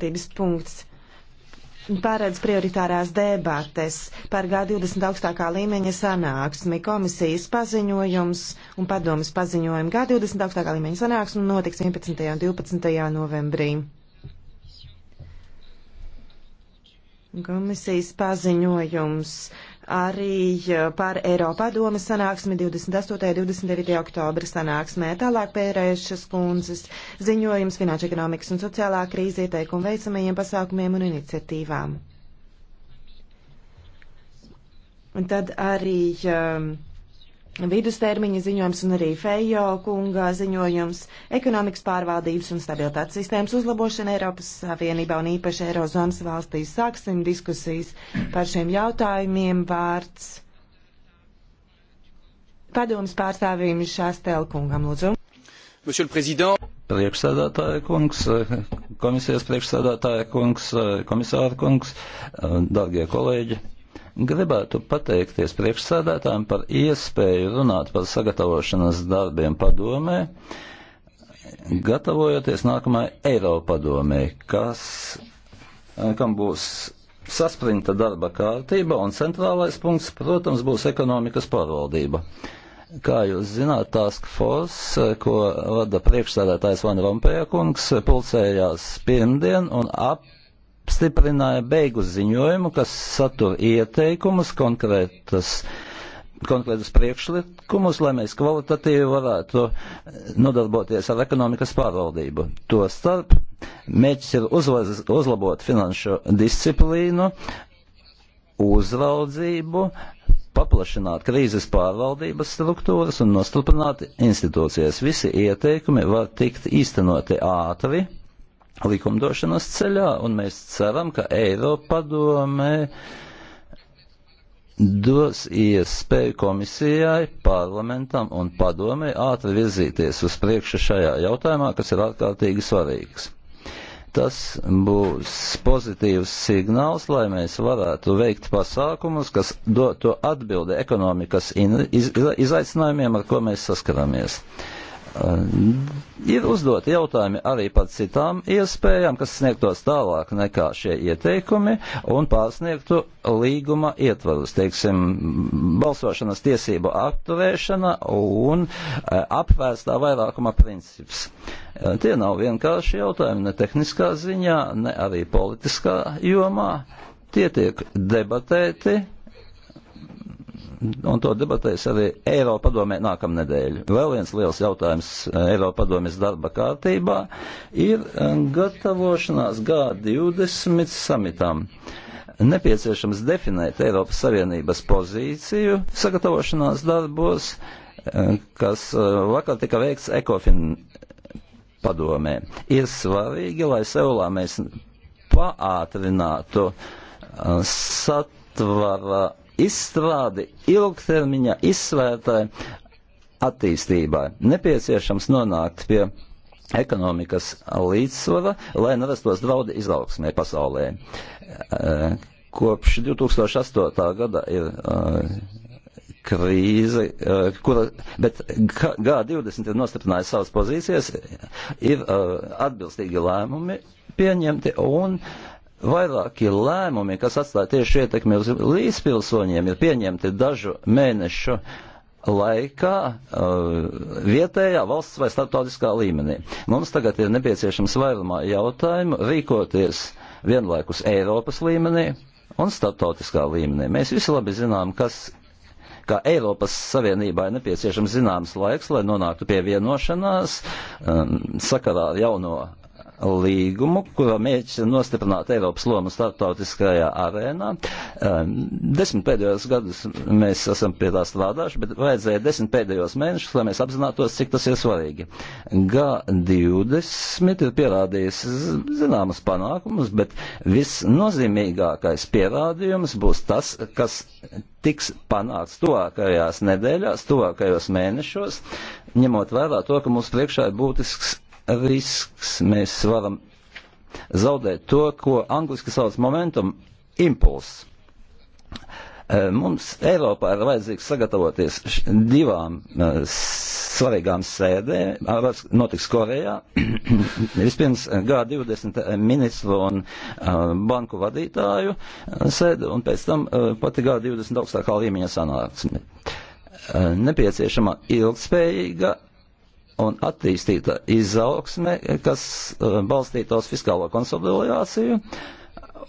Tības punkts paredz prioritārās debates par G20 augstākā līmeņa sanāksmi, komisijas paziņojums un padomas paziņojumu. G20 augstākā līmeņa sanāksmi notiks 11. un 12. novembrī. Komisijas paziņojums arī eh, par Eiropadomas sanāksmi 28. un 29. oktobra sanāksmē. Tālāk pērēšas kundzes ziņojums finanšu ekonomikas un sociālā krīze ieteikumu veicamajiem pasākumiem un iniciatīvām. Un tad arī um, vidustermiņa ziņojums un arī Fejo kunga ziņojums - ekonomikas pārvaldības un stabilitātes sistēmas uzlabošana Eiropas Savienībā un īpaši Eirozonas valstīs. Sāksim diskusijas par šiem jautājumiem vārds padomas pārstāvīm Šāstelkungam, lūdzu. Priekšsēdētāja kungs, komisijas priekšsēdētāja kungs, komisāra kungs, darbie kolēģi. Gribētu pateikties priekšsēdētājiem par iespēju runāt par sagatavošanas darbiem padomē, gatavojoties nākamajai Eiropadomē, kas, eh, kam būs saspringta darba kārtība un centrālais punkts, protams, būs ekonomikas pārvaldība. Kā jūs zināt, Task Force, eh, ko vada priekšsēdētājs Van Rompēja kungs, pulcējās pirmdien un ap apstiprināja beigu ziņojumu, kas satur ieteikumus konkrētas konkrētus priekšlikumus, lai mēs kvalitatīvi varētu eh, nodarboties ar ekonomikas pārvaldību. Tostarp mērķis ir uzlaz, uzlabot finanšu disciplīnu, uzraudzību, paplašināt krīzes pārvaldības struktūras un nostiprināt institūcijas. Visi ieteikumi var tikt īstenoti ātri likumdošanas ceļā, un mēs ceram, ka Eiropa domē dos iespēju komisijai, parlamentam un padomē ātri virzīties uz priekšu šajā jautājumā, kas ir ārkārtīgi svarīgs. Tas būs pozitīvs signāls, lai mēs varētu veikt pasākumus, kas dotu atbildi ekonomikas iz, iz, izaicinājumiem, ar ko mēs saskaramies. Uh, Ehm, ir uzdoti jautājumi arī par citām iespējām, kas sniegtos tālāk nekā šie ieteikumi un pārsniegtu līguma ietvarus, teiksim, balsošanas tiesību akturēšana un eh, apvērstā vairākuma princips. Ehm, tie nav vienkārši jautājumi ne tehniskā ziņā, ne arī politiskā jomā. Tie tiek debatēti un to debatēs arī Eiropa padomē nākamnedēļ. Vēl viens liels jautājums eh, Eiropa padomēs darba kārtībā ir eh, gatavošanās G20 samitam. Nepieciešams definēt Eiropas Savienības pozīciju sagatavošanās darbos, eh, kas vakar tika veikts ECOFIN padomē. Ir svarīgi, lai Seulā mēs paātrinātu satvara izstrādi ilgtermiņa izsvērtai attīstībai. Nepieciešams nonākt pie ekonomikas līdzsvara, lai nerastos draudi izaugsmē pasaulē. Eh, kopš 2008. gada ir eh, krīze, eh, kura, bet G20 ir nostiprinājusi savas pozīcijas, ir atbilstīgi lēmumi pieņemti un uh, Vairākie lēmumi, kas atstāja tieši ietekmi uz līdzpilsoņiem, ir pieņemti dažu mēnešu laikā uh, vietējā valsts vai starptautiskā līmenī. Mums tagad ir nepieciešams vairumā jautājumu rīkoties vienlaikus Eiropas līmenī un starptautiskā līmenī. Mēs visi labi zinām, kas ka Eiropas Savienībā ir nepieciešams zināms laiks, lai nonāktu pie vienošanās um, sakarā ar jauno līgumu, kura mērķis ir nostiprināt Eiropas lomu starptautiskajā arēnā. Desmit pēdējos gadus mēs esam pie tā strādājuši, bet vajadzēja desmit pēdējos mēnešus, lai mēs apzinātos, cik tas ir svarīgi. G20 ir pierādījis zināmas panākumus, bet visnozīmīgākais pierādījums būs tas, kas tiks panākts tuvākajās nedēļās, tuvākajos mēnešos, ņemot vērā to, ka mums priekšā ir būtisks risks. Mēs varam zaudēt to, ko angliski sauc momentum impuls. Eh, mums Eiropā ir vajadzīgs sagatavoties divām uh, svarīgām sēdēm. Notiks Korejā. Vispirms G20 ministru un uh, banku vadītāju sēde, un pēc tam uh, pati G20 augstākā līmeņa sanāksme. Nepieciešama ilgspējīga un attīstīta izaugsme, kas eh, balstītos fiskālo konsolidāciju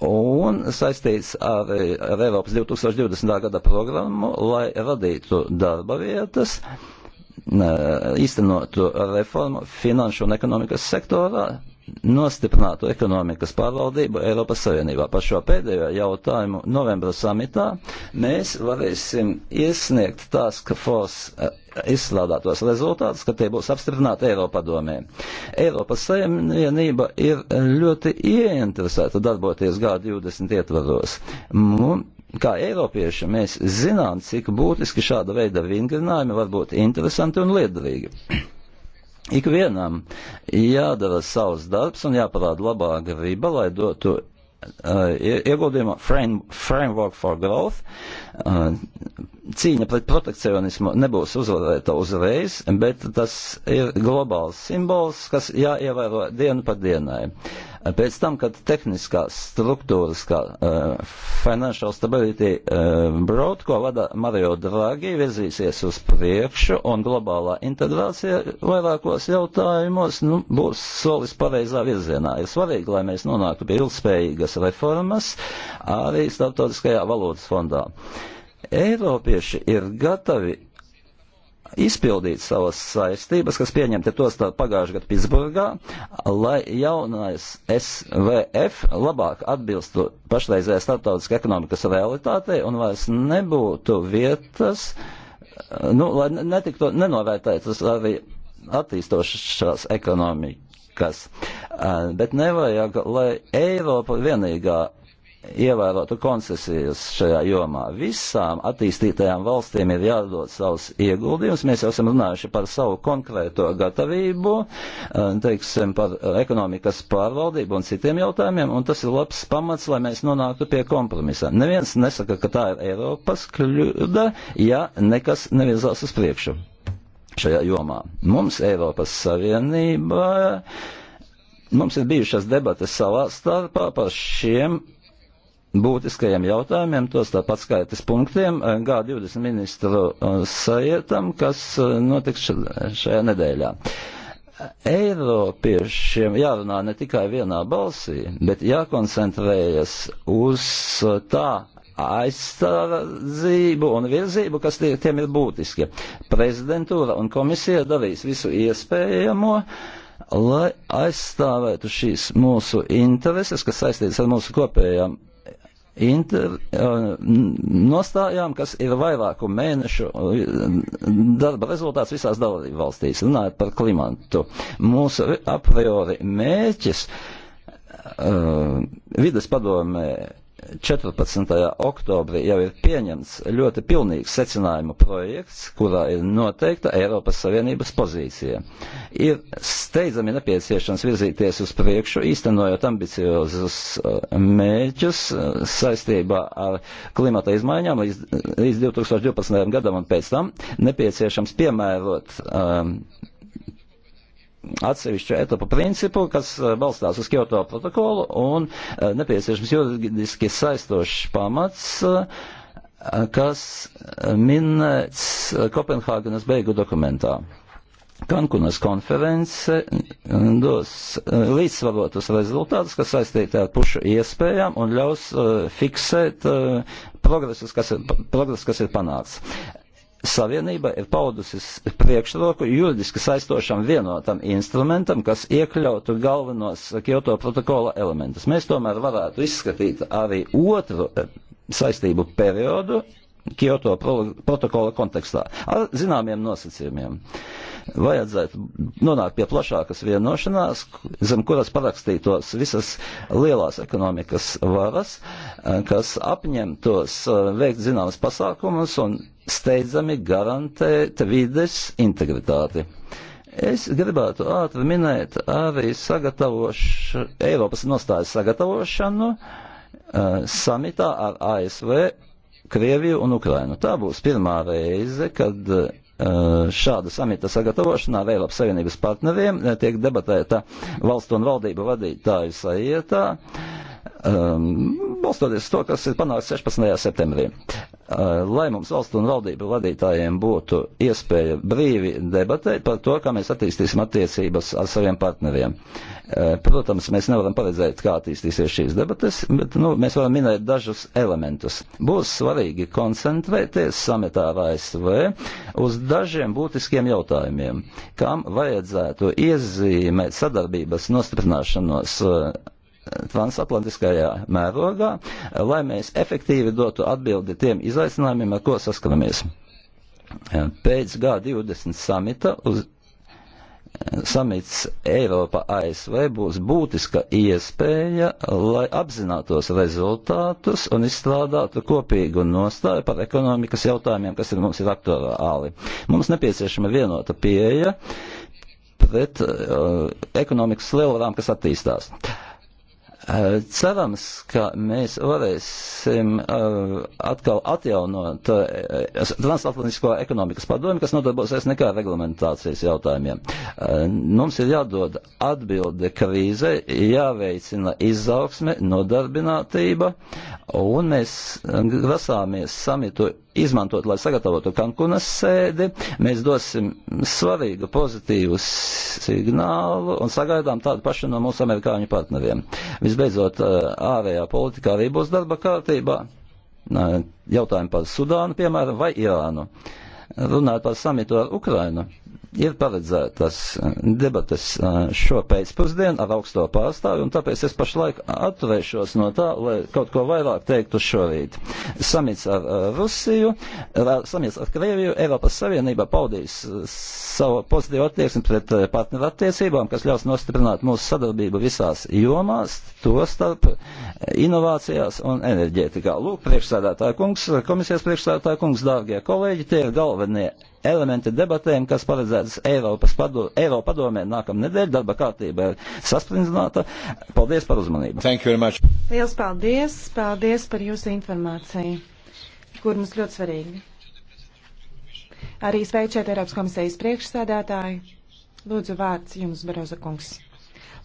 un saistīts ar, ar Eiropas 2020. gada programmu, lai radītu darba vietas, eh, īstenotu reformu finanšu un ekonomikas sektorā, nostiprinātu ekonomikas pārvaldību Eiropas Savienībā. Par šo pēdējo jautājumu novembra samitā mēs varēsim iesniegt Task Force eh, izstrādātos rezultātus, ka tie būs apstiprināti Eiropadomē. Eiropas Savienība ir ļoti ieinteresēta darboties G20 ietvaros. Mums kā Eiropieši mēs zinām, cik būtiski šāda veida vingrinājumi var būt interesanti un liederīgi. Ikvienam jādara savs darbs un jāparāda labā griba, lai dotu uh, ieguldījumu frame, Framework for Growth, uh, Cīņa pret protekcionismu nebūs uzvarēta uzreiz, bet tas ir globāls simbols, kas jāievēro dienu pa dienai. Pēc tam, kad tehniskās struktūras, kā uh, Financial Stability uh, Broad, ko vada Mario Draghi, virzīsies uz priekšu un globālā integrācija vairākos jautājumos nu, būs solis pareizā virzienā. Ir svarīgi, lai mēs nonāktu pie ilgspējīgas reformas arī starptautiskajā valūtas fondā. Uh, Eiropieši ir gatavi izpildīt savas saistības, kas pieņemti tos pagājušajā gadā Pitsburgā, lai jaunais SVF labāk atbilstu pašreizējai starptautiskā ekonomikas realitātei un vairs nebūtu vietas, nu, lai netiktu nenovērtētas arī attīstošās ekonomikas. Bet nevajag, lai Eiropa vienīgā ievērotu koncesijas šajā jomā. Visām attīstītajām valstīm ir jādod savus ieguldījumus. Mēs jau esam runājuši par savu konkrēto gatavību, teiksim, par ekonomikas pārvaldību un citiem jautājumiem, un tas ir labs pamats, lai mēs nonāktu pie kompromisa. Neviens nesaka, ka tā ir Eiropas kļūda, ja nekas nevirzās uz priekšu šajā jomā. Mums Eiropas Savienībā. Mums ir bijušas debates savā starpā par šiem būtiskajiem jautājumiem, tos tāpat skaitas punktiem, eh, G20 ministru eh, sajietam, kas eh, notiks šajā nedēļā. Eiropiešiem jārunā ne tikai vienā balsī, bet jākoncentrējas uz tā aizstāvību un virzību, kas tie, tiem ir būtiski. Prezidentūra un komisija darīs visu iespējamo, lai aizstāvētu šīs mūsu intereses, kas saistītas ar mūsu kopējām inter, nostājām, kas ir vairāku mēnešu darba rezultāts visās dalību valstīs, runājot par klimatu. Mūsu a priori mērķis uh, vides padomē 14. oktobrī jau ir pieņemts ļoti pilnīgs secinājumu projekts, kurā ir noteikta Eiropas Savienības pozīcija. Ir steidzami nepieciešams virzīties uz priekšu, īstenojot ambiciozus uh, mēģus uh, saistībā ar klimata izmaiņām līdz, līdz 2012. gadam un pēc tam nepieciešams piemērot um, atsevišķu etapu principu, kas eh, balstās uz Kyoto protokolu un eh, nepieciešams juridiski saistošs pamats, eh, kas minēts Kopenhāgenes beigu dokumentā. Kankunas konference dos līdzsvarotus rezultātus, kas saistīti ar pušu iespējām un ļaus uh, fiksēt uh, progresus, kas ir, progresus, kas ir panāks. Savienība ir paudusi priekšroku juridiski saistošam vienotam instrumentam, kas iekļautu galvenos Kyoto protokola elementus. Mēs tomēr varētu izskatīt arī otru eh, saistību periodu Kyoto protokola kontekstā ar zināmiem nosacījumiem. Uh, vajadzētu nonākt pie plašākas vienošanās, zem kuras parakstītos visas lielās ekonomikas varas, eh, kas apņemtos eh, veikt zināmas pasākumus un steidzami garantēt vides integritāti. Es gribētu ātri minēt arī sagatavošu, Eiropas nostājas sagatavošanu uh, samitā ar ASV, Krieviju un Ukrainu. Tā būs pirmā reize, kad uh, Eh, šāda samita sagatavošanā vēl ap savienības partneriem eh, tiek debatēta valstu un valdību vadītāju sajietā um, balstoties to, kas ir panākts 16. septembrī. Uh, lai mums valstu un valdību vadītājiem būtu iespēja brīvi debatēt par to, kā mēs attīstīsim attiecības ar saviem partneriem. Uh, protams, mēs nevaram paredzēt, kā attīstīsies šīs debates, bet nu, mēs varam minēt dažus elementus. Būs svarīgi koncentrēties sametā ar ASV uz dažiem būtiskiem jautājumiem, kam vajadzētu iezīmēt sadarbības nostiprināšanos. Uh, transatlantiskajā mērogā, lai mēs efektīvi dotu atbildi tiem izaicinājumiem, ar ko saskaramies. Pēc G20 samita uz samits Eiropa ASV būs būtiska iespēja, lai apzinātos rezultātus un izstrādātu kopīgu nostāju par ekonomikas jautājumiem, kas ir mums ir aktuāli. Mums nepieciešama vienota pieeja pret uh, ekonomikas lielvarām, kas attīstās. Uh, Cerams, ka mēs varēsim eh, atkal atjaunot eh, transatlantisko ekonomikas padomi, kas nodarbosies nekā reglamentācijas jautājumiem. Eh, mums ir jādod atbilde krīze, jāveicina izaugsme, nodarbinātība, un mēs grasāmies samitu izmantot, lai sagatavotu Kankunas sēdi. Mēs dosim svarīgu pozitīvu signālu un sagaidām tādu pašu no mūsu amerikāņu partneriem. Visbeidzot, ārējā politika arī būs darba kārtībā. Jautājumi par Sudānu, piemēram, vai Irānu. Uh, runāt par samitu ar Ukrainu, ir paredzētas eh, debates eh, šo pēcpusdienu ar augsto pārstāvi, un tāpēc es pašlaik atturēšos no tā, lai kaut ko vairāk teiktu šorīt. Samits ar eh, Rusiju, samits ar Krieviju, Eiropas Savienība paudīs savu pozitīvu attieksmi pret partneru attiecībām, kas ļaus nostiprināt mūsu sadarbību visās jomās, to starp inovācijās un enerģētikā. Lūk, priekšsēdētāja kungs, komisijas priekšsēdētāja kungs, dārgie kolēģi, tie ir galvenie galvenie elementi debatēm, kas paredzētas Eiropas padu, Eiro padomē nākamnedēļ, darba kārtība ir sasprindzināta. Paldies par uzmanību. Lielas paldies, paldies par jūsu informāciju, kur mums ļoti svarīgi. Arī sveicēt Eiropas komisijas priekšsēdētāju. Lūdzu, vārds jums, Baroza kungs.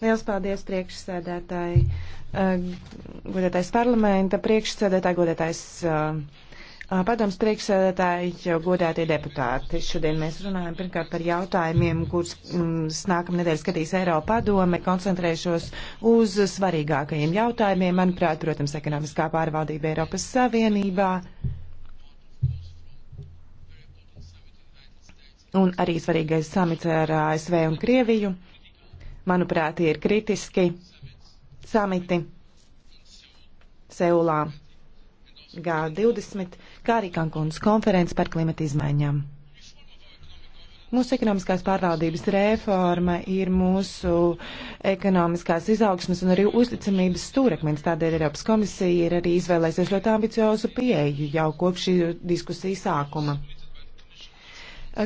Liels paldies priekšsēdētāji, uh, eh, godētais parlamenta, priekšsēdētāji, godētais. Uh, eh, Padoms priekšsēdētāji, godētie deputāti, šodien mēs runājam pirmkārt par jautājumiem, kurus mm, nākamā nedēļa skatīs Eiropa padome, koncentrēšos uz svarīgākajiem jautājumiem, manuprāt, protams, ekonomiskā pārvaldība Eiropas Savienībā. Un arī svarīgais samits ar ASV un Krieviju. Manuprāt, tie ir kritiski samiti Seulā G20 kā arī Kankunas konferences par klimata izmaiņām. Mūsu ekonomiskās pārvaldības reforma ir mūsu ekonomiskās izaugsmas un arī uzticamības stūrakmens. Tādēļ Eiropas komisija ir arī izvēlēsies ļoti ambiciozu pieeju jau kopš šī diskusija sākuma.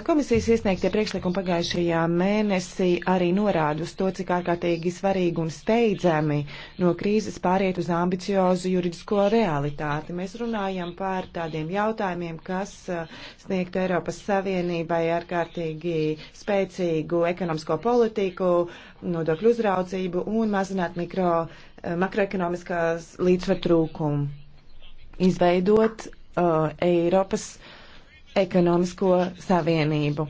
Komisijas iesniegtie priekšlikumi pagājušajā mēnesī arī norāda uz to, cik ārkārtīgi svarīgi un steidzami no krīzes pāriet uz ambiciozu juridisko realitāti. Mēs runājam par tādiem jautājumiem, kas eh, sniegtu Eiropas Savienībai ārkārtīgi spēcīgu ekonomisko politiku, nodokļu uzraudzību un mazināt mikro, eh, makroekonomiskās līdzsver trūkumu. Izveidot uh, Eiropas uh, ekonomisko savienību.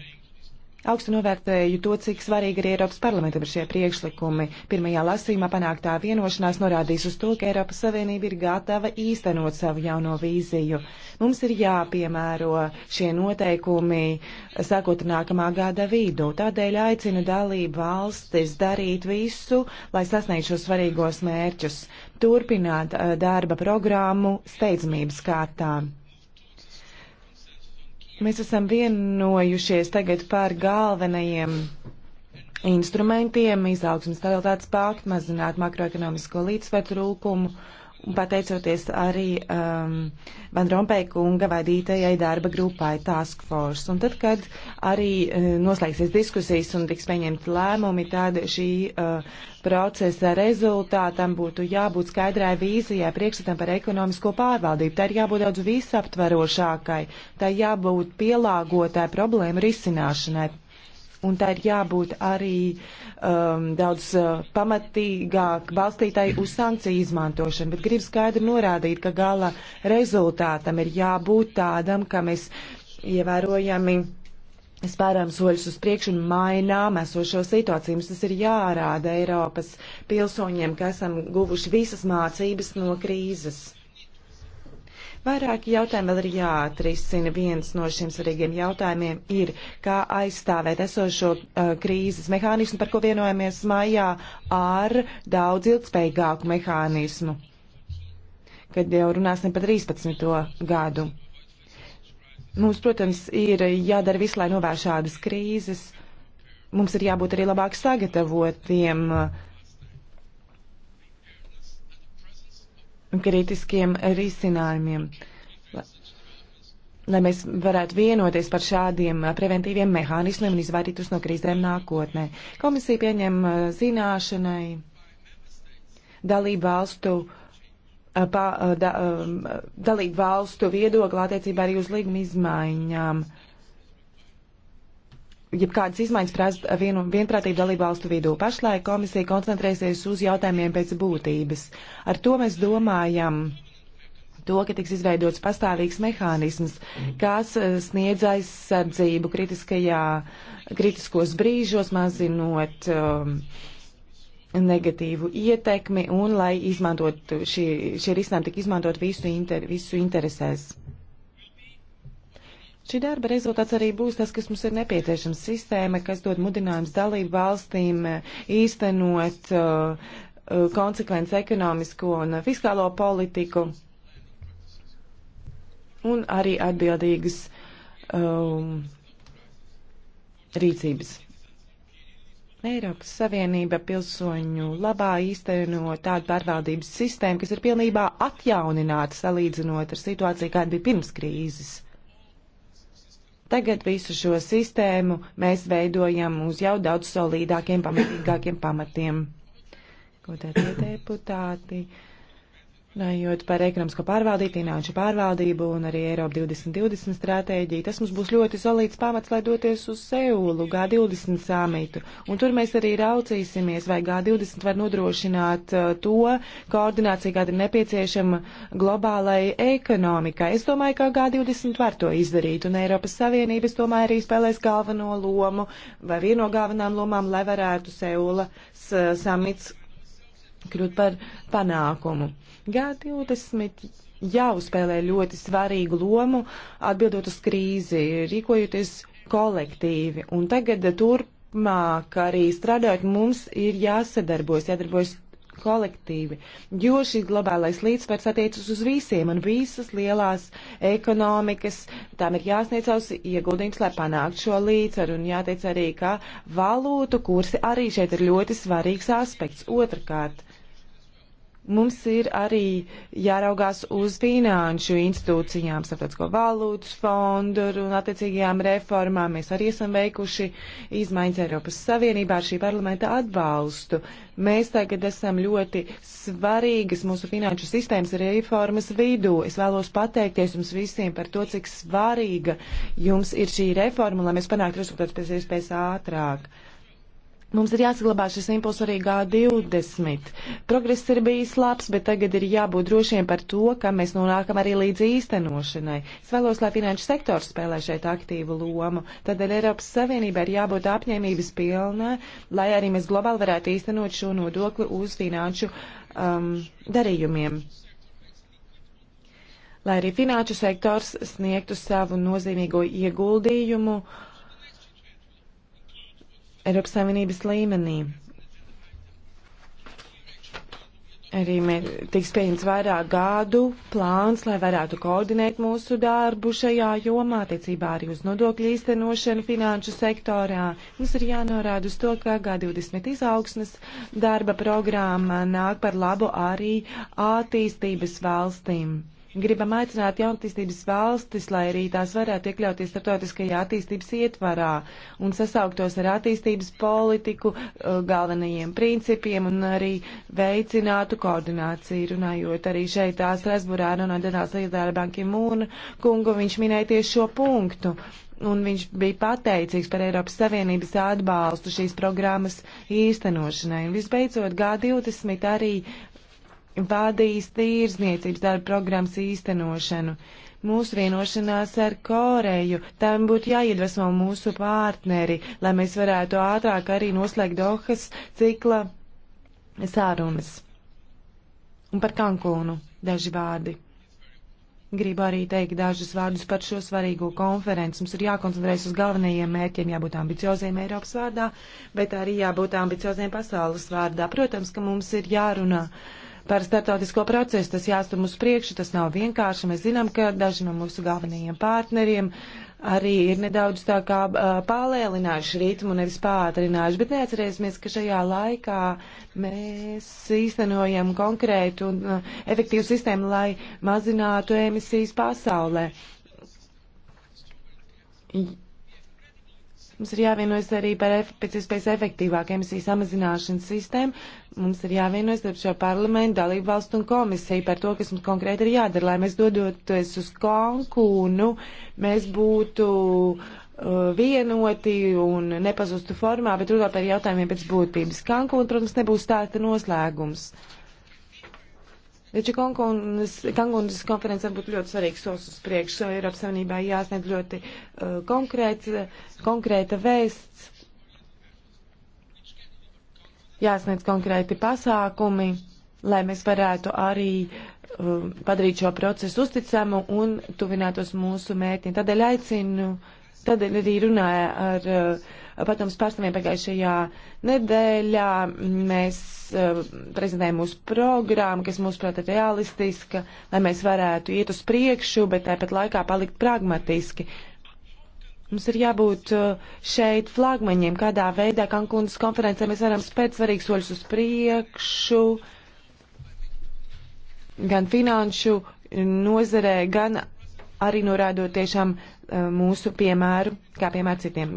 Augstu novērtēju to, cik svarīgi ir Eiropas parlamentam ir šie priekšlikumi. Pirmajā lasījumā panāktā vienošanās norādīs uz to, ka Eiropas Savienība ir gatava īstenot savu jauno vīziju. Mums ir jāpiemēro šie noteikumi sākot nākamā gada vidū. Tādēļ aicinu dalību valstis darīt visu, lai sasniegtu šos svarīgos mērķus. Turpināt eh, darba programmu steidzamības kārtām. Mēs esam vienojušies tagad par galvenajiem instrumentiem izaugsmas stabilitātes paktu, mazināt makroekonomisko līdzsvaru trūkumu pateicoties arī um, Van Rompēja kunga vadītajai darba grupai Task Force. Un tad, kad arī uh, noslēgsies diskusijas un tiks pieņemti lēmumi, tad šī uh, procesa rezultātam būtu jābūt skaidrai vīzijai, priekšstatam par ekonomisko pārvaldību. Tā ir jābūt daudz visaptverošākai, tā jābūt pielāgotai problēmu risināšanai un tā ir jābūt arī um, daudz uh, pamatīgāk balstītai uz sankciju izmantošanu, bet gribu skaidri norādīt, ka gala rezultātam ir jābūt tādam, ka mēs ievērojami spērām soļus uz priekšu un mainām esošo situāciju. Mums tas ir jārāda Eiropas pilsoņiem, ka esam guvuši visas mācības no krīzes. Vairāki jautājumi vēl ir jāatrisina. Viens no šiem svarīgiem jautājumiem ir, kā aizstāvēt esošo uh, krīzes mehānismu, par ko vienojamies maijā, ar daudz ilgspējīgāku mehānismu, kad jau runāsim par 13. gadu. Mums, protams, ir jādara visu, lai novērš šādas krīzes. Mums ir jābūt arī labāk sagatavotiem. Uh, kritiskiem risinājumiem, lai, lai mēs varētu vienoties par šādiem preventīviem mehānismiem un izvairītos no krīzēm nākotnē. Komisija pieņem zināšanai dalību valstu. Pa, da, dalību valstu viedokli attiecībā arī uz līguma izmaiņām. Uh, jebkādas izmaiņas prasa vienu, vienprātību dalībvalstu vidū. Pašlaik komisija koncentrēsies uz jautājumiem pēc būtības. Ar to mēs domājam to, ka tiks izveidots pastāvīgs mehānisms, kas eh, sniedz aizsardzību kritiskajā, kritiskos brīžos, mazinot um, negatīvu ietekmi un lai izmantot šie, šie risinājumi tik izmantot visu, inter, visu interesēs. Šī darba rezultāts arī būs tas, kas mums ir nepieciešams sistēma, kas dod mudinājums dalību valstīm eh, īstenot uh, eh, eh, konsekvences ekonomisko un fiskālo politiku un arī atbildīgas um, rīcības. Eiropas Savienība pilsoņu labā īsteno tādu pārvaldības sistēmu, kas ir pilnībā atjaunināta salīdzinot ar situāciju, kāda bija pirms krīzes. Tagad visu šo sistēmu mēs veidojam uz jau daudz solīdākiem, pamatīgākiem pamatiem. Godētie deputāti, Runājot par ekonomisko pārvaldību, finanšu pārvaldību un arī Eiropu 2020 stratēģiju, tas mums būs ļoti solīts pamats, lai doties uz Seulu G20 samitu. Un tur mēs arī raucīsimies, vai G20 var nodrošināt uh, to koordināciju, kāda ir nepieciešama globālai ekonomikai. Es domāju, ka G20 var to izdarīt, un Eiropas Savienības tomēr arī spēlēs galveno lomu vai vieno galvenām lomām, lai varētu Seula uh, samits kļūt par panākumu. G20 jau spēlē ļoti svarīgu lomu atbildot uz krīzi, rīkojoties kolektīvi. Un tagad turpmāk arī strādājot mums ir jāsadarbojas, jādarbojas kolektīvi, jo šī globālais līdzsvars attiecas uz visiem un visas lielās ekonomikas, tām ir jāsniedz savus ieguldījums, lai panāktu šo līdzsvaru, un jāteic arī, ka valūtu kursi arī šeit ir ļoti svarīgs aspekts. Otrakārt, Mums ir arī jāraugās uz finanšu institūcijām, starptautisko valūtas fondu un attiecīgajām reformām. Mēs arī esam veikuši izmaiņas Eiropas Savienībā ar šī parlamenta atbalstu. Mēs tagad esam ļoti svarīgas mūsu finanšu sistēmas reformas vidū. Es vēlos pateikties jums visiem par to, cik svarīga jums ir šī reforma, lai mēs panāktu rezultātus pēc iespējas ātrāk. Mums ir jāsaglabā šis impuls arī G20. Progress ir bijis labs, bet tagad ir jābūt drošiem par to, ka mēs nonākam arī līdz īstenošanai. Es vēlos, lai finanšu sektors spēlē šeit aktīvu lomu. Tādēļ Eiropas Savienībai ir jābūt apņēmības pilnā, lai arī mēs globāli varētu īstenot šo nodokli uz finanšu um, darījumiem lai arī finanšu sektors sniegtu savu nozīmīgo ieguldījumu uh, Eiropas Savienības līmenī. Arī tiks pieņemts vairāk gādu plāns, lai varētu koordinēt mūsu darbu šajā jomā, attiecībā arī uz nodokļu īstenošanu finanšu sektorā. Mums ir jānorāda uz to, ka G20 izaugsmes darba programma nāk par labu arī attīstības valstīm. Gribam aicināt jaunatīstības valstis, lai arī tās varētu iekļauties starptautiskajā attīstības ietvarā un sasauktos ar attīstības politiku uh, galvenajiem principiem un arī veicinātu koordināciju. Runājot arī šeit tās Resburā no Dienās Lietdāra Banki Mūna kungu, viņš minēja tieši šo punktu un viņš bija pateicīgs par Eiropas Savienības atbalstu šīs programmas īstenošanai. Un visbeidzot, G20 arī vadīs tīrzniecības darba programmas īstenošanu. Mūsu vienošanās ar Koreju, tam būtu jāiedvesmo mūsu partneri, lai mēs varētu ātrāk arī noslēgt Dohas cikla sārunas. Un par Kankūnu daži vārdi. Gribu arī teikt dažus vārdus par šo svarīgo konferenci. Mums ir jākoncentrējas uz galvenajiem mērķiem, jābūt ambicioziem Eiropas vārdā, bet arī jābūt ambicioziem pasaules vārdā. Protams, ka mums ir jārunā. Uh, par startautisko procesu. Tas jāstum uz priekšu, tas nav vienkārši. Mēs zinām, ka daži no mūsu galvenajiem partneriem arī ir nedaudz tā kā palēlinājuši ritmu, nevis pātrinājuši, bet neatcerēsimies, ka šajā laikā mēs īstenojam konkrētu un efektīvu sistēmu, lai mazinātu emisijas pasaulē Mums ir jāvienojas arī par pēc iespējas efektīvāku emisiju samazināšanas sistēmu. Mums ir jāvienojas ar šo parlamentu, dalību valstu un komisiju par to, kas mums konkrēti ir jādara, lai mēs dodoties uz konkūnu, mēs būtu uh, vienoti un nepazustu formā, bet runāt par jautājumiem pēc būtības. Kankūna, protams, nebūs tāda noslēgums. Uh, Taču Kangunas konferences var būt ļoti svarīgs solis uz priekšu. Eiropas Savienībā jāsniedz ļoti uh, konkrēts, konkrēta vēsts, jāsniedz konkrēti pasākumi, lai mēs varētu arī uh, padarīt šo procesu uzticamu un tuvinātos mūsu mērķiem. Tādēļ aicinu Tādēļ arī runāja ar eh, padomus pārstāvjiem pagājušajā nedēļā. Mēs eh, prezentējam mūsu programmu, kas mūsuprāt ir realistiska, lai mēs varētu iet uz priekšu, bet tāpat laikā palikt pragmatiski. Mums ir jābūt eh, šeit flagmaņiem, kādā veidā Kankūnas konferencē mēs varam spēt svarīgus soļus uz priekšu, gan finanšu nozarē, gan arī norādot tiešām eh, mūsu piemēru, kā piemēru citiem.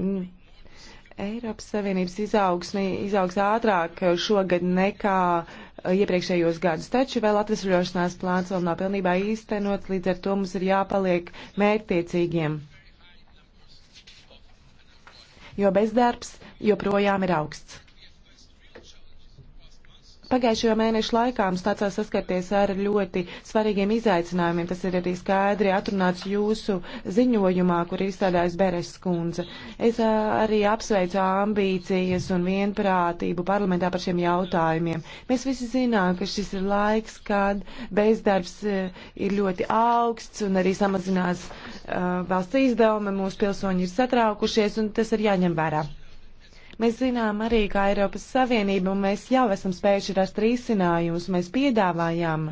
Eiropas Savienības izaugsme izaugs ātrāk šogad nekā eh, iepriekšējos gadus, taču vēl atvesļošanās plāns vēl nav pilnībā īstenots, līdz ar to mums ir jāpaliek mērķtiecīgiem. Jo bezdarbs joprojām ir augsts. Pagājušajā mēnešu laikā mums nācās saskarties ar ļoti svarīgiem izaicinājumiem. Tas ir arī skaidri atrunāts jūsu ziņojumā, kur izstrādājas Beres skundze. Es arī apsveicu ambīcijas un vienprātību parlamentā par šiem jautājumiem. Mēs visi zinām, ka šis ir laiks, kad bezdarbs ir ļoti augsts un arī samazinās valsts izdevumi. Mūsu pilsoņi ir satraukušies un tas ir jāņem vērā. Mēs zinām arī, kā Eiropas Savienība, un mēs jau esam spējuši rast risinājumus. Mēs piedāvājām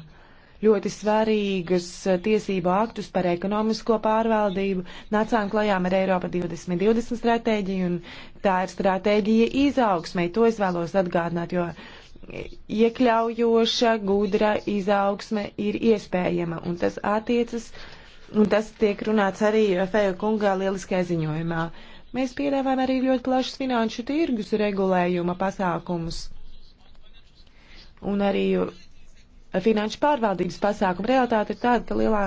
ļoti svarīgus tiesību aktus par ekonomisko pārvaldību. Nācām klajām ar Eiropa 2020 stratēģiju, un tā ir stratēģija izaugsmē. To es vēlos atgādināt, jo iekļaujoša, gudra izaugsme ir iespējama, un tas attiecas, un tas tiek runāts arī Feja kungā lieliskajā ziņojumā. Mēs piedāvājam arī ļoti plašas finanšu tirgus regulējuma pasākumus un arī finanšu pārvaldības pasākumu. Realtāte ir tāda, ka lielā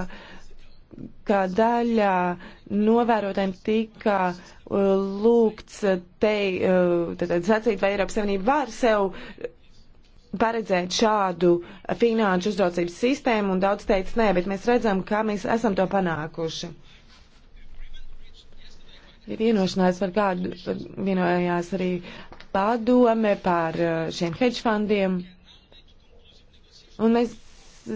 kā daļa novērotājiem tika uh, lūgts te, tātad uh, sacīt, vai Eiropas Savienība var sev paredzēt šādu finanšu uzraucības sistēmu, un daudz teica nē, bet mēs redzam, kā mēs esam to panākuši ir vienošanās par kādu, vienojās arī padome par eh, šiem hedge fondiem. Un mēs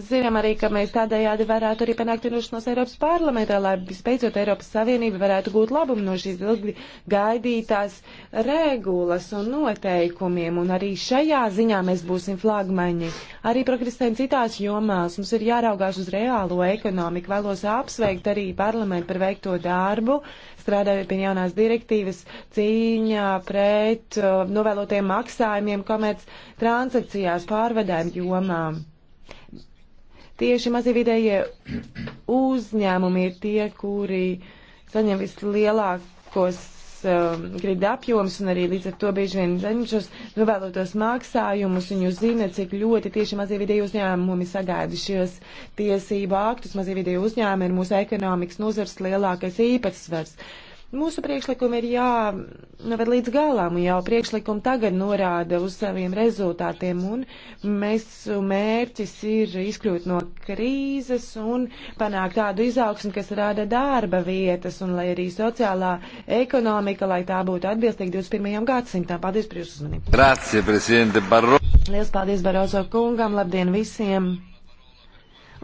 zinām arī, ka mēs tādējādi varētu arī panākt vienošanos Eiropas parlamentā, lai visbeidzot Eiropas Savienība varētu gūt labumu no šīs ilgi gaidītās regulas un noteikumiem. Un arī šajā ziņā mēs būsim flagmaņi. Arī progresēm citās jomās mums ir jāraugās uz reālo ekonomiku. Vēlos apsveikt arī parlamentu par veikto darbu, strādāju pie jaunās direktīvas cīņā pret uh, novēlotiem maksājumiem komerc transakcijās pārvedājumu jomām. Tieši mazīvidējie uzņēmumi ir tie, kuri saņem vislielākos uh, um, grida apjoms un arī līdz ar to bieži vien saņemšos novēlotos maksājumus. Un jūs zinat, cik ļoti tieši mazie vidēji uzņēmumi sagaida šos tiesību aktus. Mazie vidēji uzņēmumi ir mūsu ekonomikas nozars lielākais īpatsvars. Uh, Mūsu priekšlikumi ir jānoved nu, līdz galām, un jau priekšlikumi tagad norāda uz saviem rezultātiem, un mūsu mērķis ir izkļūt no krīzes un panākt tādu izaugsmu, kas rada darba vietas, un lai arī sociālā ekonomika, lai tā būtu atbilstīga 21. gadsimtam. Paldies par jūsu uzmanību. Grazie, prezidente Barro. Liels paldies Barozo kungam, labdien visiem!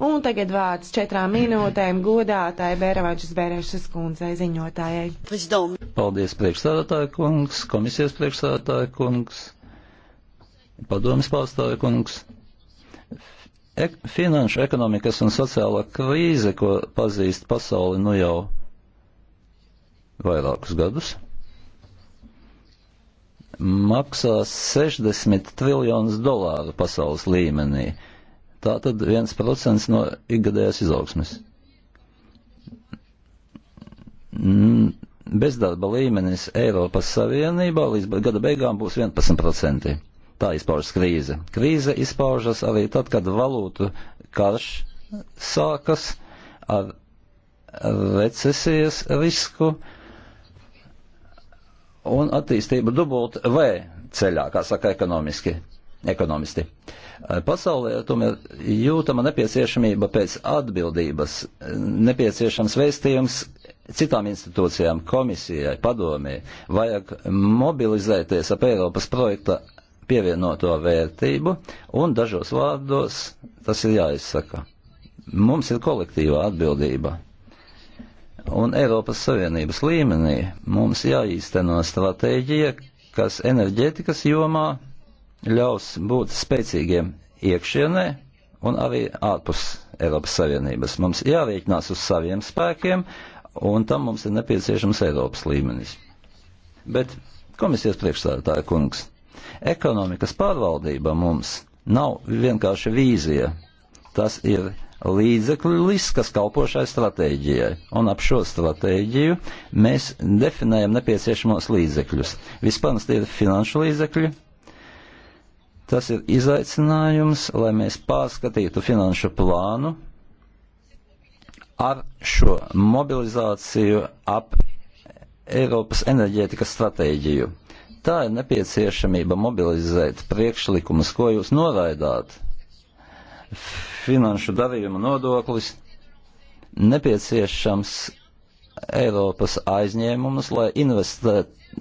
Un tagad vārds četrām minūtēm godātāji Bēravaģis Bērešas kundzei ziņotājai. Paldies priekšstādātāja kungs, komisijas priekšstādātāja kungs, padomas pārstāja kungs. Ek finanšu, ekonomikas un sociālā krīze, ko pazīst pasauli nu jau vairākus gadus, maksās 60 triljonus dolāru pasaules līmenī. Tā tad viens procents no ikgadējās izaugsmes. Mm, bezdarba līmenis Eiropas Savienībā līdz gada beigām būs 11%. Tā izpaužas krīze. Krīze izpaužas arī tad, kad valūtu karš sākas ar recesijas risku un attīstību dubult V ceļā, kā saka ekonomiski, ekonomisti. Uh, Eh, pasaulē tomēr jūtama nepieciešamība pēc atbildības, eh, nepieciešams vēstījums citām institūcijām, komisijai, padomē. Vajag mobilizēties ap Eiropas projekta pievienoto vērtību un dažos vārdos tas ir jāizsaka. Mums ir kolektīvā atbildība. Un Eiropas Savienības līmenī mums jāīsteno stratēģija, kas enerģētikas jomā ļaus būt spēcīgiem iekšienē un arī ārpus Eiropas Savienības. Mums jārēķinās uz saviem spēkiem, un tam mums ir nepieciešams Eiropas līmenis. Bet komisijas priekšstādātāja kungs, ekonomikas pārvaldība mums nav vienkārši vīzija. Tas ir līdzeklis, kas kalpo šai stratēģijai. Un ap šo stratēģiju mēs definējam nepieciešamos līdzekļus. Vispirms tie ir finanšu līdzekļi, Tas ir izaicinājums, lai mēs pārskatītu finanšu plānu ar šo mobilizāciju ap Eiropas enerģētikas stratēģiju. Tā ir nepieciešamība mobilizēt priekšlikumus, ko jūs noraidāt. Finanšu darījuma nodoklis nepieciešams Eiropas aizņēmumus, lai, investē,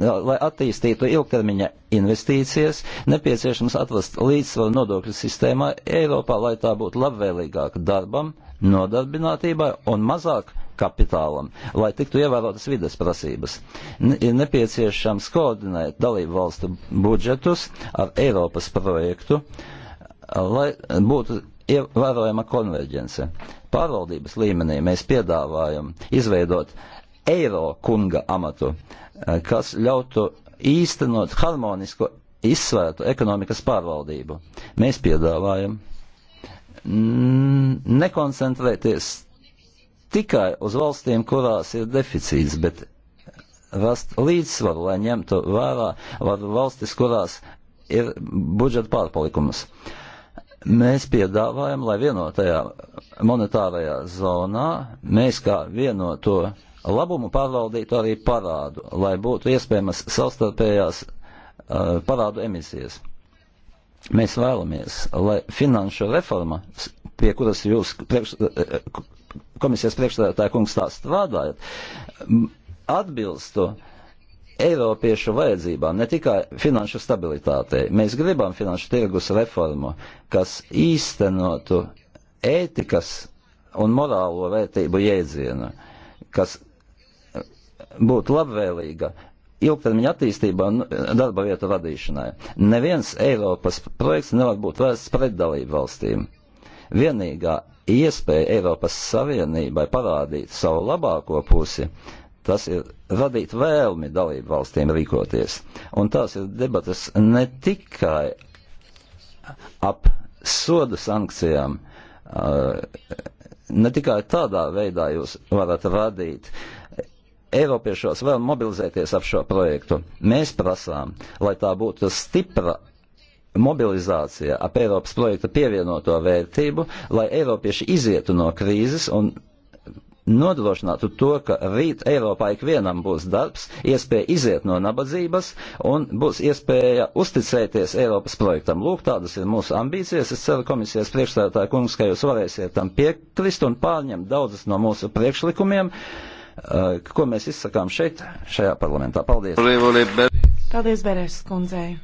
lai attīstītu ilgtermiņa investīcijas, nepieciešams atrast līdzsvaru nodokļu sistēmā Eiropā, lai tā būtu labvēlīgāka darbam, nodarbinātībai un mazāk kapitālam, lai tiktu ievērotas vides prasības. N ir nepieciešams koordinēt dalību valstu budžetus ar Eiropas projektu, lai būtu ievērojama konverģence. Pārvaldības līmenī mēs piedāvājam izveidot eiro kunga amatu, eh, kas ļautu īstenot harmonisku izsvērtu ekonomikas pārvaldību. Mēs piedāvājam nekoncentrēties tikai uz valstīm, kurās ir deficīts, bet rast līdzsvaru, lai ņemtu vērā valstis, kurās ir budžeta pārpalikums. Uh, Mēs piedāvājam, lai vienotajā monetārajā zonā mēs kā vienoto labumu pārvaldītu arī parādu, lai būtu iespējamas savstarpējās uh, parādu emisijas. Mēs vēlamies, lai finanšu reforma, pie kuras jūs priekš, uh, komisijas priekšstādātāja kungs tā strādājat, atbilstu uh, Eiropiešu vajadzībām, ne tikai finanšu stabilitātei. Mēs gribam finanšu tirgus reformu, kas īstenotu ētikas un morālo vērtību jēdzienu, kas būtu labvēlīga ilgtermiņa attīstībā un darba vietu radīšanai. Neviens Eiropas projekts nevar būt vērsts pret dalību valstīm. Vienīgā iespēja Eiropas Savienībai parādīt savu labāko pusi Tas ir radīt vēlmi dalību valstīm rīkoties. Un tās ir debatas ne tikai ap sodu sankcijām, ne tikai tādā veidā jūs varat radīt Eiropiešos vēl mobilizēties ap šo projektu. Mēs prasām, lai tā būtu stipra mobilizācija ap Eiropas projekta pievienoto vērtību, lai Eiropieši izietu no krīzes un nodrošinātu to, ka rīt Eiropā ikvienam būs darbs, iespēja iziet no nabadzības un būs iespēja uzticēties Eiropas projektam. Lūk, tādas ir mūsu ambīcijas. Es ceru, komisijas priekšstādātāja kungs, ka jūs varēsiet tam piekrist un pārņemt daudzas no mūsu priekšlikumiem, eh, ko mēs izsakām šeit, šajā parlamentā. Paldies! Paldies, Beres kundzei!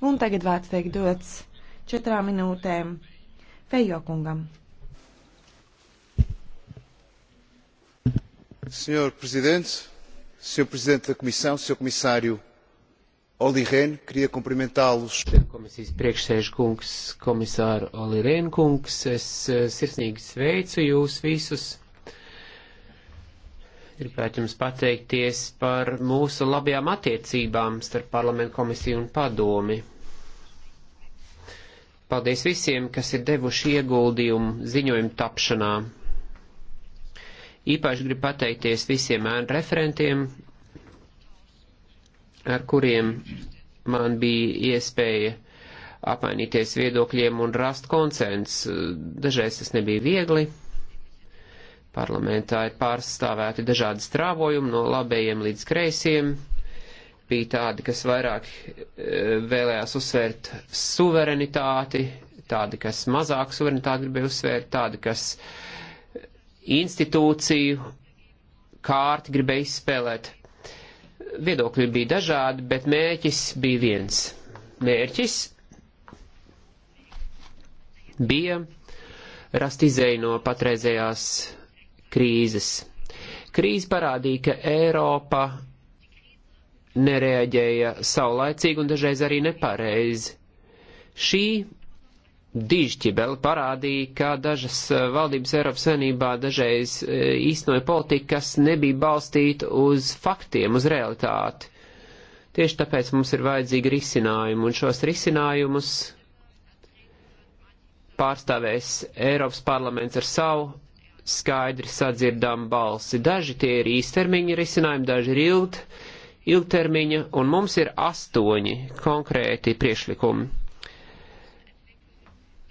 Un tagad vārds tiek dots četrām minūtēm Fejo kungam. Senhor Presidente, Senhor Presidente da Comissão, Senhor Comissário Olli Rehn, queria cumprimentá-los. Komisijas priekšsēžkungs, komisāra Olli Rehn kungs, es eh, sirsnīgi sveicu jūs visus. Gribētu jums pateikties par mūsu labajām attiecībām starp parlamentu komisiju un padomi. Paldies visiem, kas ir devuši ieguldījumu ziņojumu tapšanā. Īpaši gribu pateikties visiem ēnu referentiem, ar kuriem man bija iespēja apmainīties viedokļiem un rast konsens. Dažreiz tas nebija viegli. Parlamentā ir pārstāvēti dažādi strāvojumi no labējiem līdz kreisiem. Bija tādi, kas vairāk e, vēlējās uzsvērt suverenitāti, tādi, kas mazāk suverenitāti gribēja uzsvērt, tādi, kas uh, institūciju kārti gribēja izspēlēt. Viedokļi bija dažādi, bet mērķis bija viens. Mērķis bija rast izēju no patreizējās krīzes. Krīze parādīja, ka Eiropa nereaģēja saulaicīgi un dažreiz arī nepareizi. Šī dīšķibeli parādīja, ka dažas e, valdības Eiropas Savienībā dažreiz e, īstenoja politiku, kas nebija balstīta uz faktiem, uz realitāti. Tieši tāpēc mums ir vajadzīgi risinājumi, un šos risinājumus pārstāvēs Eiropas parlaments ar savu skaidri sadzirdām balsi. Daži tie ir īstermiņa risinājumi, daži ir ilgt, ilgtermiņa, un mums ir astoņi konkrēti priešlikumi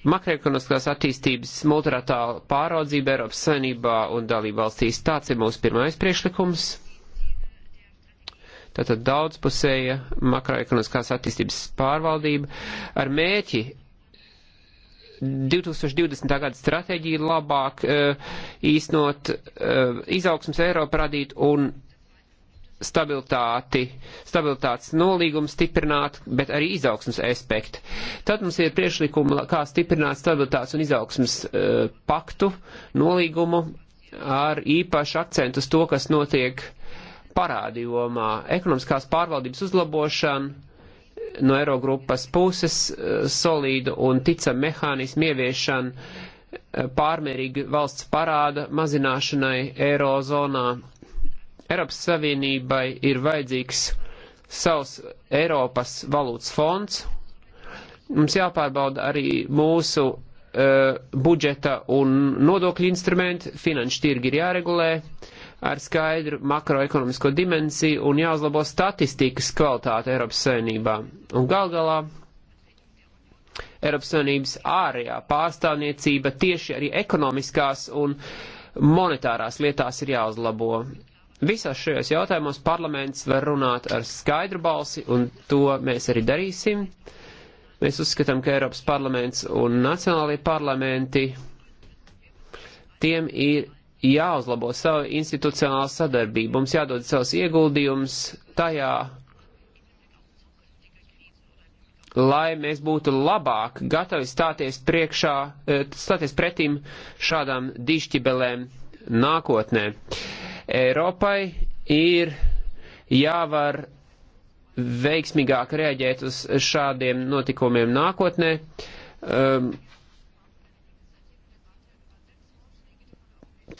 makroekonomiskās attīstības multilaterāla pāraudzība Eiropas Savienībā un dalībvalstīs. Tāds ir mūsu pirmais priekšlikums. Tātad daudzpusēja makroekonomiskās attīstības pārvaldība ar mēķi 2020. gada stratēģiju labāk eh, īstenot, eh, izaugsmas Eiropu radīt un stabilitāti, stabilitātes nolīgumu stiprināt, bet arī izaugsmas aspektu. Tad mums ir priekšlikumi, kā stiprināt stabilitātes un izaugsmas uh, paktu nolīgumu ar īpašu akcentu uz to, kas notiek parādījumā, ekonomiskās pārvaldības uzlabošana eh, no Eirogrupas puses, uh, solīdu un tica mehānismu ieviešana, uh, pārmērīgi valsts parāda mazināšanai Eirozonā Eiropas Savienībai ir vajadzīgs savs Eiropas valūtas fonds. Mums jāpārbauda arī mūsu uh, budžeta un nodokļu instrumenti, finanšu tirgi ir jāregulē ar skaidru makroekonomisko dimensiju un jāuzlabo statistikas kvalitāte Eiropas Savienībā. Un gal galā Eiropas Savienības ārējā pārstāvniecība tieši arī ekonomiskās un monetārās lietās ir jāuzlabo. Visās šajos jautājumos parlaments var runāt ar skaidru balsi, un to mēs arī darīsim. Mēs uzskatām, ka Eiropas parlaments un nacionālajie parlamenti tiem ir jāuzlabo savu institucionālu sadarbību, mums jādod savus ieguldījumus tajā, lai mēs būtu labāk gatavi stāties priekšā, eh, stāties pretim šādām dišķibelēm nākotnē. Uh, Eiropai ir jāvar veiksmīgāk reaģēt uz šādiem notikumiem nākotnē. Um,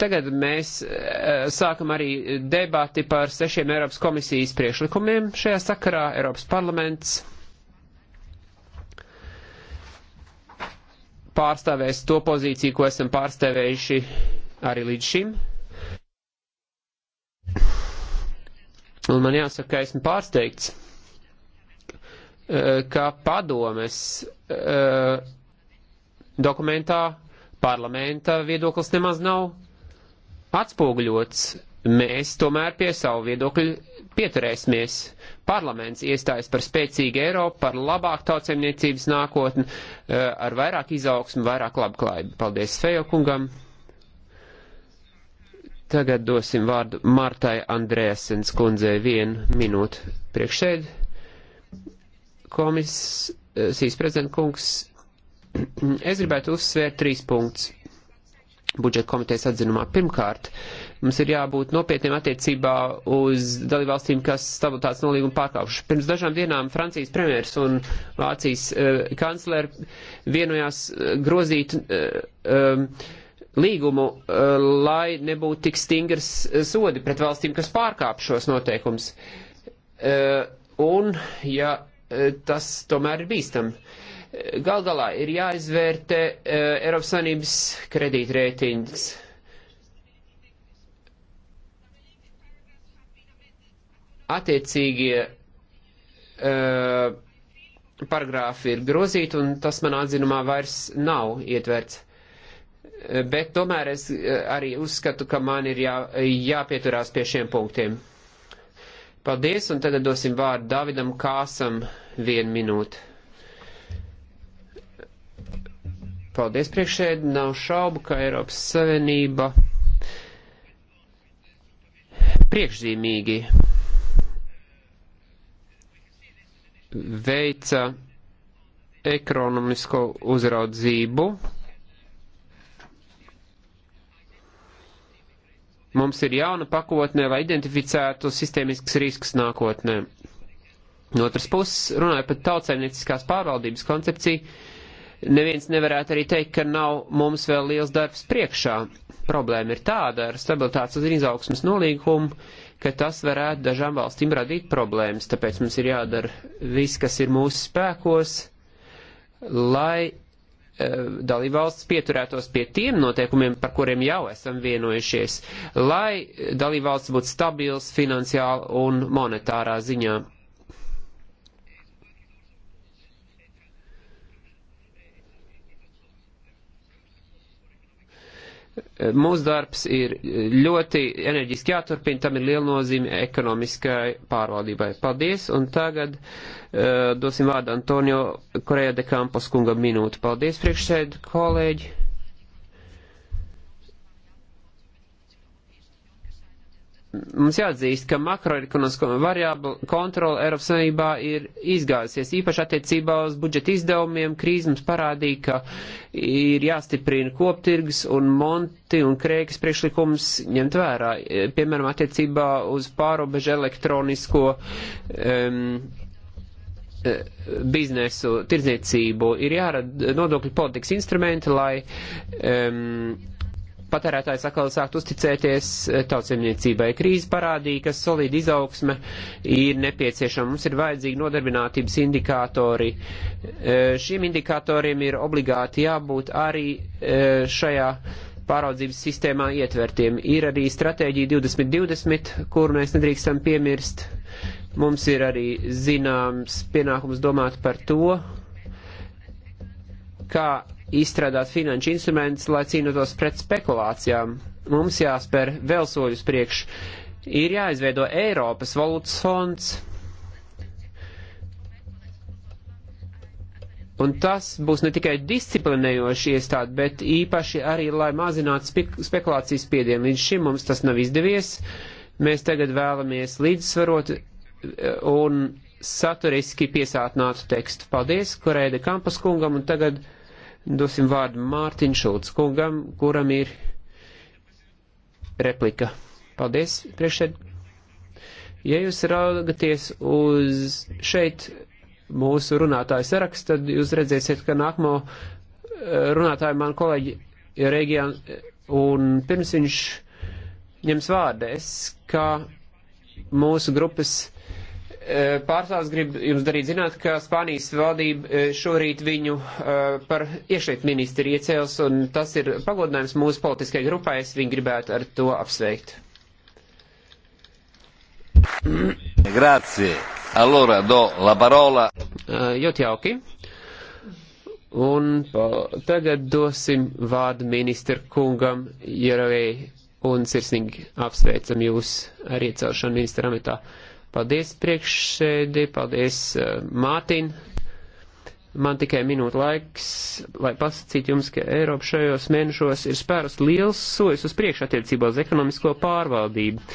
tagad mēs uh, sākam arī debati par sešiem Eiropas komisijas priekšlikumiem šajā sakarā. Eiropas parlaments pārstāvēs to pozīciju, ko esam pārstāvējuši arī līdz šim. Uh, Un man jāsaka, ka esmu pārsteigts, eh, ka padomes eh, dokumentā parlamenta viedoklis nemaz nav atspoguļots. Mēs tomēr pie savu viedokļu pieturēsimies. Parlaments iestājas par spēcīgu Eiropu, par labāku tautsemniecības nākotni, eh, ar vairāk izaugsmu, vairāk labklājību. Paldies Fejo kungam! Tagad dosim vārdu Martai Andrēsens kundzei vienu minūtu priekšēd. Komisijas prezidentkungs, es gribētu uzsvērt trīs punktus budžeta komitejas atzinumā. Pirmkārt, mums ir jābūt nopietniem attiecībā uz dalībvalstīm, kas stabilitātes nolīgumu pārkāpuši. Pirms dažām dienām Francijas premjers un Vācijas uh, eh, kanclere vienojās uh, grozīt. Uh, um, uh, līgumu, eh, lai nebūtu tik stingrs sodi pret valstīm, kas pārkāp šos noteikumus. Eh, un, ja eh, tas tomēr ir bīstam. Gal galā ir jāizvērtē Eiropas Sanības kredītreitings. Attiecīgie paragrāfi ir grozīti, un tas man atzinumā vairs nav ietverts bet tomēr es eh, arī uzskatu, ka man ir jā, jāpieturās pie šiem punktiem. Paldies, un tagad dosim vārdu Davidam Kāsam vienu minūti. Paldies priekšēd, nav šaubu, ka Eiropas Savienība priekšzīmīgi veica ekonomisko uzraudzību Mums ir jauna pakotne, lai identificētu sistēmisks risks nākotnē. No otras puses, runājot par tautsaimnieciskās pārvaldības koncepciju, neviens nevarētu arī teikt, ka nav mums vēl liels darbs priekšā. Problēma ir tāda ar stabilitātes un izaugsmas nolīgumu, ka tas varētu dažām valstīm radīt problēmas, tāpēc mums ir jādara viss, kas ir mūsu spēkos, lai dalībvalsts pieturētos pie tiem noteikumiem, par kuriem jau esam vienojušies, lai dalībvalsts būtu stabils finansiāli un monetārā ziņā. Mūsu darbs ir ļoti enerģiski jāturpina, tam ir liela nozīme ekonomiskai pārvaldībai. Paldies, un tagad uh, dosim vārdu Antonio Korea de Campos kungam minūtu. Paldies, priekšsēd, kolēģi! mums jāatzīst, ka makroekonomisko variāblu kontrola Eiropas Savienībā ir izgājusies. Īpaši attiecībā uz budžeta izdevumiem krīze mums parādīja, ka ir jāstiprina koptirgs un monti un krēkas priekšlikums ņemt vērā. E, piemēram, attiecībā uz pārobežu elektronisko um, biznesu, tirdzniecību ir jārada nodokļu politikas instrumenti, lai um, patērētājs atkal sākt uzticēties e, tautsiemniecībai. Krīze parādīja, ka solīda izaugsme ir nepieciešama. Mums ir vajadzīgi nodarbinātības indikātori. E, šiem indikatoriem ir obligāti jābūt arī e, šajā pāraudzības sistēmā ietvertiem. Ir arī stratēģija 2020, kur mēs nedrīkstam piemirst. Mums ir arī zināms pienākums domāt par to, kā izstrādāt finanšu instrumentus, lai cīnotos pret spekulācijām. Mums jāspēr vēl soļus priekš. Ir jāizveido Eiropas valūtas fonds. Un tas būs ne tikai disciplinējoši iestādi, bet īpaši arī, lai mazinātu spek spekulācijas spiedienu. Līdz šim mums tas nav izdevies. Mēs tagad vēlamies līdzsvarot e, un saturiski piesātinātu tekstu. Paldies, Koreida Kampas kungam, un tagad. Dosim vārdu Mārtiņ Šulc kungam, kuram ir replika. Paldies, priekšēd. Ja jūs raugaties uz šeit mūsu runātāju sarakstu, tad jūs redzēsiet, ka nākamo eh, runātāju man kolēģi ir Regijan, eh, un pirms viņš ņems vārdu, es kā mūsu grupas Eh, pārstāvs grib jums darīt zināt, ka Spānijas valdība eh, šorīt viņu eh, par iešliet ministri iecēls, un tas ir pagodinājums mūsu politiskajai grupai. Es viņu gribētu ar to apsveikt. Grazie. Allora do la parola. Ļoti jauki. Un pa, tagad dosim vārdu ministra kungam Jerovei un sirsnīgi apsveicam jūs ar iecelšanu ministra ametā. Paldies priekšsēdi, paldies eh, Mātin. Man tikai minūte laiks, lai pasacītu jums, ka Eiropa šajos mēnešos ir spērus liels sojas uz priekšu attiecībā uz ekonomisko pārvaldību.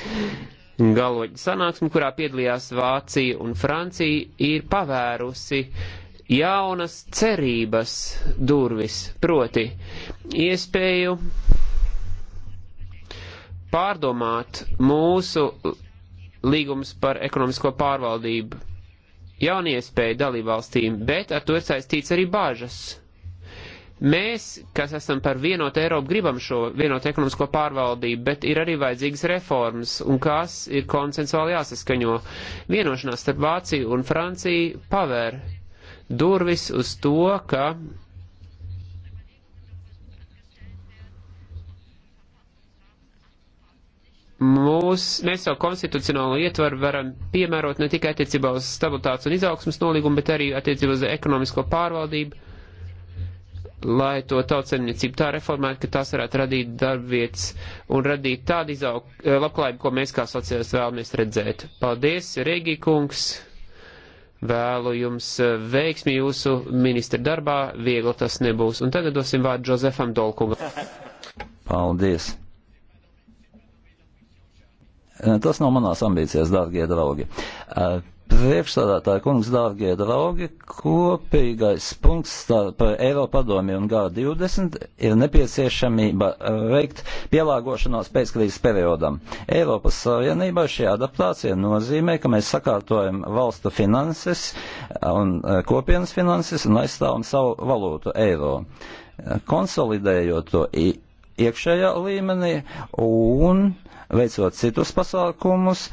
Galoģa sanāksme, kurā piedalījās Vācija un Francija, ir pavērusi jaunas cerības durvis, proti iespēju pārdomāt mūsu līgums par ekonomisko pārvaldību. Jauni iespēja dalībvalstīm, bet ar to ir saistīts arī bāžas. Mēs, kas esam par vienotu Eiropu, gribam šo vienotu ekonomisko pārvaldību, bet ir arī vajadzīgas reformas, un kas ir konsensuāli jāsaskaņo. Vienošanās starp Vāciju un Franciju paver durvis uz to, ka Mūs, mēs savu konstitucionālo ietvaru varam piemērot ne tikai attiecībā uz stabilitātes un izaugsmas nolīgumu, bet arī attiecībā uz ekonomisko pārvaldību, lai to tautsemniecību tā reformētu, ka tas varētu radīt darbvietas un radīt tādu izaug, eh, labklājību, ko mēs kā sociālisti vēlamies redzēt. Paldies, Rēgī kungs! Vēlu jums eh, veiksmi jūsu ministra darbā, viegli tas nebūs. Un tagad dosim vārdu Džozefam Dolkungam. Paldies! Eh, tas nav manās ambīcijās, dārgie draugi. Eh, Priekšstādātāji kungs, dārgie draugi, kopīgais punkts starp Eiropadomi un G20 ir nepieciešamība eh, veikt pielāgošanos pēckrīzes periodam. Eiropas Savienībā šī adaptācija nozīmē, ka mēs sakārtojam valstu finanses un kopienas finanses un aizstāvam savu valūtu eiro, konsolidējot to iekšējā līmenī un veicot citus pasākumus,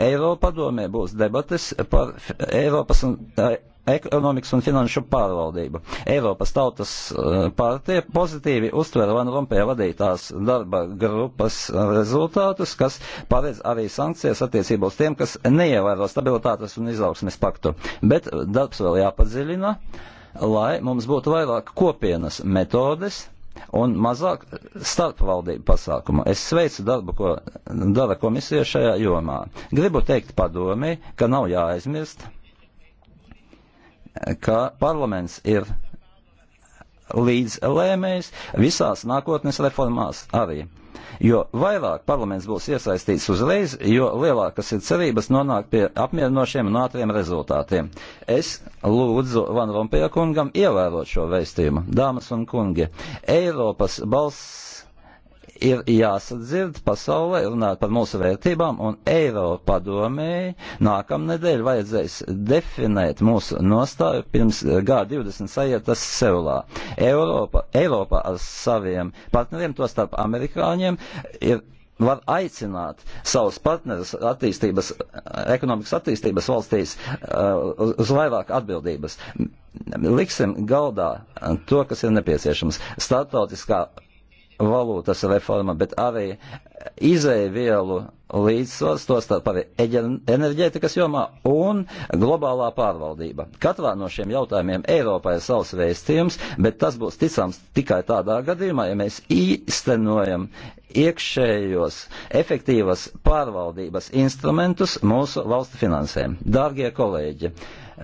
Eiropadomē būs debates par Eiropas un e, ekonomikas un finanšu pārvaldību. Eiropas tautas e, partija pozitīvi uztver Van Rompēja vadītās darba grupas rezultātus, kas paredz arī sankcijas attiecībā uz tiem, kas neievēro stabilitātes un izaugsmes paktu. Bet darbs vēl jāpadziļina, lai mums būtu vairāk kopienas metodes un mazāk starpvaldību pasākumu. Es sveicu darbu, ko dara komisija šajā jomā. Gribu teikt padomi, ka nav jāaizmirst, ka parlaments ir līdz lēmējs visās nākotnes reformās arī. Jo vairāk parlaments būs iesaistīts uzreiz, jo lielākas ir cerības nonākt pie apmierinošiem un ātriem rezultātiem. Es lūdzu Van Rompēja kungam ievērot šo veistījumu. Dāmas un kungi, Eiropas balss ir jāsadzird pasaulē, runāt par mūsu vērtībām, un Eiropa padomēji nākamnedēļ vajadzēs definēt mūsu nostāju pirms G20 sajietas Seulā. Eiropa, Eiropa ar saviem partneriem, to starp amerikāņiem, ir var aicināt savus partnerus attīstības, ekonomikas attīstības valstīs uh, uz vairāk atbildības. Liksim galdā to, kas ir nepieciešams. Startautiskā valūtas reforma, bet arī izēvielu līdzsvars, tostarp arī enerģētikas jomā un globālā pārvaldība. Katrā no šiem jautājumiem Eiropā ir savs vēstījums, bet tas būs ticams tikai tādā gadījumā, ja mēs īstenojam iekšējos efektīvas pārvaldības instrumentus mūsu valstu finansēm. Dārgie kolēģi!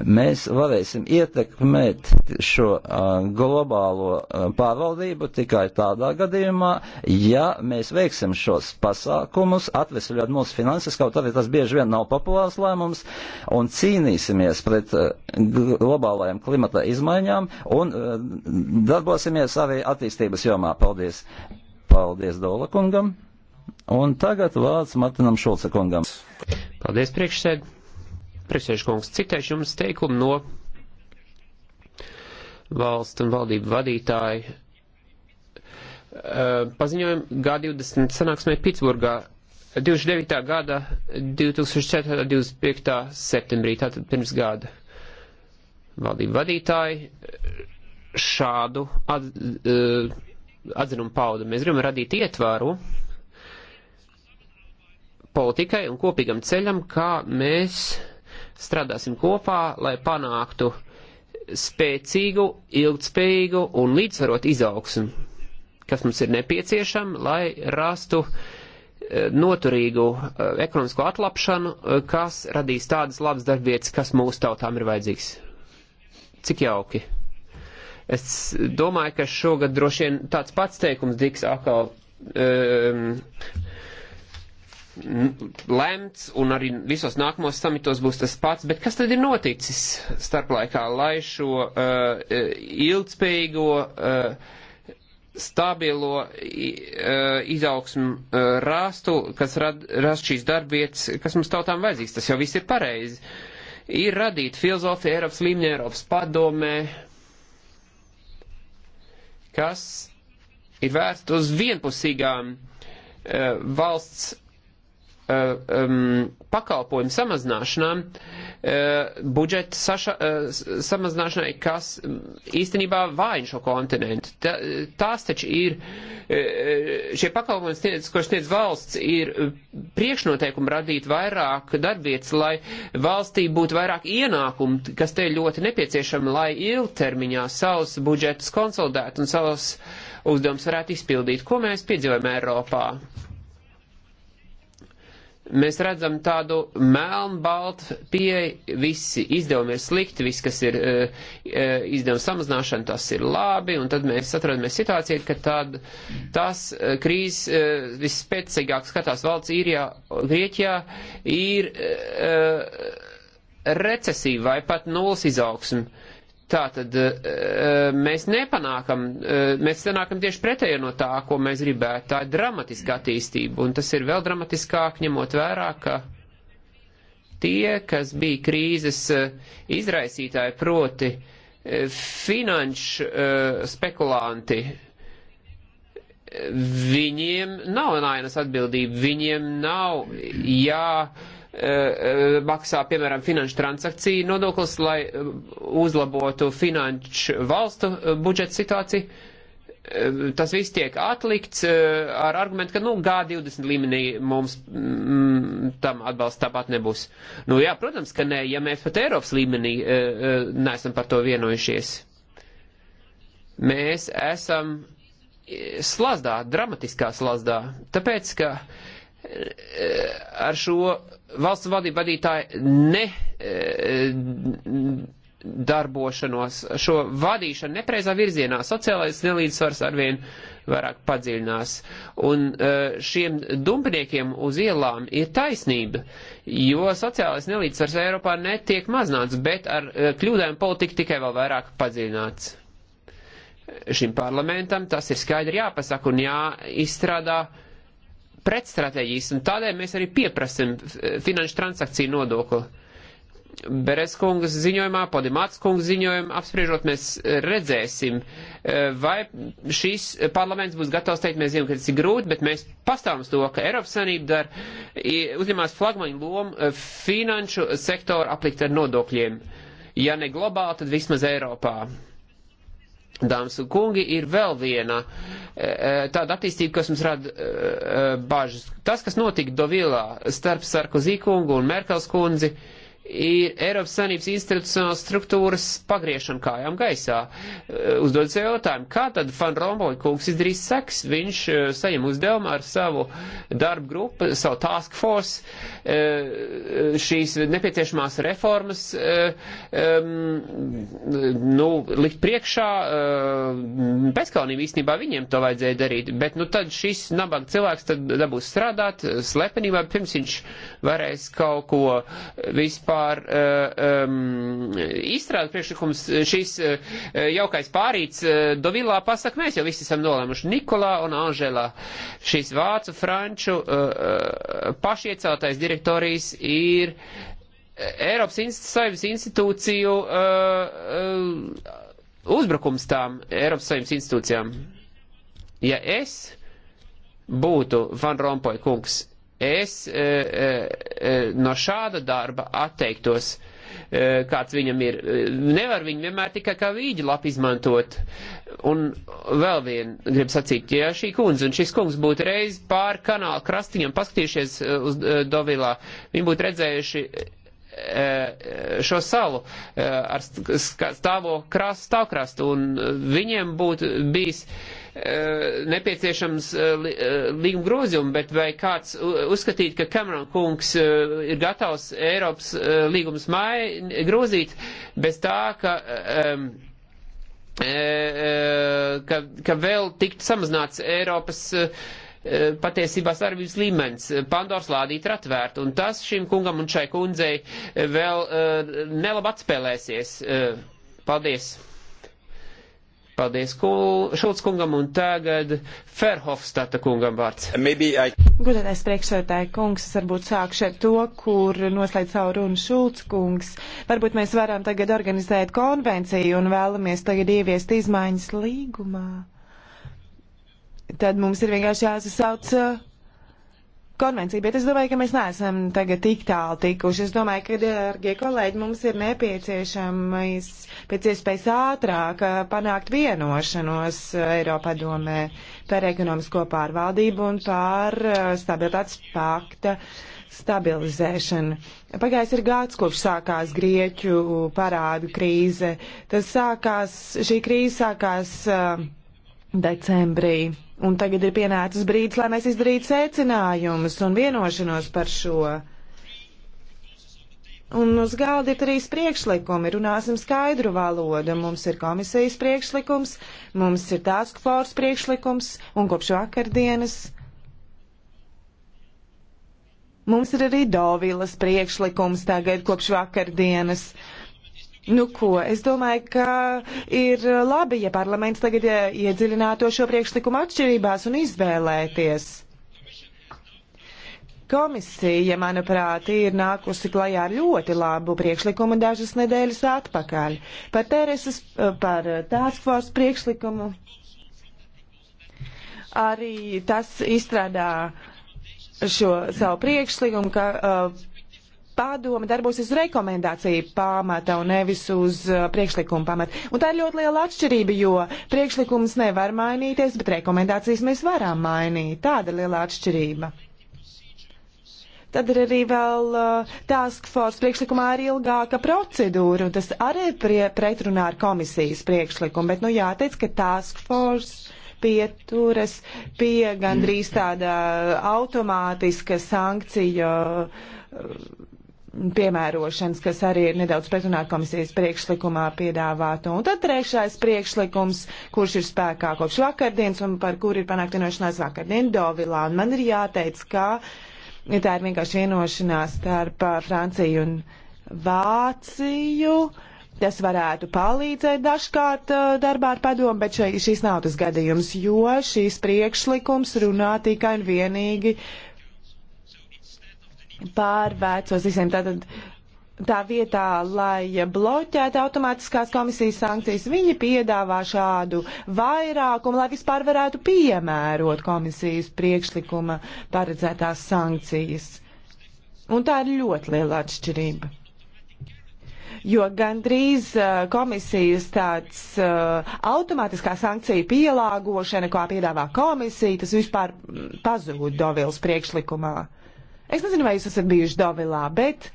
mēs varēsim ietekmēt šo uh, globālo uh, pārvaldību tikai tādā gadījumā, ja mēs veiksim šos pasākumus, atvesļot mūsu finanses, kaut arī tas bieži vien nav populārs lēmums, un cīnīsimies pret uh, globālajām klimata izmaiņām un uh, darbosimies arī attīstības jomā. Paldies! Paldies Dola kungam! Un tagad vārds Martinam Šulce kungam. Paldies priekšsēdētājiem! Priekšsēžkungs, citēšu jums teikumu no valsts un valdību vadītāju eh, paziņojumu G20 sanāksmē Pitsburgā 29. gada 2004. 25. septembrī, tātad pirms gada valdību vadītāji eh, šādu at, eh, atzinumu pauda. Mēs gribam radīt ietvaru politikai un kopīgam ceļam, kā mēs strādāsim kopā, lai panāktu spēcīgu, ilgtspējīgu un līdzsvarotu izaugsmu, kas mums ir nepieciešama, lai rastu eh, noturīgu eh, ekonomisko atlapšanu, eh, kas radīs tādas labas darbvietas, kas mūsu tautām ir vajadzīgs. Cik jauki! Es domāju, ka šogad droši vien tāds pats teikums tiks atkal um, lemts, un arī visos nākamos samitos būs tas pats, bet kas tad ir noticis starplaikā, lai šo uh, ilgspējīgo, uh, stabilo uh, izaugsmu uh, rastu, kas rad, rast šīs darbvietas, kas mums tautām vajadzīgs, tas jau viss ir pareizi. Ir radīta filozofija Eiropas līmenī, Eiropas padomē, kas ir vērsta uz vienpusīgām uh, valsts Uh, um, pakalpojumu samazināšanām, uh, budžeta saša, uh, samazināšanai, kas um, īstenībā vājina šo kontinentu. Ta, tās taču ir, uh, šie pakalpojumi, sniedz, ko sniedz valsts, ir uh, priekšnoteikumi radīt vairāk darbvietas, lai valstī būtu vairāk ienākumu, kas te ir ļoti nepieciešama, lai ilgtermiņā savus budžetus konsolidētu un savus uzdevumus varētu izpildīt. Ko mēs piedzīvojam Eiropā? mēs redzam tādu melnbaltu pieeju, visi izdevumi ir slikti, viss, kas ir uh, izdevuma samazināšana, tas ir labi, un tad mēs atrodamies situācijā, ka tād, tās uh, eh, krīzes uh, vispēcīgāk skatās valsts īrijā, Grieķijā ir recesija vai pat nulles izaugsme. Tā tad eh, eh, mēs nepanākam, eh, mēs sanākam tieši pretējo no tā, ko mēs gribētu. Tā ir dramatiska attīstība, un tas ir vēl dramatiskāk, ņemot vērā, ka tie, kas bija krīzes izraisītāji, proti finanšu spekulanti, viņiem nav nainas atbildība, viņiem nav jā. Ja, maksā, piemēram, finanšu transakciju nodoklis, lai eh, uzlabotu finanšu valstu eh, budžeta situāciju. Eh, tas viss tiek atlikts ar argumentu, ka, nu, G20 līmenī mums mm, tam atbalsts tāpat nebūs. Nu, jā, protams, ka nē, ja mēs pat Eiropas līmenī neesam par to vienojušies. Mēs esam slazdā, dramatiskā slazdā, tāpēc, ka uh, Eh, ar šo valsts vadību vadītāju ne eh, darbošanos, šo vadīšanu nepreizā virzienā, sociālais nelīdzsvars arvien vairāk padziļinās. Un eh, šiem dumpiniekiem uz ielām ir taisnība, jo sociālais nelīdzsvars Eiropā netiek maznāts, bet ar kļūdēm politika tikai vēl vairāk padziļināts. Šim parlamentam tas ir skaidri jāpasaka un jāizstrādā uh, pretstratēģijas, un tādēļ mēs arī pieprasam eh, finanšu transakciju nodokli. Beres kungas ziņojumā, Podimāts kungas ziņojumā apspriežot, mēs redzēsim, eh, vai šīs parlaments būs gatavs teikt, mēs zinām, ka tas ir grūti, bet mēs pastāvam to, ka Eiropas Sanība dar, uzņemās flagmaņu lomu eh, finanšu sektoru aplikt ar nodokļiem. Ja ne globāli, tad vismaz Eiropā. Dāmas un kungi, ir vēl viena e, e, tāda attīstība, kas mums rada e, bažas. Tas, kas notika Dovilā starp Sarkozī kungu un Merkels kundzi, uh, ir Eiropas Sanības institucionālās struktūras pagriešana kājām gaisā. Eh, Uzdod sev jautājumu, kā tad Fan Romboja kungs izdarīs seks? Viņš eh, saņem uzdevumu ar savu darbu grupu, savu task force, eh, šīs nepieciešamās reformas, nu, likt priekšā, bezkalnība īstenībā viņiem to vajadzēja darīt, bet nu tad šis nabaga cilvēks tad dabūs strādāt slepenībā, pirms viņš varēs kaut ko vispār vispār uh, eh, um, izstrādes priekšlikums, šīs uh, eh, jaukais pārīts uh, eh, Dovilā pasaka, mēs jau visi esam nolēmuši Nikolā un Anželā. Šīs vācu, franču uh, pašieceltais direktorijas ir Eiropas Savienības institūciju uh, uh, uzbrukums tām Eiropas Savienības institūcijām. Ja es būtu Van Rompuy kungs, es e, e, no šāda darba atteiktos, e, kāds viņam ir. Nevar viņu vienmēr tikai kā vīģi lapu izmantot. Un vēl vien grib sacīt, ja šī kundze un šis kungs būtu reiz pār kanāla krastiņam paskatījušies uz Dovilā, viņi būtu redzējuši šo salu ar stāvo krastu, stāvkrastu, un viņiem būtu bijis uh, Eh, nepieciešams eh, eh, līguma grozījumi, bet vai kāds uzskatīt, ka Cameron kungs ir gatavs Eiropas līgumas māju grozīt bez tā, ka. Um, ka, ka vēl tikt samazināts Eiropas patiesībā sadarbības līmenis. Pandors lādīt ir atvērt, un tas šim kungam un šai kundzei vēl nelab atspēlēsies. Paldies! Paldies Šulc kungam un tagad Ferhofstata kungam vārds. I... Godētais priekšsētāji kungs, es varbūt sākšu ar to, kur noslēdz savu runu Šulc kungs. Varbūt mēs varam tagad organizēt konvenciju un vēlamies tagad ieviest izmaiņas līgumā. Tad mums ir vienkārši jāsasauc konvenciju, bet es domāju, ka mēs neesam tagad tik tālu tikuši. Es domāju, ka, dārgie kolēģi, mums ir nepieciešamais pēc iespējas ātrāk uh, panākt vienošanos uh, Eiropā domē par ekonomisko pārvaldību un par uh, stabilitātes pakta stabilizēšana. Pagājis ir gads, kopš sākās Grieķu parādu krīze. Tas sākās, šī krīze sākās uh, decembrī. Un tagad ir pienācis brīdis, lai mēs izdarītu secinājumus un vienošanos par šo. Un uz galda ir trīs priekšlikumi, runāsim skaidru valodu. Mums ir komisijas priekšlikums, mums ir task force priekšlikums un kopš vakardienas. Mums ir arī Dovilas priekšlikums tagad kopš vakardienas. Uh, Nu, ko? Es domāju, ka ir labi, ja parlaments tagad iedziļināto šo priekšlikumu atšķirībās un izvēlēties. Komisija, manuprāt, ir nākusi klajā ar ļoti labu priekšlikumu dažas nedēļas atpakaļ. Par Tereses, eh, par Task Force priekšlikumu. Arī tas izstrādā šo savu priekšlikumu, ka uh, padome darbosies uz rekomendāciju pamata un nevis uz uh, priekšlikumu pamata. Un tā ir ļoti liela atšķirība, jo priekšlikums nevar mainīties, bet rekomendācijas mēs varam mainīt. Tāda ir liela atšķirība. Tad ir arī vēl uh, task force priekšlikumā ir ilgāka procedūra, un tas arī prie, pretrunā ar komisijas priekšlikumu, bet nu jāteic, ka task force pieturas pie gandrīz tāda automātiska sankcija. Uh, piemērošanas, kas arī ir nedaudz pretrunā komisijas priekšlikumā piedāvāto. Un tad trešais priekšlikums, kurš ir spēkā kopš vakardienas un par kur ir panākt vienošanās vakardien Dovilā. Un man ir jāteic, ka tā ir vienkārši vienošanās starp Franciju un Vāciju. Tas varētu palīdzēt dažkārt darbā ar padomu, bet šai, šis nav tas gadījums, jo šīs priekšlikums runā tikai un vienīgi pārvērtos visiem. Tātad tā vietā, lai bloķētu automātiskās komisijas sankcijas, viņi piedāvā šādu vairākumu, lai vispār varētu piemērot komisijas priekšlikuma paredzētās sankcijas. Un tā ir ļoti liela atšķirība jo gandrīz uh, komisijas tāds uh, automātiskā sankcija pielāgošana, kā piedāvā komisija, tas vispār mm, pazūd Dovils priekšlikumā. Es nezinu, vai jūs esat bijuši Dovilā, bet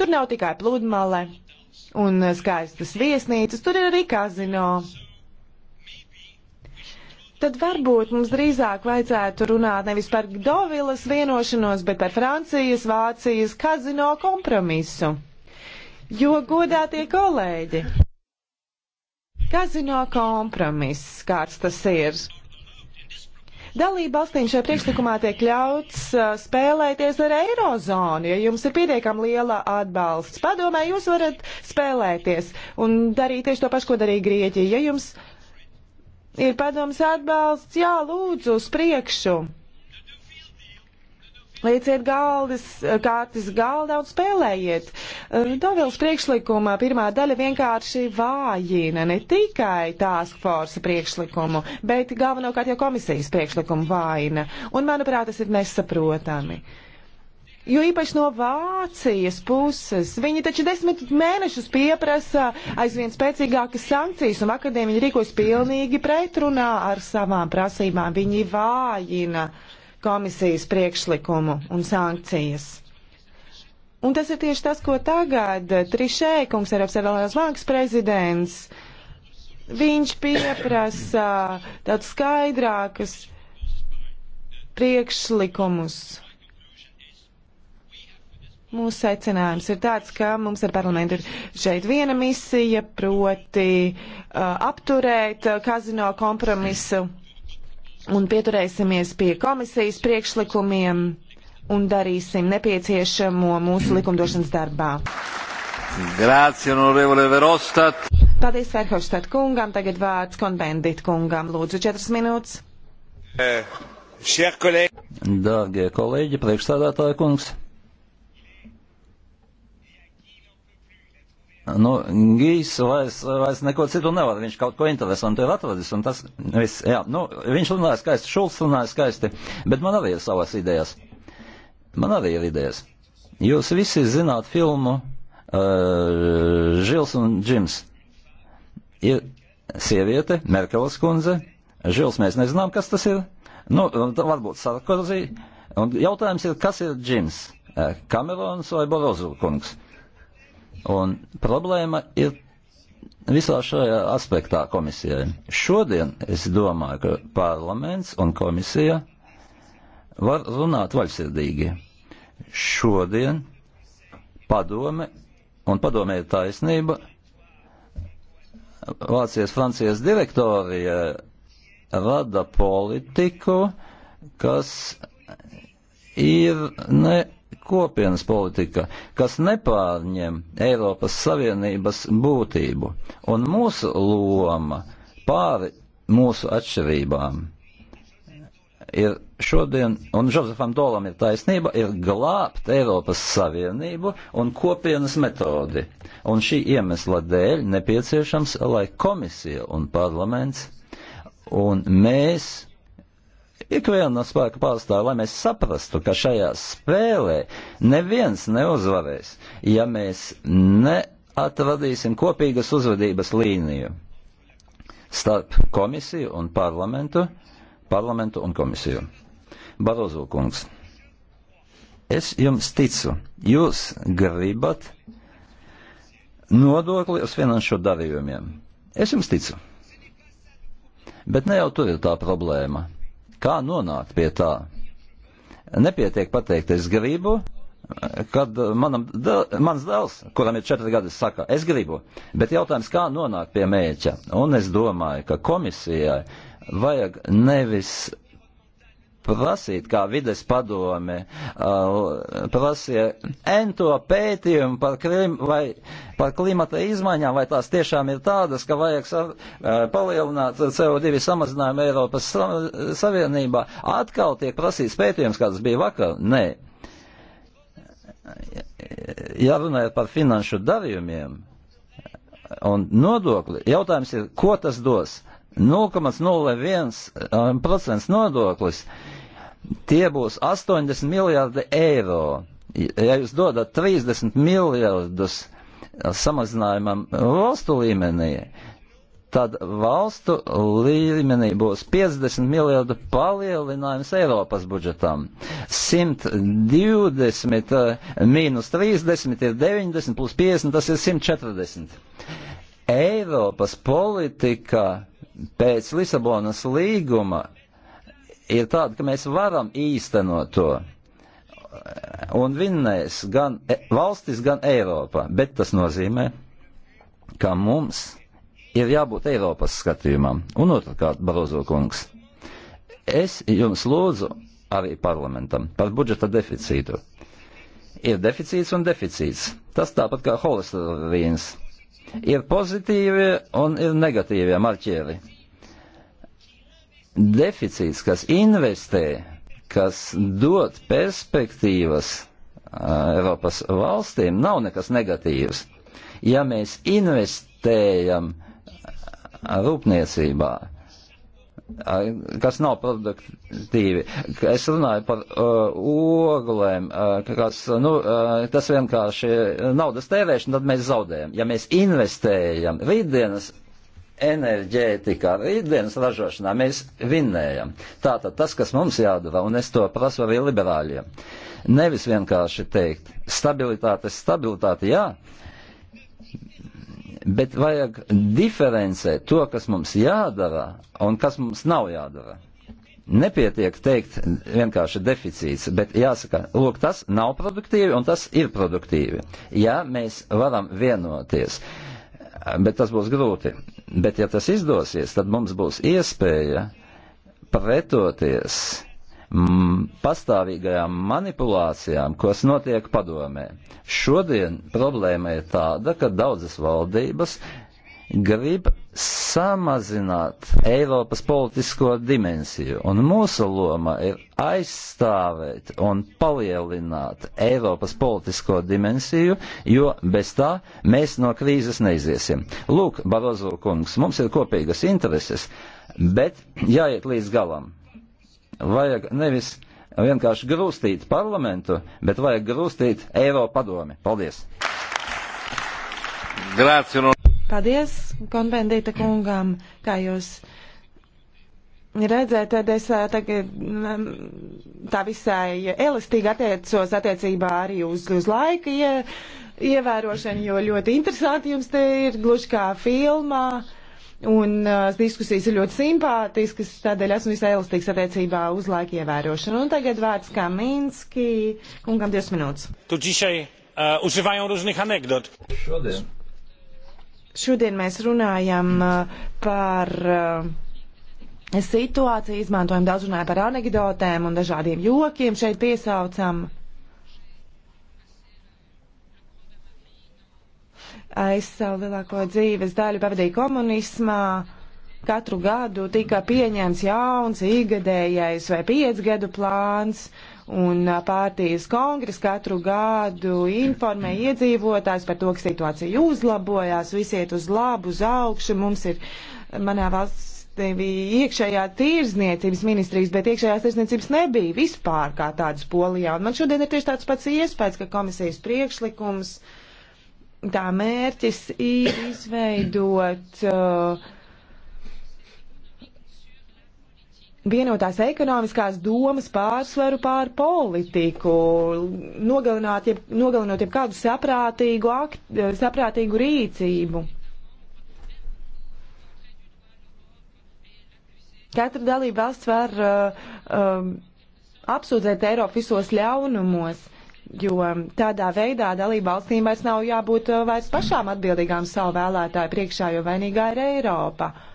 tur nav tikai pludmale un skaistas viesnīcas, tur ir arī kazino. Tad varbūt mums drīzāk vajadzētu runāt nevis par Dovilas vienošanos, bet par Francijas, Vācijas kazino kompromisu. Jo godātie kolēģi, kazino kompromiss, kāds tas ir. Dalība valstīm šajā priekšlikumā tiek ļauts uh, spēlēties ar eirozonu. Ja jums ir pietiekami liela atbalsts padomē, jūs varat spēlēties un darīt tieši to pašu, ko darīja Grieķija. Ja jums ir padoms atbalsts, jā, lūdzu, uz priekšu. Lieciet galdis, kārtas galda un spēlējiet. Dovils priekšlikuma pirmā daļa vienkārši vājina ne tikai task force priekšlikumu, bet galvenokārt jau komisijas priekšlikumu vājina. Un, manuprāt, tas ir nesaprotami. Jo īpaši no Vācijas puses. Viņi taču desmit mēnešus pieprasa aizvien spēcīgākas sankcijas, un vakardien viņi rīkojas pilnīgi pretrunā ar savām prasībām. Viņi vājina. Uh, komisijas priekšlikumu un sankcijas. Un tas ir tieši tas, ko tagad Trišē, kungs Eiropas Savienības bankas prezidents, viņš pieprasa tādus skaidrākus priekšlikumus. Mūsu secinājums ir tāds, ka mums ar parlamentu ir šeit viena misija, proti uh, apturēt uh, kazino kompromisu. Uh, un pieturēsimies pie komisijas priekšlikumiem un darīsim nepieciešamo mūsu likumdošanas darbā. Grācija, onorevole Verostat. Paldies Verhofstadt kungam, tagad vārds konbendit kungam. Lūdzu, četras minūtes. Eh, Dārgie kolēģi, priekšstādātāja kungs. Nu, Gijs vairs, vairs neko citu nevar. Viņš kaut ko interesantu ir atradis. Tas, viss, jā, nu, viņš runāja skaisti, Šulcs runāja skaisti, bet man arī ir savas idejas. Man arī ir idejas. Jūs visi zināt filmu uh, Žils un Džims. Ir sieviete, Merkelas kundze. Žils mēs nezinām, kas tas ir. Nu, varbūt Sarkozī. Un jautājums ir, kas ir Džims? Eh, Kamerons vai Borozu kungs? Uh, Un problēma ir visā šajā aspektā komisijai. Šodien es domāju, ka parlaments un komisija var runāt vaļsirdīgi. Šodien padome, un padome ir taisnība, Vācijas Francijas direktorija rada politiku, kas ir ne kopienas politika, kas nepārņem Eiropas Savienības būtību un mūsu loma pāri mūsu atšķirībām. Ir šodien, un Žozefam Dolam ir taisnība, ir glābt Eiropas Savienību un kopienas metodi. Un šī iemesla dēļ nepieciešams, lai komisija un parlaments un mēs ikviena no spēka pārstāv, lai mēs saprastu, ka šajā spēlē neviens neuzvarēs, ja mēs neatradīsim kopīgas uzvedības līniju starp komisiju un parlamentu, parlamentu un komisiju. Barozo kungs, es jums ticu, jūs gribat nodokli uz finanšu darījumiem. Es jums ticu. Bet ne jau tur ir tā problēma. Kā nonākt pie tā? Nepietiek pateikt, es gribu, kad manam, da, mans dēls, kuram ir četri gadi, saka, es gribu, bet jautājums, kā nonākt pie mēķa? Un es domāju, ka komisijai vajag nevis prasīt, kā vides padome uh, prasīja ento pētījumu par, klim, vai, par klimata izmaiņām, vai tās tiešām ir tādas, ka vajag sa, uh, palielināt CO2 samazinājumu Eiropas Savienībā. Atkal tiek prasīts pētījums, kāds bija vakar. Nē. Ja runājot par finanšu darījumiem un nodokli, jautājums ir, ko tas dos? 0,01% uh, nodoklis. Uh, Tie būs 80 miljardi eiro. Ja jūs dodat 30 miljardus uh, samazinājumam valstu līmenī, tad valstu līmenī būs 50 miljardu palielinājums Eiropas budžetam. 120 uh, mīnus 30 ir 90 plus 50, tas ir 140. Eiropas politika pēc Lisabonas līguma ir tāda, ka mēs varam īstenot to un vinnēs gan e, valstis, gan Eiropā, bet tas nozīmē, ka mums ir jābūt Eiropas skatījumam. Un otrkārt, Barozo kungs, es jums lūdzu arī parlamentam par budžeta deficītu. Ir deficīts un deficīts. Tas tāpat kā holesterīns. Ir pozitīvie un ir negatīvie marķieri deficīts, kas investē, kas dod perspektīvas Eiropas valstīm, nav nekas negatīvs. Ja mēs investējam rūpniecībā, kas nav produktīvi. Es runāju par uh, oglēm, uh, kas, nu, uh, tas vienkārši naudas tērēšana, tad mēs zaudējam. Ja mēs investējam rītdienas enerģētikā, rītdienas ražošanā mēs vinnējam. Tātad tas, kas mums jādara, un es to prasu arī liberāļiem, nevis vienkārši teikt stabilitāte, stabilitāte, jā, bet vajag diferencēt to, kas mums jādara un kas mums nav jādara. Nepietiek teikt vienkārši deficīts, bet jāsaka, lūk, tas nav produktīvi un tas ir produktīvi. Jā, mēs varam vienoties, bet tas būs grūti Bet, ja tas izdosies, tad mums būs iespēja pretoties mm, pastāvīgajām manipulācijām, kas notiek padomē. Šodien problēma ir tāda, ka daudzas valdības grib samazināt Eiropas politisko dimensiju, un mūsu loma ir aizstāvēt un palielināt Eiropas politisko dimensiju, jo bez tā mēs no krīzes neiziesim. Lūk, Barozo kungs, mums ir kopīgas intereses, bet jāiet līdz galam. Vajag nevis vienkārši grūstīt parlamentu, bet vajag grūstīt Eiropadomi. Paldies! Grazie. Paldies konvendīta kungam, kā jūs redzēt, tad es tagad tā visai elastīgi attiecos attiecībā arī uz, uz laika ie, ievērošanu, jo ļoti interesanti jums te ir, gluži kā filmā. Un uh, diskusijas ir ļoti simpātiskas, tādēļ esmu visai elastīgs attiecībā uz laika ievērošanu. Un tagad vārds kā Minski, kungam 20 minūtes. Tu dzišai uh, uživajo rūžnih anekdot. Šodien Šodien mēs runājam uh, par uh, situāciju, izmantojam daudz runāju par anegdotēm un dažādiem jokiem šeit piesaucam. Es savu lielāko dzīves daļu pavadīju komunismā. Katru gadu tika pieņemts jauns, ikgadējais vai piecgadu plāns, Un pārtīs kongres katru gadu informē iedzīvotājs par to, ka situācija uzlabojās, visiet uz labu, uz augšu. Mums ir manā valsts bija iekšējā tirzniecības ministrijas, bet iekšējās tirzniecības nebija vispār kā tādas polijā. Un man šodien ir tieši tāds pats iespējas, ka komisijas priekšlikums, tā mērķis ir izveidot uh, vienotās ekonomiskās domas pārsvaru pār politiku, nogalināt, jeb, nogalinot jebkādu saprātīgu, akt, eh, saprātīgu rīcību. Katra dalība valsts var uh, um, apsūdzēt Eiropu visos ļaunumos, jo tādā veidā dalība valstīm vairs nav jābūt eh, vairs pašām atbildīgām savu vēlētāju priekšā, jo vainīgā ir Eiropa. Uh,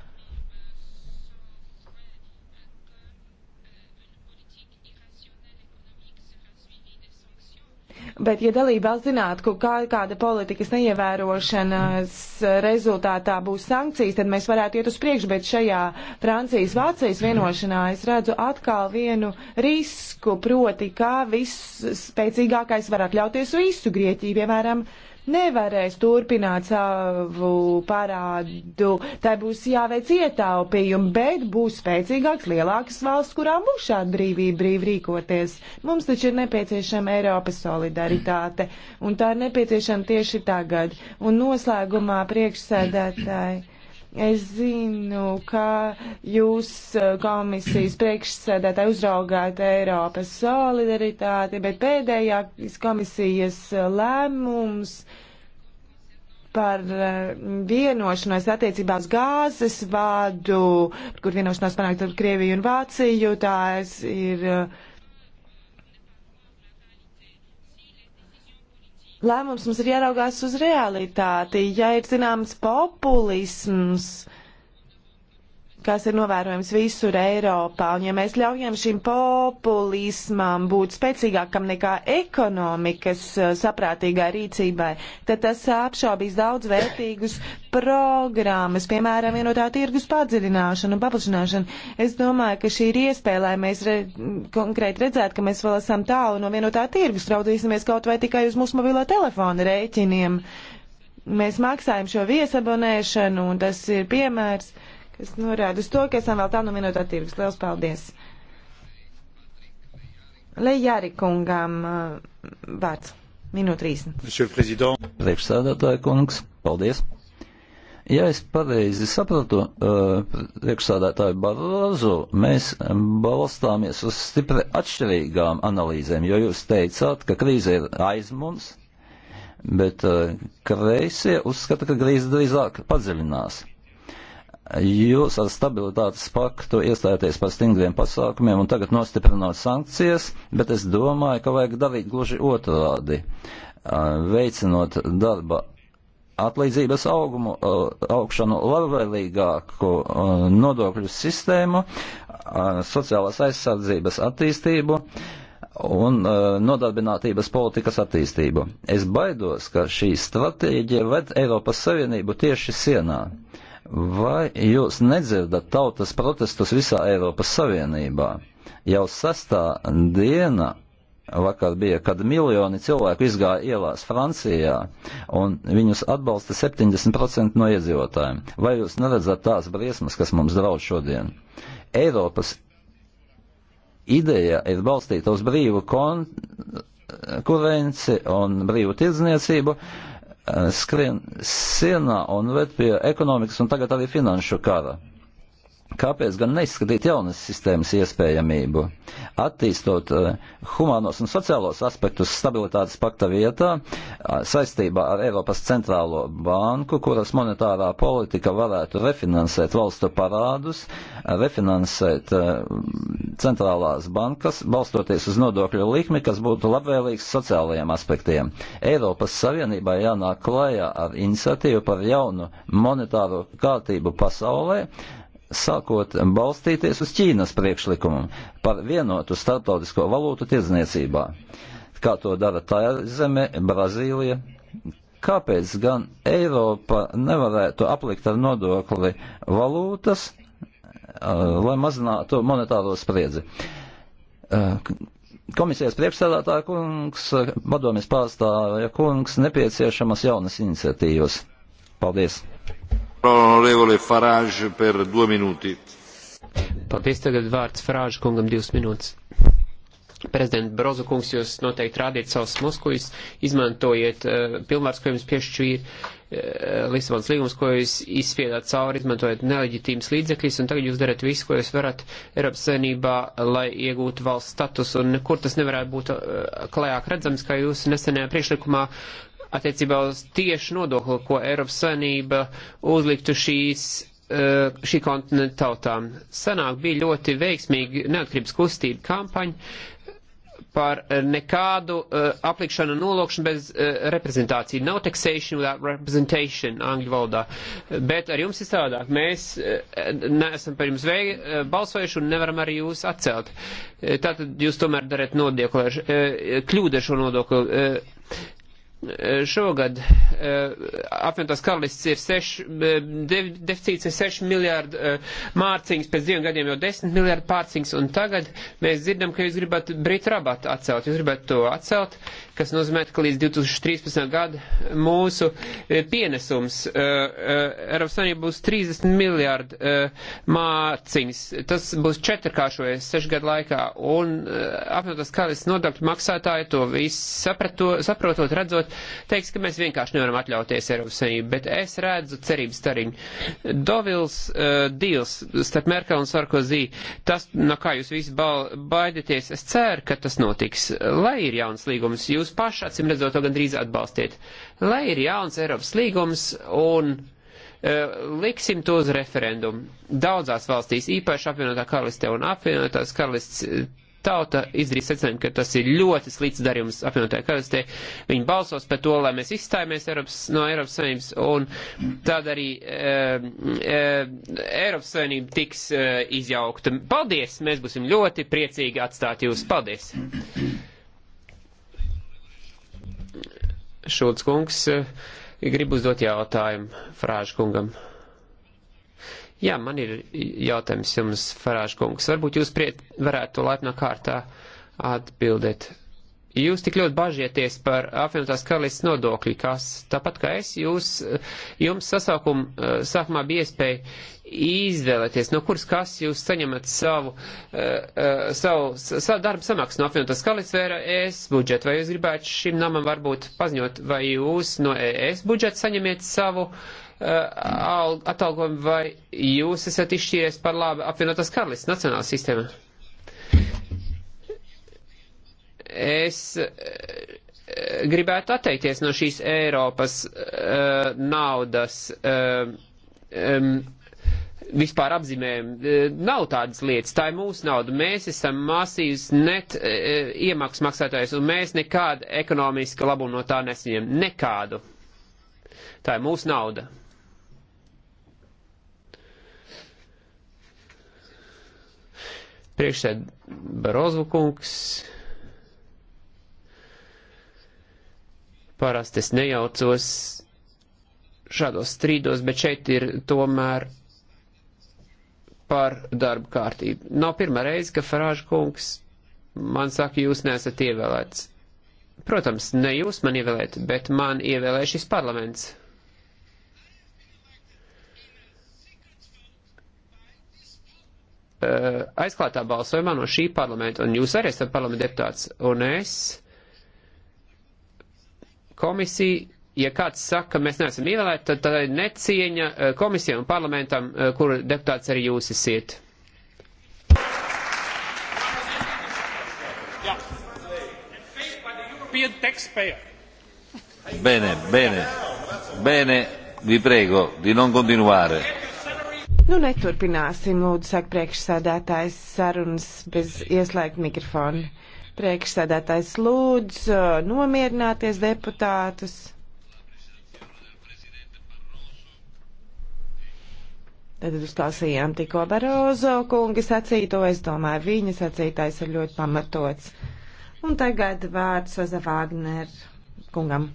Bet, ja dalībās zinātu, ka kā, kāda politikas neievērošanas rezultātā būs sankcijas, tad mēs varētu iet uz priekšu, bet šajā Francijas-Vācijas vienošanā es redzu atkal vienu risku, proti, kā viss spēcīgākais var atļauties visu Grieķiju, piemēram, uh, nevarēs turpināt savu parādu. Tā būs jāveic ietaupījumi, bet būs spēcīgāks, lielākas valsts, kurām būs šāda brīvība brīvi rīkoties. Mums taču ir nepieciešama Eiropas solidaritāte, un tā ir nepieciešama tieši tagad. Un noslēgumā priekšsēdētāji. Es zinu, ka jūs eh, komisijas priekšsēdētāji uzraugāt Eiropas solidaritāti, bet pēdējā komisijas eh, lēmums par eh, vienošanos attiecībā uz gāzes vādu, kur vienošanās panākt ar Krieviju un Vāciju, tās ir. Uh, lēmums mums ir jāraugās uz realitāti. Ja ir zināms populisms, uh, kas ir novērojams visur Eiropā. Un ja mēs ļaujam šim populismam būt spēcīgākam nekā ekonomikas eh, saprātīgai rīcībai, tad tas apšaubīs daudz vērtīgus programmas, piemēram, vienotā tirgus padziļināšanu un paplašināšanu. Es domāju, ka šī ir iespēja, lai mēs re konkrēti redzētu, ka mēs vēl esam tālu no vienotā tirgus, raudīsimies kaut vai tikai uz mūsu mobilo telefonu rēķiniem. Mēs maksājam šo viesabonēšanu, un tas ir piemērs. Uh, kas norāda uz to, ka esam vēl tā no vienotā tirgus. Liels paldies! Lejāri kungām uh, vārds. Minūte 30. Priekšsādātāja kungs, paldies! Ja es pareizi sapratu, uh, priekšsādātāju Barozu, mēs balstāmies uz stipri atšķirīgām analīzēm, jo jūs teicāt, ka krīze ir aiz mums, bet uh, kreisie uzskata, ka krīze drīzāk padziļinās jūs ar stabilitātes paktu iestājaties par stingriem pasākumiem un tagad nostiprinot sankcijas, bet es domāju, ka vajag darīt gluži otrādi, veicinot darba atlīdzības augumu, augšanu labvēlīgāku nodokļu sistēmu, sociālās aizsardzības attīstību un uh, nodarbinātības politikas attīstību. Es baidos, ka šī stratēģija ved Eiropas Savienību tieši sienā. Uh, Vai jūs nedzirdat tautas protestus visā Eiropas Savienībā? Jau sestā diena vakar bija, kad miljoni cilvēku izgāja ielās Francijā, un viņus atbalsta 70% no iedzīvotājiem. Vai jūs neredzat tās briesmas, kas mums draud šodien? Eiropas ideja ir balstīta uz brīvu konkurenci un brīvu tirdzniecību. Uh, Eh, skrien sienā un ved pie ekonomikas un tagad arī finanšu kara. Kāpēc gan neizskatīt jaunas sistēmas iespējamību? Attīstot uh, humānos un sociālos aspektus stabilitātes pakta vietā, uh, saistībā ar Eiropas centrālo banku, kuras monetārā politika varētu refinansēt valstu parādus, uh, refinansēt centrālās bankas, balstoties uz nodokļu likmi, kas būtu labvēlīgs sociālajiem aspektiem. Eiropas Savienībā jānāk klajā ar iniciatīvu par jaunu monetāro kārtību pasaulē, sākot balstīties uz Ķīnas priekšlikumu par vienotu starptautisko valūtu tirdzniecībā, kā to dara tā zeme Brazīlija. Kāpēc gan Eiropa nevarētu aplikt ar nodokli valūtas, eh, lai mazinātu monetāro spriedzi? Eh, komisijas priekšsēdētāja kungs, padomjas pārstāvja kungs, nepieciešamas jaunas iniciatīvas. Paldies! Onorevole Farage per due minūti. Paldies, tagad vārds Farāžu kungam divas minūtes. Prezident Brozu kungs, jūs noteikti rādiet savus muskuļus, izmantojiet uh, pilnvars, ko jums piešķīr uh, Lisabonas līgums, ko jūs izspiedāt cauri, izmantojot neleģitīmas līdzekļus, un tagad jūs darat visu, ko jūs varat Eiropas savienībā, lai iegūtu valsts status, un nekur tas nevarētu būt uh, klajāk redzams, kā jūs nesenajā priekšlikumā attiecībā uz tiešu nodokli, ko Eiropas Savienība uzliktu šīs eh, šī kontinenta tautām. Sanāk bija ļoti veiksmīga neatkarības kustība kampaņa par eh, nekādu uh, aplikšanu un nolokšanu bez uh, reprezentāciju. No taxation without representation, angļu valodā. Bet ar jums ir savādāk. Mēs uh, neesam par jums vei, uh, balsojuši un nevaram arī jūs atcelt. Uh, tātad jūs tomēr darat nodokli, uh, kļūdu ar šo nodokli. Uh, šogad e, apvienotās karalists ir 6, e, deficīts ir 6 miljārdu e, mārciņas, pēc diviem gadiem jau 10 miljārdu pārciņas, un tagad mēs dzirdam, ka jūs gribat Britu rabatu atcelt, jūs gribat to atcelt, kas nozīmē, ka līdz 2013. gadu mūsu eh, pienesums uh, uh, Eiropas Savienība būs 30 miljārdu uh, māciņas. Tas būs četrkāršojies sešu gadu laikā, un uh, apvienotās karalistas nodokļu maksātāji to visu saprato, saprotot, redzot, teiks, ka mēs vienkārši nevaram atļauties Eiropas Savienību, bet es redzu cerības tariņu. Dovils uh, deals starp Merkel un Sarkozī, tas, no kā jūs visi baidaties, es ceru, ka tas notiks, lai ir jauns līgums. Jūs jūs paši, acīm redzot, to gandrīz atbalstiet. Lai ir jauns Eiropas līgums un e, liksim to uz referendumu. Daudzās valstīs, īpaši apvienotā karalistē un apvienotās karalists e, tauta izdarīs secinājumu, ka tas ir ļoti slikts darījums apvienotāju karalistē. Viņi balsos par to, lai mēs izstājamies Eiropas, no Eiropas Savienības, un tad arī e, e, Eiropas Savienība tiks e, izjaukta. Paldies! Mēs būsim ļoti priecīgi atstāt jūs. Paldies! Šulc kungs, eh, gribu uzdot jautājumu Frāžu kungam. Jā, man ir jautājums jums, Frāžu kungs. Varbūt jūs priet, varētu laipnā kārtā atbildēt Jūs tik ļoti bažieties par apvienotās karalistas nodokļu, kas, tāpat kā es, jūs, jums sasaukuma eh, sākumā bija iespēja izvēlēties, no kuras kas jūs saņemat savu, uh, savu, savu darbu samaksu no apvienotās karalistas vai ES budžeta, vai jūs gribētu šim namam varbūt paziņot, vai jūs no ES budžeta saņemiet savu uh, atalgojumu, vai jūs esat izšķīries par labu apvienotās karalistas nacionālā sistēmā? Es eh, gribētu atteikties no šīs Eiropas uh, naudas uh, um, vispār apzīmējumu. Uh, nav tādas lietas, tā ir mūsu nauda. Mēs esam masīvs net uh, iemaksas maksātājs, un mēs nekādu ekonomisku labumu no tā nesaņem. Nekādu. Tā ir mūsu nauda. Priekšsēd Barozvukungs. kungs. Parasti es nejaucos šādos strīdos, bet šeit ir tomēr par darba kārtību. Nav pirmā reize, ka Farāža kungs man saka, jūs neesat ievēlēts. Protams, ne jūs man ievēlēt, bet man ievēlē šis parlaments. Aizklātā balsojumā no šī parlamenta, un jūs arī esat parlamenta deputāts, un es komisija, ja kāds saka, ka mēs neesam ievēlēti, tad tā ir necieņa eh, komisijai un parlamentam, eh, kur deputāts arī jūs esiet. Bene, bene, bene, vi prego di non continuare. Nu, neturpināsim, lūdzu, saka priekšsēdētājs sarunas bez ieslēgt mikrofonu. Priekšsēdētājs lūdz nomierināties deputātus. Tad uzklausījām tikko Barozo kunga sacīto. Es domāju, viņa sacītais ir ļoti pamatots. Un tagad vārds Oza Vāgner kungam.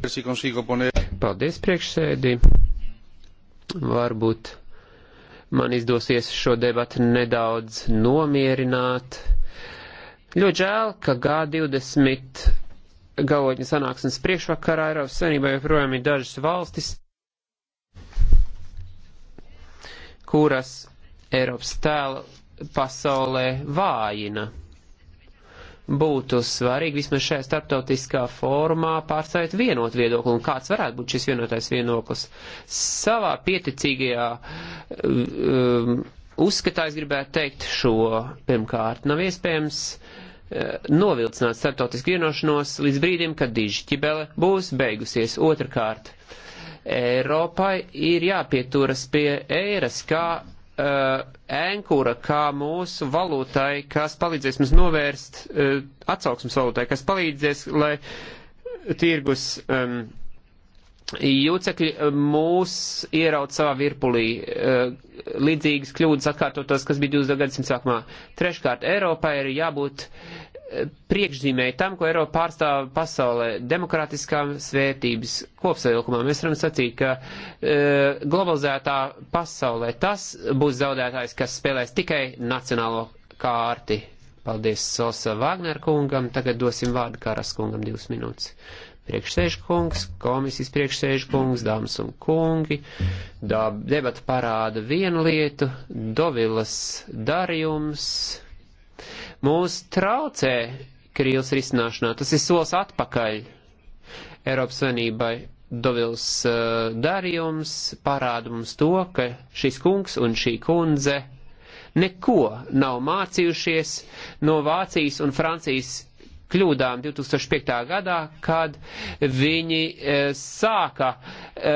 Paldies priekšsēdī. Varbūt man izdosies šo debatu nedaudz nomierināt. Uh, Ļoti žēl, ka G20 galotņa sanāksmes priekšvakarā Eiropas Savienībā joprojām ir dažas valstis, kuras Eiropas tēlu pasaulē vājina. Būtu svarīgi vismaz šajā starptautiskā formā pārstāvēt vienot viedokli, un kāds varētu būt šis vienotais vienoklis. Savā pieticīgajā uh, um, uzskatā, es gribētu teikt šo, pirmkārt, nav iespējams eh, novilcināt starptautisku vienošanos līdz brīdim, kad dižķibele būs beigusies. Otrakārt, Eiropai ir jāpieturas pie eiras kā uh, ēnkura, kā mūsu valūtai, kas palīdzēs mums novērst uh, atsauksmes valūtai, kas palīdzēs, lai tirgus um, jūcekļi eh, mūs ieraut savā virpulī, eh, līdzīgas kļūdas atkārtotos, kas bija 20. gadsimta sākumā. Treškārt, Eiropai ir jābūt eh, priekšzīmēji tam, ko Eiropa pārstāv pasaulē - demokrātiskām svērtības kopsavilkumā. Mēs varam sacīt, ka e, globalizētā pasaulē tas būs zaudētājs, kas spēlēs tikai nacionālo kārti. Paldies Sosa Vagner kungam, tagad dosim vārdu Karas kungam divas minūtes priekšsēžkungs, komisijas priekšsēžkungs, dāmas un kungi. Dā, debata parāda vienu lietu - Dovilas darījums. Mūs traucē krīles risināšanā. Tas ir solis atpakaļ Eiropas Savienībai. Dovils uh, darījums parāda mums to, ka šis kungs un šī kundze neko nav mācījušies no Vācijas un Francijas kļūdām 2005. gadā, kad viņi e, sāka e,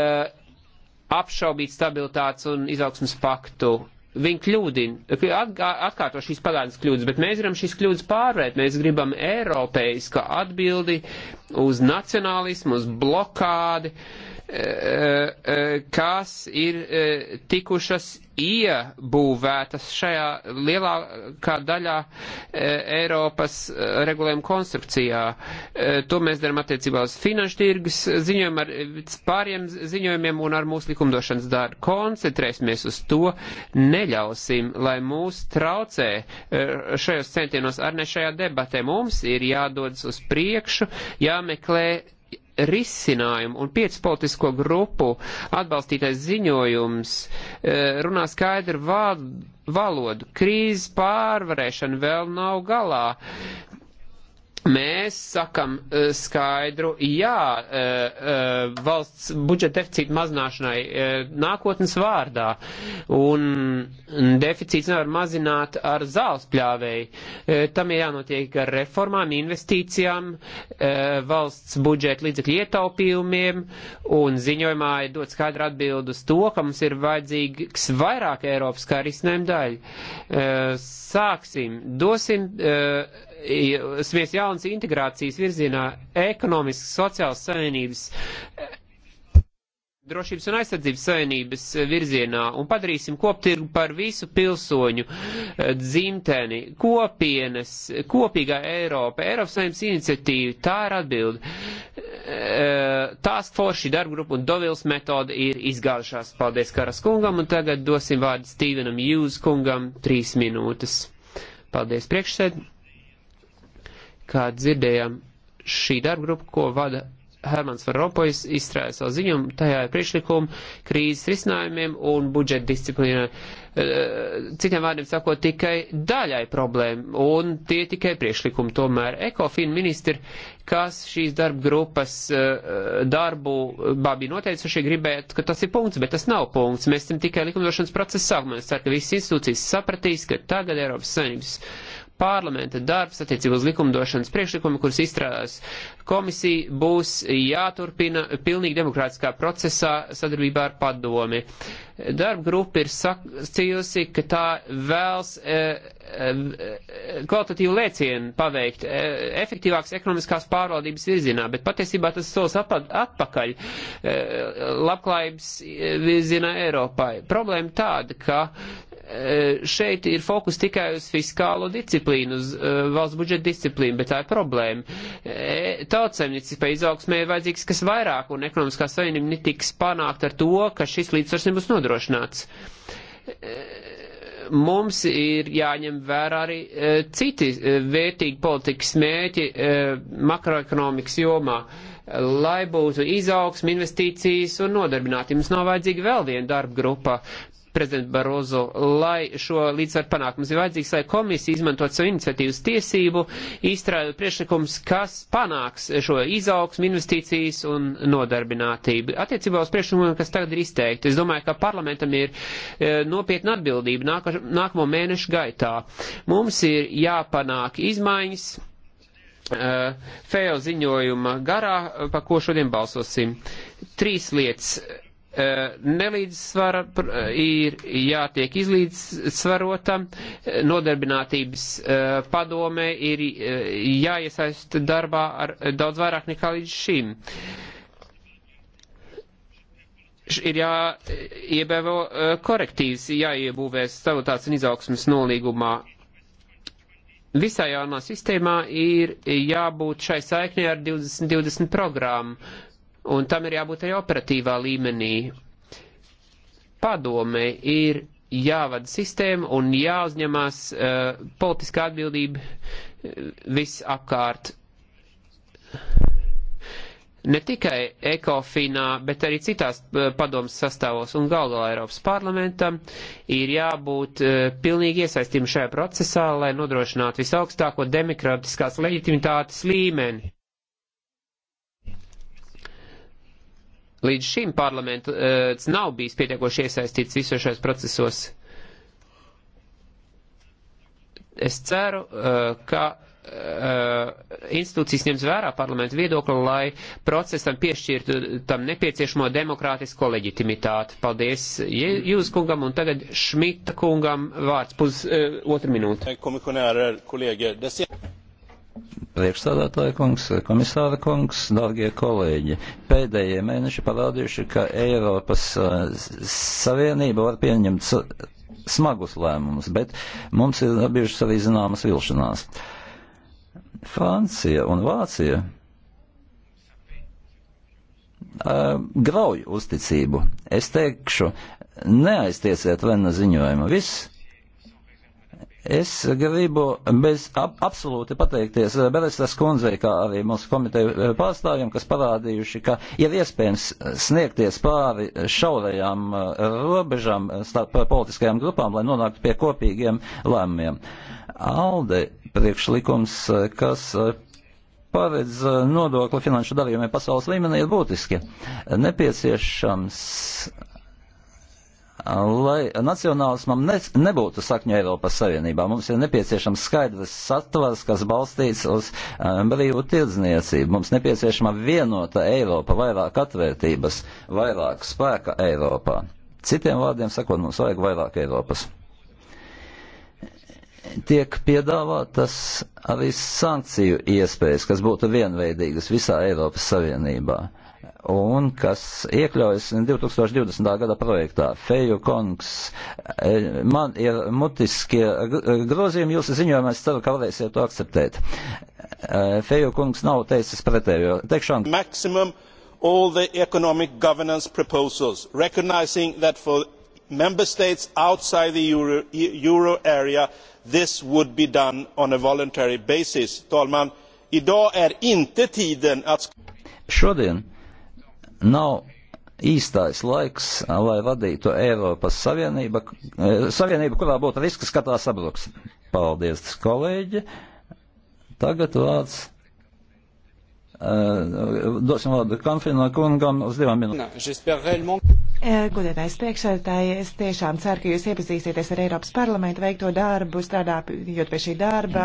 apšaubīt stabilitātes un izaugsmas paktu. Viņi kļūdina, atkārto šīs pagātnes kļūdas, bet mēs gribam šīs kļūdas pārvērt. Mēs gribam eiropeisku atbildi uz nacionālismu, uz blokādi. Uh, Eh, eh, kas ir eh, tikušas iebūvētas šajā lielākā daļā Eiropas regulējuma konstrukcijā. To mēs darām attiecībā uz finanšu tirgus ziņojumu, ar pāriem ziņojumiem un ar mūsu likumdošanas darbu. Koncentrēsimies uz to, neļausim, lai mūs traucē šajos centienos ar ne šajā debatē. Mums ir jādodas uz priekšu, jāmeklē risinājumu un piecu politisko grupu atbalstītais ziņojums eh, runā skaidru valodu. Krīzes pārvarēšana vēl nav galā. Mēs sakam e, skaidru, jā, e, e, valsts budžeta deficīta mazināšanai nākotnes vārdā, un deficīts nevar mazināt ar zāles pļāvēju. Tam ir jānotiek ar reformām, investīcijām, valsts budžeta līdzekļu ietaupījumiem, un ziņojumā ir dot skaidru atbildu uz to, ka mums ir vajadzīgs vairāk Eiropas kā risinājumu daļu. Sāksim, dosim svies jaunas integrācijas virzienā ekonomiskas, sociālas savienības, drošības un aizsardzības savienības virzienā un padarīsim koptirgu par visu pilsoņu eh, dzimteni, kopienas, kopīgā Eiropa, Eiropas saimnes iniciatīva, tā ir atbilde. Eh, Task Force, šī darba grupa un Dovils metode ir izgājušās. Paldies Karas kungam un tagad dosim vārdu Stīvenam Jūs kungam trīs minūtes. Paldies priekšsēdētājiem kā dzirdējām, šī darba grupa, ko vada Hermans Varropojas, izstrādā savu ziņumu, tajā ir priekšlikumu krīzes risinājumiem un budžeta disciplīnai. Eh, citiem vārdiem sakot, tikai daļai problēma, un tie tikai priekšlikumi. Tomēr ekofin ministri, kas šīs darba grupas eh, darbu babi noteicuši, gribētu, ka tas ir punkts, bet tas nav punkts. Mēs esam tikai likumdošanas procesa sākumā. Es ceru, ka visas institūcijas sapratīs, ka tagad Eiropas saimnības parlamenta darbs attiecībā uz likumdošanas priekšlikumu, kurus izstrādās komisija, būs jāturpina pilnīgi demokrātiskā procesā sadarbībā ar padomi. Darba grupa ir sacījusi, ka tā vēls e, e, kvalitatīvu lēcienu paveikt e, efektīvākas ekonomiskās pārvaldības virzienā, bet patiesībā tas solis atpakaļ e, labklājības virzienā Eiropai. Problēma tāda, ka Eh, šeit ir fokus tikai uz fiskālo disciplīnu, uz eh, valsts budžeta disciplīnu, bet tā ir problēma. Eh, Tautsaimniecībai izaugsmē ir vajadzīgs kas vairāk, un ekonomiskā savienība netiks panākt ar to, ka šis līdzsvars nebūs nodrošināts. Mums ir jāņem vērā arī citi vērtīgi politikas mēķi makroekonomikas jomā lai būtu izaugsme, investīcijas un nodarbinātība. Mums nav vajadzīga vēl viena darba grupa prezidentu Barozo, lai šo līdzsvaru panākums ir vajadzīgs, lai komisija izmantot savu iniciatīvas tiesību, izstrādāt priekšlikums, kas panāks šo izaugsmu, investīcijas un nodarbinātību. Attiecībā uz priekšlikumiem, kas tagad ir izteikti, es domāju, ka parlamentam ir e, nopietna atbildība nāka, nākamo mēnešu gaitā. Mums ir jāpanāk izmaiņas. E, Fejo ziņojuma garā, pa ko šodien balsosim. Trīs lietas Eh, nelīdzsvara eh, ir jātiek izlīdzsvarotam, eh, nodarbinātības padomē ir jāiesaist darbā ar daudz vairāk nekā līdz šim. Ir jāiebevo korektīvs, jāiebūvē stabilitātes un izaugsmas nolīgumā. Visā jaunā sistēmā ir jābūt šai saiknē ar 2020 programmu un tam ir jābūt arī operatīvā līmenī. Padome ir jāvada sistēma un jāuzņemās uh, eh, politiskā atbildība eh, visapkārt. Ne tikai ekofinā, bet arī citās uh, padomas sastāvos un galvā Eiropas parlamentam ir jābūt uh, pilnīgi iesaistījumu šajā procesā, lai nodrošinātu visaugstāko demokrātiskās leģitimitātes līmeni. Līdz šim parlaments eh, nav bijis pietiekoši iesaistīts visos šajos procesos. Es ceru, eh, ka eh, institūcijas ņems vērā parlamentu viedokli, lai procesam piešķirtu tam nepieciešamo demokrātisko leģitimitāti. Paldies jūs kungam un tagad Šmita kungam vārds pus uh, otru minūtu. Priekšstādātāja kungs, komisāra kungs, dārgie kolēģi, pēdējie mēneši parādījuši, ka Eiropas uh, Savienība var pieņemt smagus lēmumus, bet mums ir bijušas arī zināmas vilšanās. Francija un Vācija uh, grauj uzticību. Es teikšu, neaiztiesiet Lena ziņojumu. Viss Es gribu bez ab, absolūti pateikties eh, Berestas kundzei, kā arī mūsu komiteju eh, pārstāvjiem, kas parādījuši, ka ir iespējams eh, sniegties pāri šaurajām robežām starp politiskajām grupām, lai nonāktu pie kopīgiem lēmumiem. Alde priekšlikums, kas paredz nodokli finanšu darījumiem pasaules līmenī ir būtiski. Nepieciešams lai nacionālismam ne, nebūtu sakņu Eiropas Savienībā. Mums ir nepieciešams skaidrs satvars, kas balstīts uz um, brīvu tirdzniecību. Mums nepieciešama vienota Eiropa, vairāk atvērtības, vairāk spēka Eiropā. Citiem vārdiem sakot, mums vajag vairāk Eiropas tiek piedāvātas arī sankciju iespējas, kas būtu vienveidīgas visā Eiropas Savienībā un kas iekļaujas 2020. gada projektā. Feju kungs, e, man ir mutiskie grozījumi jūsu ziņojumā, es ceru, ka varēsiet to akceptēt. E, Feju kungs nav teicis pretējo. Teikšanu. Maximum all the economic governance proposals, recognizing that for member states outside the euro, e, euro area this would be done on a voluntary basis. Talman, idag är inte tiden att... Šodien nav īstais laiks, lai vadītu Eiropas Savienība, savienību, kurā būtu risks, ka tā sabruks. Paldies, kolēģi. Tagad vārds. Uh, dosim vārdu Kanfina kungam uz divām minūtēm. Eh, godētais priekšsēdētāji, es tiešām ceru, ka jūs iepazīsieties ar Eiropas parlamentu veikto darbu, strādājot pie šī darba,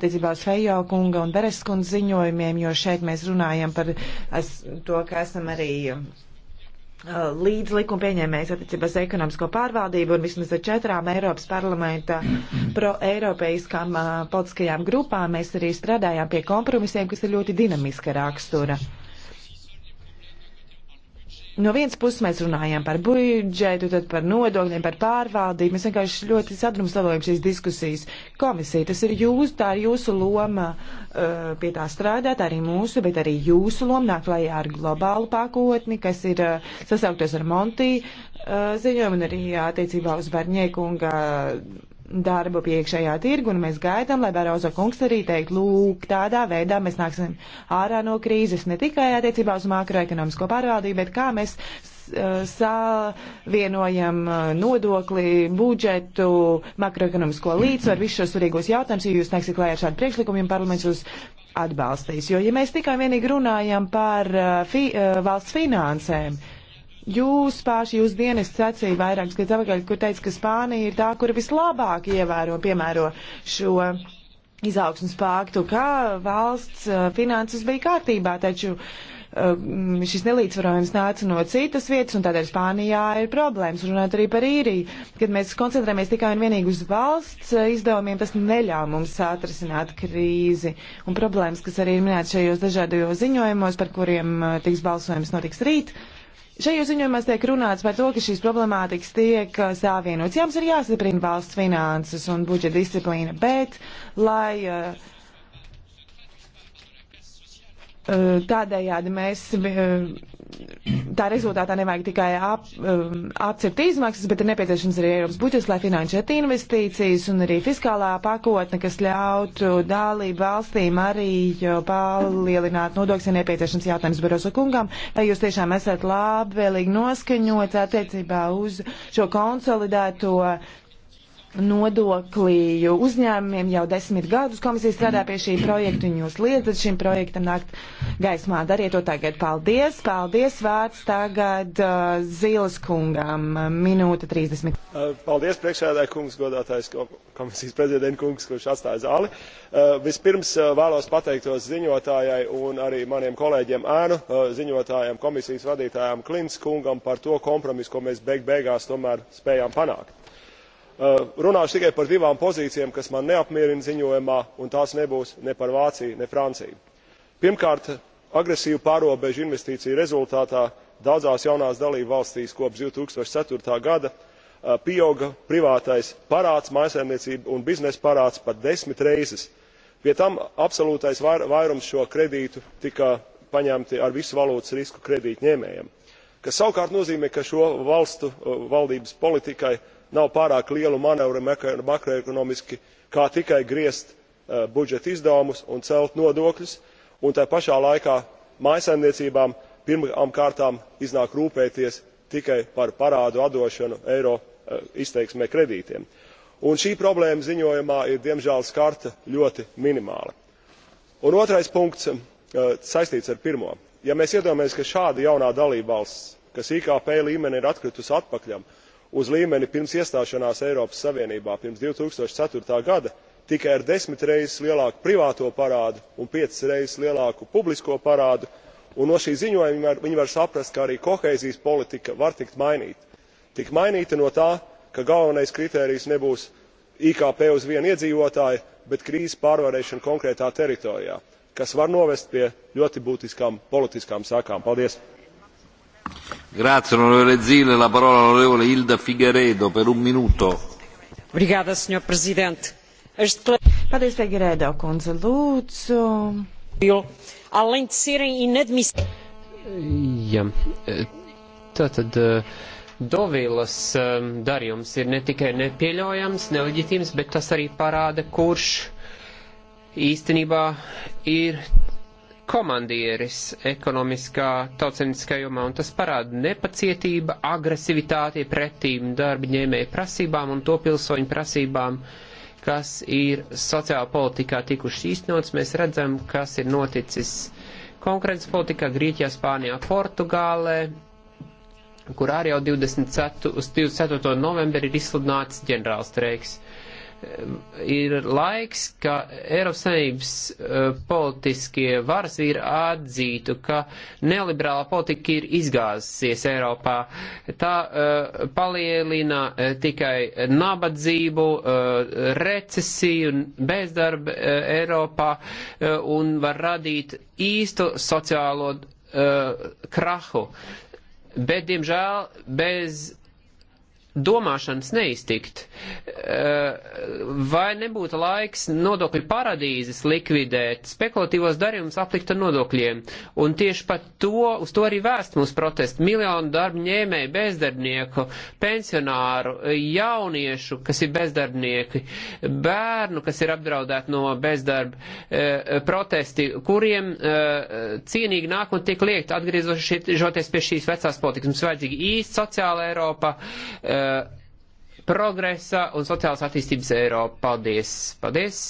attiecībā uz Fejo kunga un Bereskundas ziņojumiem, jo šeit mēs runājam par es, to, ka esam arī eh, līdz likuma pieņēmējas attiecībās ekonomisko pārvaldību un vismaz ar četrām Eiropas parlamenta pro-eiropeiskām eh, politiskajām grupām mēs arī strādājām pie kompromisiem, kas ir ļoti dinamiska rakstura no vienas puses mēs runājam par budžetu, tad par nodokļiem, par pārvaldību. Mēs vienkārši ļoti sadrumstalojam šīs diskusijas. Komisija, tas ir jūs, tā ir jūsu loma uh, pie tā strādāt, arī mūsu, bet arī jūsu loma nāk klajā ar globālu pakotni, kas ir uh, eh, sasauktos ar Monti uh, ziņojumu un arī attiecībā uz Barņēkunga. Uh, darbu pie iekšējā tirgu, un mēs gaidām, lai Barozo kungs arī teikt, lūk, tādā veidā mēs nāksim ārā no krīzes ne tikai attiecībā uz makroekonomisko pārvaldību, bet kā mēs uh, savienojam uh, nodokli, budžetu, makroekonomisko līdzsvaru, visus šos svarīgos jautājumus, ja jūs nāksiet klājā ar šādu priekšlikumu, parlaments uz atbalstīs. Jo, ja mēs tikai vienīgi runājam par uh, fi, valsts finansēm, uh, Jūs paši, jūs dienas sacīja vairākus gadus atpakaļ, kur teica, ka Spānija ir tā, kura vislabāk ievēro, piemēro šo izaugsmas paktu, kā valsts uh, finanses bija kārtībā, taču um, šis nelīdzvarojums nāca no citas vietas, un tādēļ Spānijā ir problēmas. Runāt arī par īriju. Kad mēs koncentrējamies tikai un vienīgi uz valsts uh, izdevumiem, tas neļauj mums atrisināt krīzi. Un problēmas, kas arī ir minētas šajos dažādajos ziņojumos, par kuriem uh, tiks balsojums notiks rīt, uh, Šajos ziņojumos tiek runāts par to, ka šīs problemātikas tiek uh, savienotas. Jā, mums ir jāstiprina valsts finanses un budžeta disciplīna, bet lai uh, uh tādējādi mēs uh, tā rezultātā nevajag tikai ap, um, atcelt izmaksas, bet ir nepieciešams arī Eiropas budžets, lai finansētu investīcijas un arī fiskālā pakotne, kas ļautu dalību valstīm arī palielināt nodokļus, ja nepieciešams jautājums Baroso kungam, vai jūs tiešām esat labvēlīgi noskaņots attiecībā uz šo konsolidēto nodoklī uzņēmumiem jau desmit gadus. Komisija strādā pie šī projekta un jūs liedzat šim projektam nākt gaismā. Dariet to tagad. Paldies, paldies. Vārds tagad uh, Zīles kungam. Minūte 30. Uh, paldies, priekšsēdētāji kungs, godātais komisijas prezidenta kungs, kurš atstāja zāli. Uh, vispirms uh, vēlos pateiktos ziņotājai un arī maniem kolēģiem ēnu uh, ziņotājiem, komisijas vadītājām Klints kungam par to kompromisu, ko mēs beig beigās tomēr spējām panākt Eh, runāšu tikai par divām pozīcijām kas mani neapmierina ziņojumā un tās nebūs ne par vāciju ne franciju. pirmkārt agresīvu pārobežu investīciju rezultātā daudzās jaunās dalībvalstīs kopš two thousand and four gada eh, pieauga privātais parāds mājsaimniecību un biznesa parāds pat desmit reizes. pie tam absolūtais vairums šo kredītu tika paņemti ar visu valūtas risku kredītņēmējiem kas savukārt nozīmē ka šo valstu eh, valdības politikai nav pārāk lielu manevru makroekonomiski kā tikai griezt eh, budžeta izdevumus un celt nodokļus un tai pašā laikā mājsaimniecībām pirmām kārtām iznāk rūpēties tikai par parādu atdošanu eiro eh, izteiksmē kredītiem. Un šī problēma ziņojumā ir diemžēl skarta ļoti minimāli. Un otrais punkts eh, saistīts ar pirmo. Ja mēs iedomājamies, ka šāda jaunā dalībvalsts, kas IKP līmenī ir atkritusi atpakaļ, uz līmeni pirms iestāšanās eiropas savienībā pirms two thousand and four gada tikai ar desmit reizes lielāku privāto parādu un piecas reizes lielāku publisko parādu un no šī ziņojuma viņi var saprast ka arī kohēzijas politika var tikt mainīta tikt mainīta no tā ka galvenais kritērijs nebūs ikp uz vienu iedzīvotāju bet krīzes pārvarēšana konkrētā teritorijā kas var novest pie ļoti būtiskām politiskām sekām. paldies! Grazie, onorevole Zile. La parola all'onorevole Hilda Figueiredo per un minuto. Obrigada, signor Presidente. Este... Paldies, Figueiredo kundze. Lūdzu. Além de serem inadmissíveis. Ja. Tātad. Uh... Eh, Dovīlas um, eh, darījums ir ne tikai nepieļaujams, neleģitīms, bet tas arī parāda, kurš īstenībā ir komandieris ekonomiskā tautsemniskā jomā, un tas parāda nepacietība, agresivitāti pretīm darbiņēmēju prasībām un to pilsoņu prasībām, kas ir sociāla politikā tikuši īstenots. Mēs redzam, kas ir noticis konkurences politikā Grieķijā, Spānijā, Portugālē, kur arī jau 24, 24. novembrī ir izsludināts ģenerālstreiks ir laiks, ka Eiropas Savienības uh, politiskie varas vīri atzītu, ka neliberālā politika ir izgāzusies Eiropā. Tā uh, palielina uh, tikai nabadzību, recesiju, bezdarbu Eiropā un var radīt īstu sociālo krahu. Bet, diemžēl, bez domāšanas neiztikt. Vai nebūtu laiks nodokļu paradīzes likvidēt, spekulatīvos darījumus aplikt ar nodokļiem? Un tieši par to, uz to arī vēst mūsu protestu. Miljonu darba ņēmēju, bezdarbnieku, pensionāru, jauniešu, kas ir bezdarbnieki, bērnu, kas ir apdraudēti no bezdarba, e, protesti, kuriem e, cienīgi nāk un tiek liekt atgriezoties pie šīs vecās politikas. Mums vajadzīga īsta sociāla Eiropa. Uh, progresa un sociālas attīstības Eiropu. Paldies! Paldies!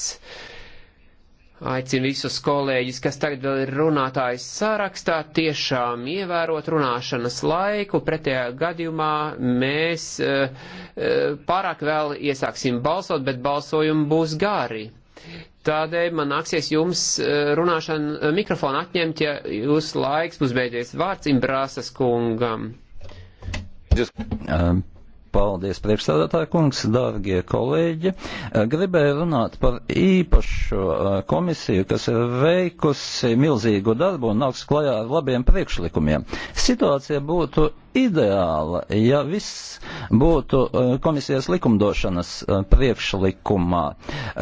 Aicinu visus kolēģis, kas tagad vēl ir runātājs sārakstā, tiešām ievērot runāšanas laiku. Pretējā gadījumā mēs uh, uh, pārāk vēl iesāksim balsot, bet balsojumi būs gari. Tādēļ man nāksies jums eh, runāšanu mikrofonu atņemt, ja jūs laiks būs beidzies vārds Imbrāsas kungam. Um. Paldies, priekšstādātāja kungs, dārgie kolēģi. Gribēju runāt par īpašu komisiju, kas ir veikusi milzīgu darbu un nāks klajā ar labiem priekšlikumiem. Situācija būtu ideāla, ja viss būtu eh, komisijas likumdošanas eh, priekšlikumā.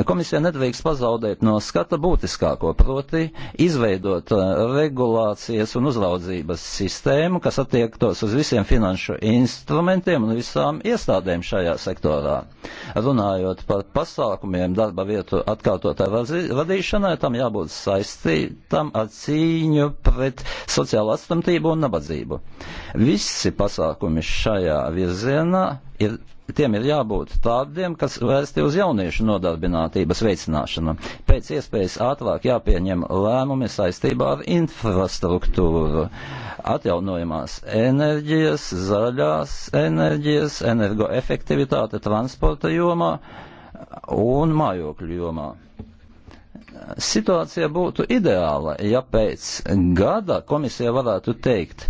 Komisija nedrīkst pazaudēt no skata būtiskāko, proti izveidot eh, regulācijas un uzraudzības sistēmu, kas attiektos uz visiem finanšu instrumentiem un visām iestādēm šajā sektorā. Runājot par pasākumiem darba vietu atkārtotā radīšanai, tam jābūt saistītam ar cīņu pret sociālo atstumtību un nabadzību. Viss visi pasākumi šajā virzienā ir, tiem ir jābūt tādiem, kas vērsti uz jauniešu nodarbinātības veicināšanu. Pēc iespējas ātrāk jāpieņem lēmumi saistībā ar infrastruktūru, atjaunojamās enerģijas, zaļās enerģijas, energoefektivitāte transporta jomā un mājokļu jomā situācija būtu ideāla, ja pēc gada komisija varētu teikt,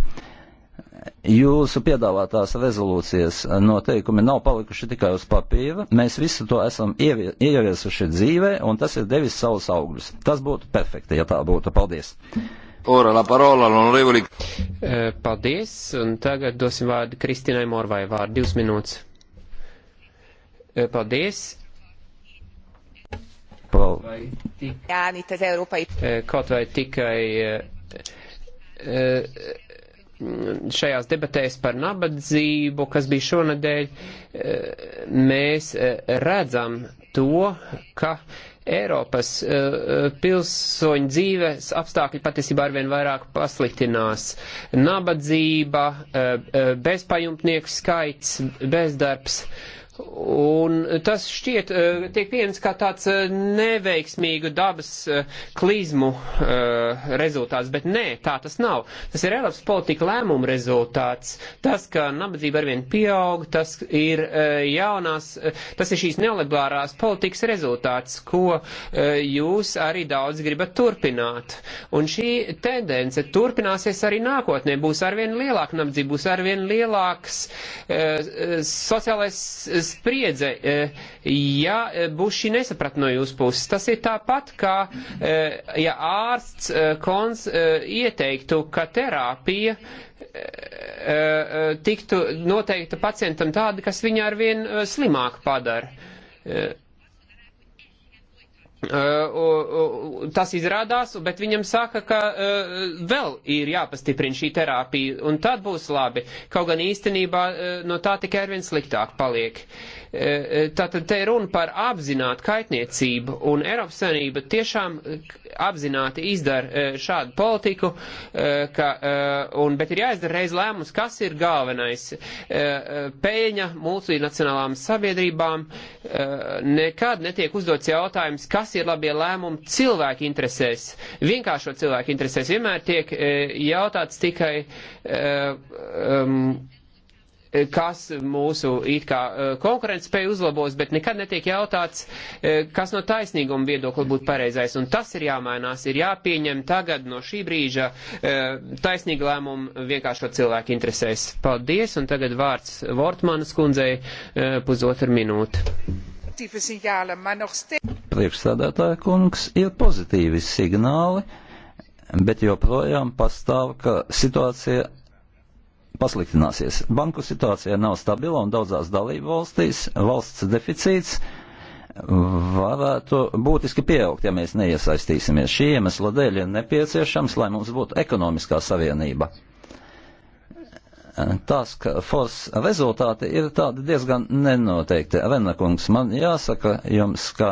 Jūsu piedāvātās rezolūcijas noteikumi nav palikuši tikai uz papīra, mēs visu to esam ieviesuši dzīvē, un tas ir devis savus augļus. Tas būtu perfekti, ja tā būtu. Paldies! Ora, la parola, l'onorevoli. E, paldies, un tagad dosim vārdu Kristinai Morvai vārdu. Divas minūtes. E, paldies. E, kaut vai tikai šajās debatēs par nabadzību, kas bija šonadēļ, eh, mēs eh, redzam to, ka Eiropas eh, pilsoņu dzīves apstākļi patiesībā arvien vairāk pasliktinās. Nabadzība, bezpajumtnieku skaits, bezdarbs. Un tas šķiet eh, tiek pieņemts kā tāds eh, neveiksmīgu dabas eh, klizmu rezultāts, bet nē, tā tas nav. Tas ir Eiropas politika lēmuma rezultāts. Tas, ka nabadzība arvien pieaug, tas ir jaunās, tas ir šīs neoliberārās politikas rezultāts, ko jūs arī daudz gribat turpināt. Un šī tendence turpināsies arī nākotnē. Būs arvien lielāka nabadzība, būs arvien lielāks sociālais spriedze, e, ja e, būs šī nesapratno jūsu puses. Tas ir tāpat, kā e, ja ārsts kons ieteiktu, ka terapija tiktu noteikta pacientam tāda, kas viņu arvien slimāk padara Uh, tas izrādās, bet viņam saka, ka uh, vēl ir jāpastiprina šī terapija, un tad būs labi. Kaut gan īstenībā uh, no tā tikai arvien sliktāk paliek. Uh, Tātad te runa par apzinātu kaitniecību, un Eiropas Savienība tiešām eh, apzināti izdara eh, šādu politiku, eh, ka, un, bet ir jāizdara reiz lēmums, kas ir galvenais. Pēļņa multinacionālām sabiedrībām nekad netiek uzdots jautājums, kas ir labie lēmumi cilvēku interesēs. Vienkāršo cilvēku interesēs vienmēr tiek jautāts tikai. Um, kas mūsu it kā eh, konkurētspēju uzlabos, bet nekad netiek jautāts, eh, kas no taisnīguma viedokļa būtu pareizais. Un tas ir jāmainās, ir jāpieņem tagad no šī brīža eh, taisnīgi lēmumu vienkāršo cilvēku interesēs. Paldies, un tagad vārds Vortmanas kundzei pusotru minūtu. Priekšsādātāja kungs ir pozitīvi signāli, bet joprojām pastāv, ka situācija pasliktināsies. Banku situācija nav stabila un daudzās dalību valstīs valsts deficīts varētu būtiski pieaugt, ja mēs neiesaistīsimies. Šī iemesla dēļ ir nepieciešams, lai mums būtu ekonomiskā savienība task force rezultāti ir tādi diezgan nenoteikti. Rennakungs, man jāsaka jums, ka,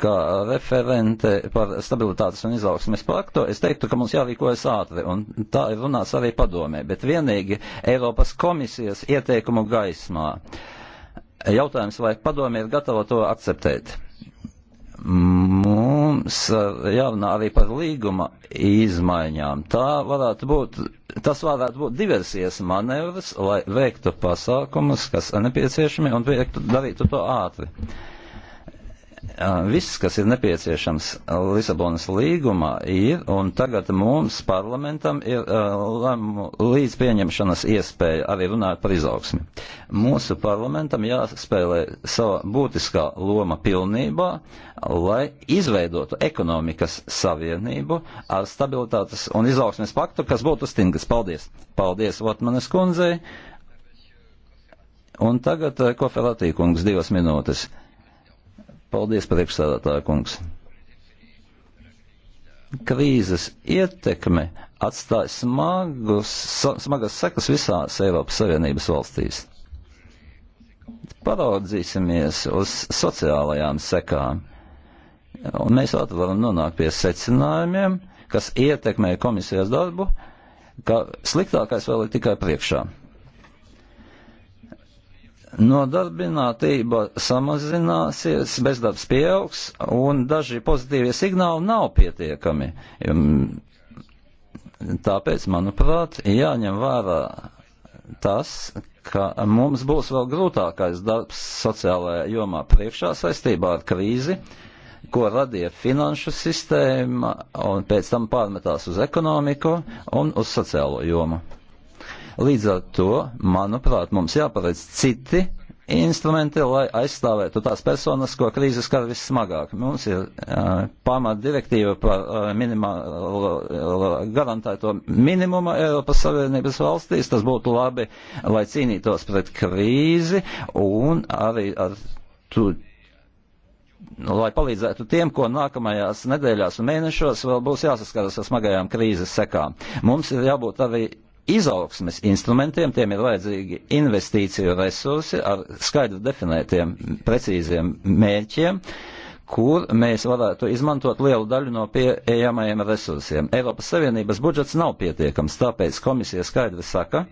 ka referente par stabilitātes un izaugsmes paktu, es teiktu, ka mums jārīkojas ātri, un tā ir runāts arī padomē, bet vienīgi Eiropas komisijas ieteikumu gaismā. Jautājums, vai padomē ir gatava to akceptēt? mums eh, jārunā arī par līguma izmaiņām. Tā varētu būt, tas varētu būt diversijas manevrs, lai veiktu pasākumus, kas nepieciešami, un veiktu, darītu to ātri. Viss, kas ir nepieciešams Lisabonas līgumā, ir, un tagad mums parlamentam ir lēmu līdz pieņemšanas iespēja arī runāt par izaugsmi. Mūsu parlamentam jāspēlē sava būtiskā loma pilnībā, lai izveidotu ekonomikas savienību ar stabilitātes un izaugsmes paktu, kas būtu stingrs. Paldies! Paldies Vatmanes kundzei! Un tagad koferatī kungs divas minūtes. Paldies, priekšstādātāja kungs. Krīzes ietekme atstāja smagus, smagas sekas visās Eiropas Savienības valstīs. Paraudzīsimies uz sociālajām sekām, un mēs varam nonākt pie secinājumiem, kas ietekmē komisijas darbu, ka sliktākais vēl ir tikai priekšā. Nodarbinātība samazināsies, bezdarbs pieaugs un daži pozitīvie signāli nav pietiekami. Tāpēc, manuprāt, jāņem vērā tas, ka mums būs vēl grūtākais darbs sociālajā jomā priekšā saistībā ar krīzi, ko radīja finanšu sistēma un pēc tam pārmetās uz ekonomiku un uz sociālo jomu. Līdz ar to, manuprāt, mums jāparedz citi instrumenti, lai aizstāvētu tās personas, ko krīzes skar vissmagāk. Mums ir uh, pamat direktīva par uh, minimālo garantēto minimumu Eiropas Savienības valstīs. Tas būtu labi, lai cīnītos pret krīzi un arī ar tu, lai palīdzētu tiem, ko nākamajās nedēļās un mēnešos vēl būs jāsaskaras ar smagajām krīzes sekām. Mums ir jābūt arī izaugsmes instrumentiem, tiem ir vajadzīgi investīciju resursi ar skaidri definētiem, precīziem mērķiem, kur mēs varētu izmantot lielu daļu no pieejamajiem resursiem. Eiropas Savienības budžets nav pietiekams, tāpēc komisija skaidri saka,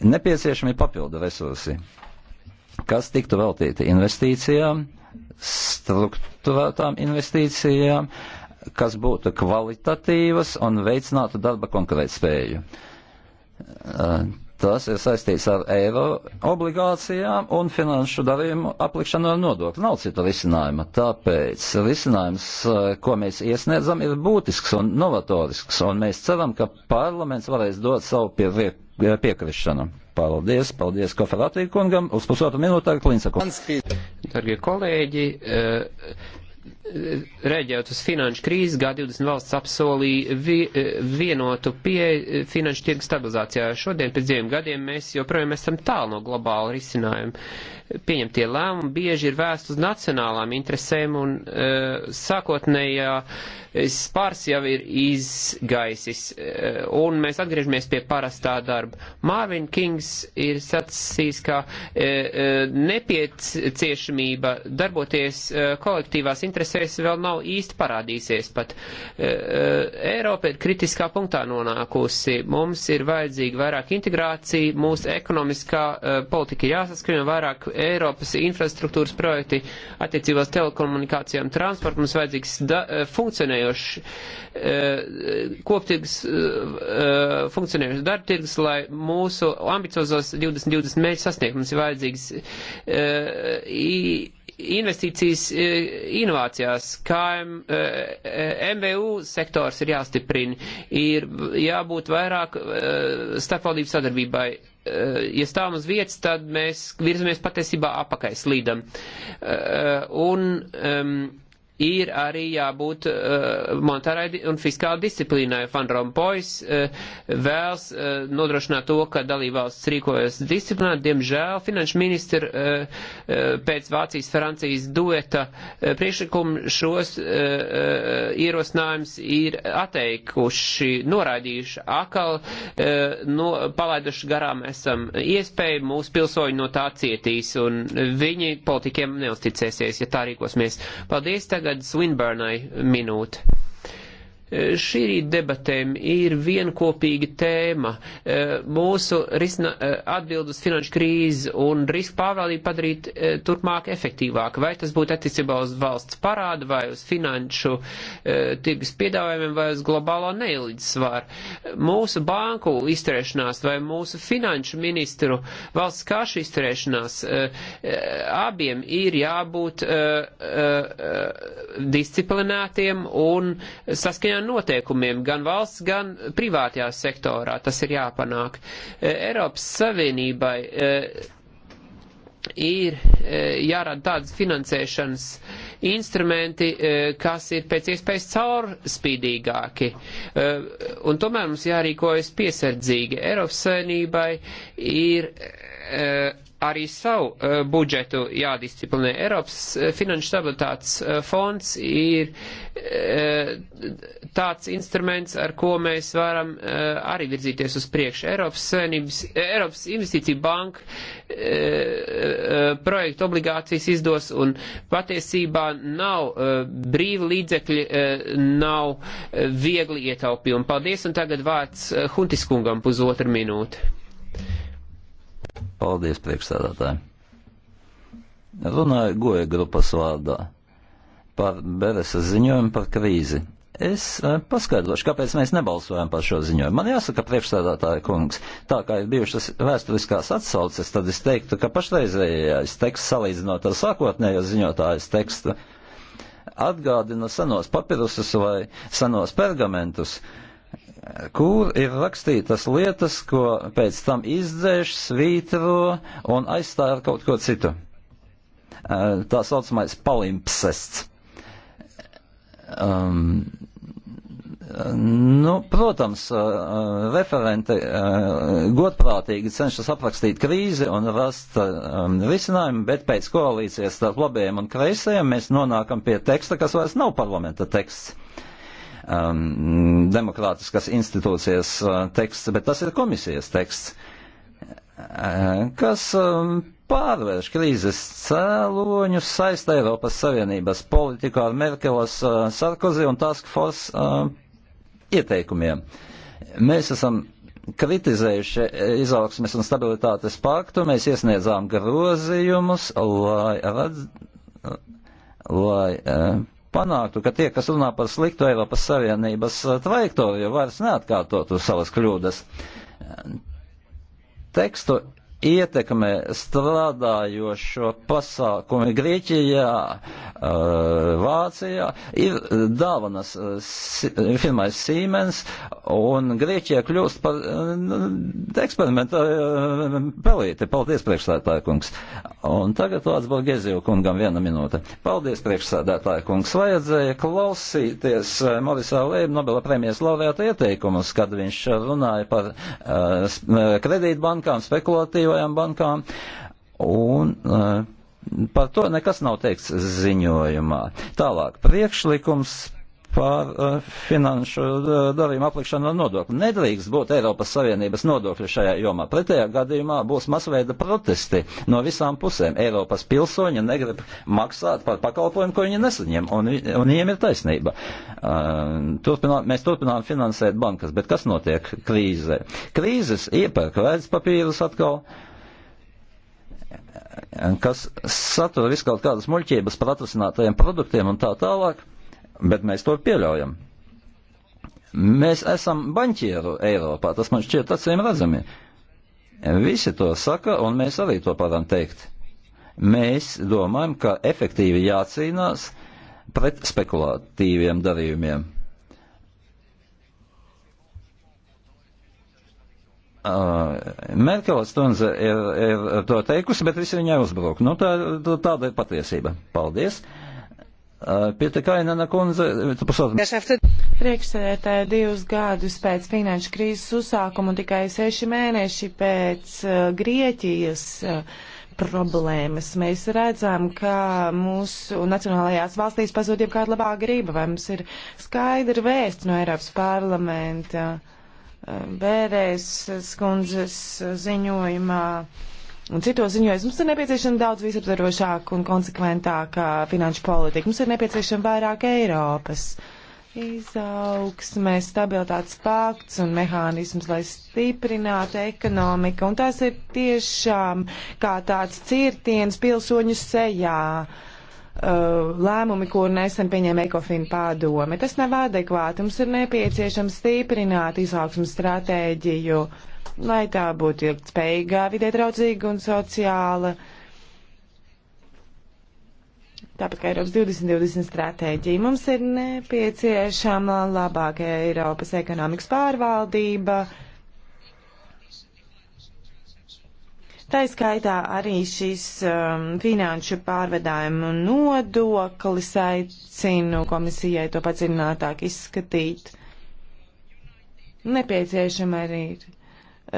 nepieciešami papildu resursi, kas tiktu veltīti investīcijām, struktūrētām investīcijām, uh, kas būtu kvalitatīvas un veicinātu darba konkurētspēju. Eh, tas ir saistīts ar eiro obligācijām un finanšu darījumu aplikšanu ar nodokli. Nav cita risinājuma. Tāpēc risinājums, eh, ko mēs iesniedzam, ir būtisks un novatorisks, un mēs ceram, ka parlaments varēs dot savu pie, piekrišanu. Paldies, paldies Koferātī kungam. Uz pusotru minūtu tagad Klinsaku. Dargie kolēģi, uh, reaģējot uz finanšu krīzi, G20 valsts apsolīja vi, eh, vienotu pieeju eh, finanšu tirgu stabilizācijā. Šodien pēc diviem gadiem mēs joprojām esam tālu no globāla risinājuma pieņemtie lēmumi bieži ir vēst uz nacionālām interesēm un uh, eh, sākotnējais eh, spārs jau ir izgaisis uh, un mēs atgriežamies pie parastā darba. Mārvin Kings ir sacījis, ka uh, uh, nepieciešamība darboties uh, kolektīvās interesēs vēl nav īsti parādīsies pat. Uh, uh, Eiropa ir kritiskā punktā nonākusi. Mums ir vajadzīga vairāk integrācija, mūsu ekonomiskā uh, politika jāsaskaņo vairāk Eiropas infrastruktūras projekti attiecībās telekomunikācijām, transportam mums vajadzīgs da, funkcionējošs e, koptirgs, funkcionējošs e, e, darbtirgs, lai mūsu ambiciozos 2020 mērķus sasniegt. Mums ir vajadzīgs investīcijas e, inovācijās, kā MVU e, e, sektors ir jāstiprina, ir jābūt vairāk starpvaldību sadarbībai. Ja stāvam uz vietas, tad mēs virzamies patiesībā apakai slīdam. Un, um, ir arī jābūt uh, monetārai un fiskāla disciplīnai. Fan Rompois uh, eh, vēls uh, eh, nodrošināt to, ka dalībvalsts rīkojas disciplinēt. Diemžēl finanšu ministri uh, uh, pēc Vācijas-Francijas dueta uh, priekšlikumu šos uh, uh, ierosinājums ir atteikuši, noraidījuši akal, uh, no, palaiduši garām esam iespēju, mūsu pilsoņi no tā cietīs un viņi politikiem neusticēsies, ja tā rīkosimies. Paldies tagad tagad Swinburnai minūte. Šī rīta debatēm ir vienkopīga tēma e, mūsu risina, e, atbild uz finanšu krīzi un risku pārvaldību padarīt e, turpmāk efektīvāk. Vai tas būtu attiecībā uz valsts parādu, vai uz finanšu tirgus piedāvājumiem, vai uz globālo neilīdzsvaru. Mūsu banku izturēšanās vai mūsu finanšu ministru valsts kašu izturēšanās abiem ir jābūt disciplinētiem un saskaņā noteikumiem gan valsts, gan privātajā sektorā. Tas ir jāpanāk. E, Eiropas Savienībai e, ir e, jārada tādas finansēšanas instrumenti, kas ir pēc iespējas caurspīdīgāki. Un tomēr mums jārīkojas piesardzīgi. Eiropas Savienībai ir arī savu uh, budžetu jādisciplinē. Eiropas uh, finanšu stabilitātes uh, fonds ir uh, tāds instruments, ar ko mēs varam uh, arī virzīties uz priekšu. Eiropas, Savienības, Eiropas investīcija banka uh, uh, projektu obligācijas izdos un patiesībā nav uh, brīvi līdzekļi, uh, nav uh, viegli ietaupījumi. Paldies un tagad vārds uh, Huntiskungam pusotru minūti. Paldies, priekšsēdētāji. Runāju goja grupas vārdā par Bereses ziņojumu par krīzi. Es eh, paskaidrošu, kāpēc mēs nebalsojam par šo ziņojumu. Man jāsaka, priekšstādātāja kungs, tā kā ir bijušas vēsturiskās atsauces, tad es teiktu, ka pašreizējais teksts, salīdzinot ar sākotnējo ziņotājas tekstu, atgādina senos papirusus vai senos pergamentus, uh, kur ir rakstītas lietas, ko pēc tam izdzēš, svītro un aizstāj ar kaut ko citu. Tā saucamais palimpsests. Um, Nu, protams, referente godprātīgi cenšas aprakstīt krīzi un rast um, risinājumu, bet pēc koalīcijas starp labējiem un kreisajiem mēs nonākam pie teksta, kas vairs nav parlamenta teksts um, demokrātiskas institūcijas uh, teksts, bet tas ir komisijas teksts, uh, kas um, pārvērš krīzes cēloņus, saista Eiropas Savienības politiku ar Merkelas uh, Sarkozi un Task Force uh, ieteikumiem. Mēs esam kritizējuši izaugsmes un stabilitātes paktu, mēs iesniedzām grozījumus, lai, redz, lai uh, panāktu, ka tie, kas runā par sliktu Eiropas Savienības eh, trajektoriju, vairs neatkārtotu savas kļūdas. Tekstu ietekmē strādājošo pasākumu Grieķijā, eh, Vācijā ir dāvanas eh, firmai Siemens, un Grieķija kļūst par eh, eksperimentu pelīti. Paldies, priekšsēdētāja kungs. Un tagad vārds Borgeziju kungam viena minūte. Paldies, priekšsēdētāja kungs. Vajadzēja klausīties Morisā Lēba Nobela prēmijas laureāta ieteikumus, kad viņš runāja par uh, kredītbankām, spekulatīvu komerciālajām bankām. Un, uh, Par to nekas nav teikts ziņojumā. Tālāk, priekšlikums par uh, finanšu eh, darījumu aplikšanu ar nodokli. Nedrīkst būt Eiropas Savienības nodokļu šajā jomā. Pretējā gadījumā būs masveida protesti no visām pusēm. Eiropas pilsoņi negrib maksāt par pakalpojumu, ko viņi nesaņem, un, un viņiem ir taisnība. Uh, turpinā, mēs turpinām finansēt bankas, bet kas notiek krīzē? Krīzes iepērk vērtspapīrus atkal kas satura viskaut kādas muļķības par atrasinātajiem produktiem un tā tālāk bet mēs to pieļaujam. Mēs esam banķieru Eiropā, tas man šķiet acīm redzami. Visi to saka, un mēs arī to varam teikt. Mēs domājam, ka efektīvi jācīnās pret spekulatīviem darījumiem. Uh, Merkelas kundze ir, ir to teikusi, bet visi viņai uzbruk. Nu, tā, tāda ir patiesība. Paldies! Uh, Pietekainena kundze, pusotru. Priekšsēdētāji divus gadus pēc finanšu krīzes uzsākuma un tikai seši mēneši pēc uh, Grieķijas uh, problēmas. Mēs redzam, ka mūsu nacionālajās valstīs pazūd jau kāda labā grība, vai mums ir skaidra vēsts no Eiropas parlamenta. Eh, Bērēs skundzes ziņojumā un citos ziņojumos. Mums ir nepieciešama daudz visaptvarošāka un konsekventāka finanšu politika. Mums ir nepieciešama vairāk Eiropas izaugsmē, stabilitātes pakts un mehānisms, lai stiprinātu ekonomiku. Un tas ir tiešām kā tāds cirtiens pilsoņu sejā. Uh, lēmumi, ko nesen pieņēma Ekofina pārdome. Tas nav adekvāti. Mums ir nepieciešams stiprināt izaugsmu stratēģiju. Uh, lai tā būtu ilgtspējīgā, vidē draudzīga un sociāla. Tāpat kā Eiropas 2020 stratēģija, mums ir nepieciešama labāka Eiropas ekonomikas pārvaldība. Tā skaitā arī šis um, finanšu pārvedājumu nodoklis aicinu komisijai to padziļinātāk izskatīt. Nepieciešama arī ir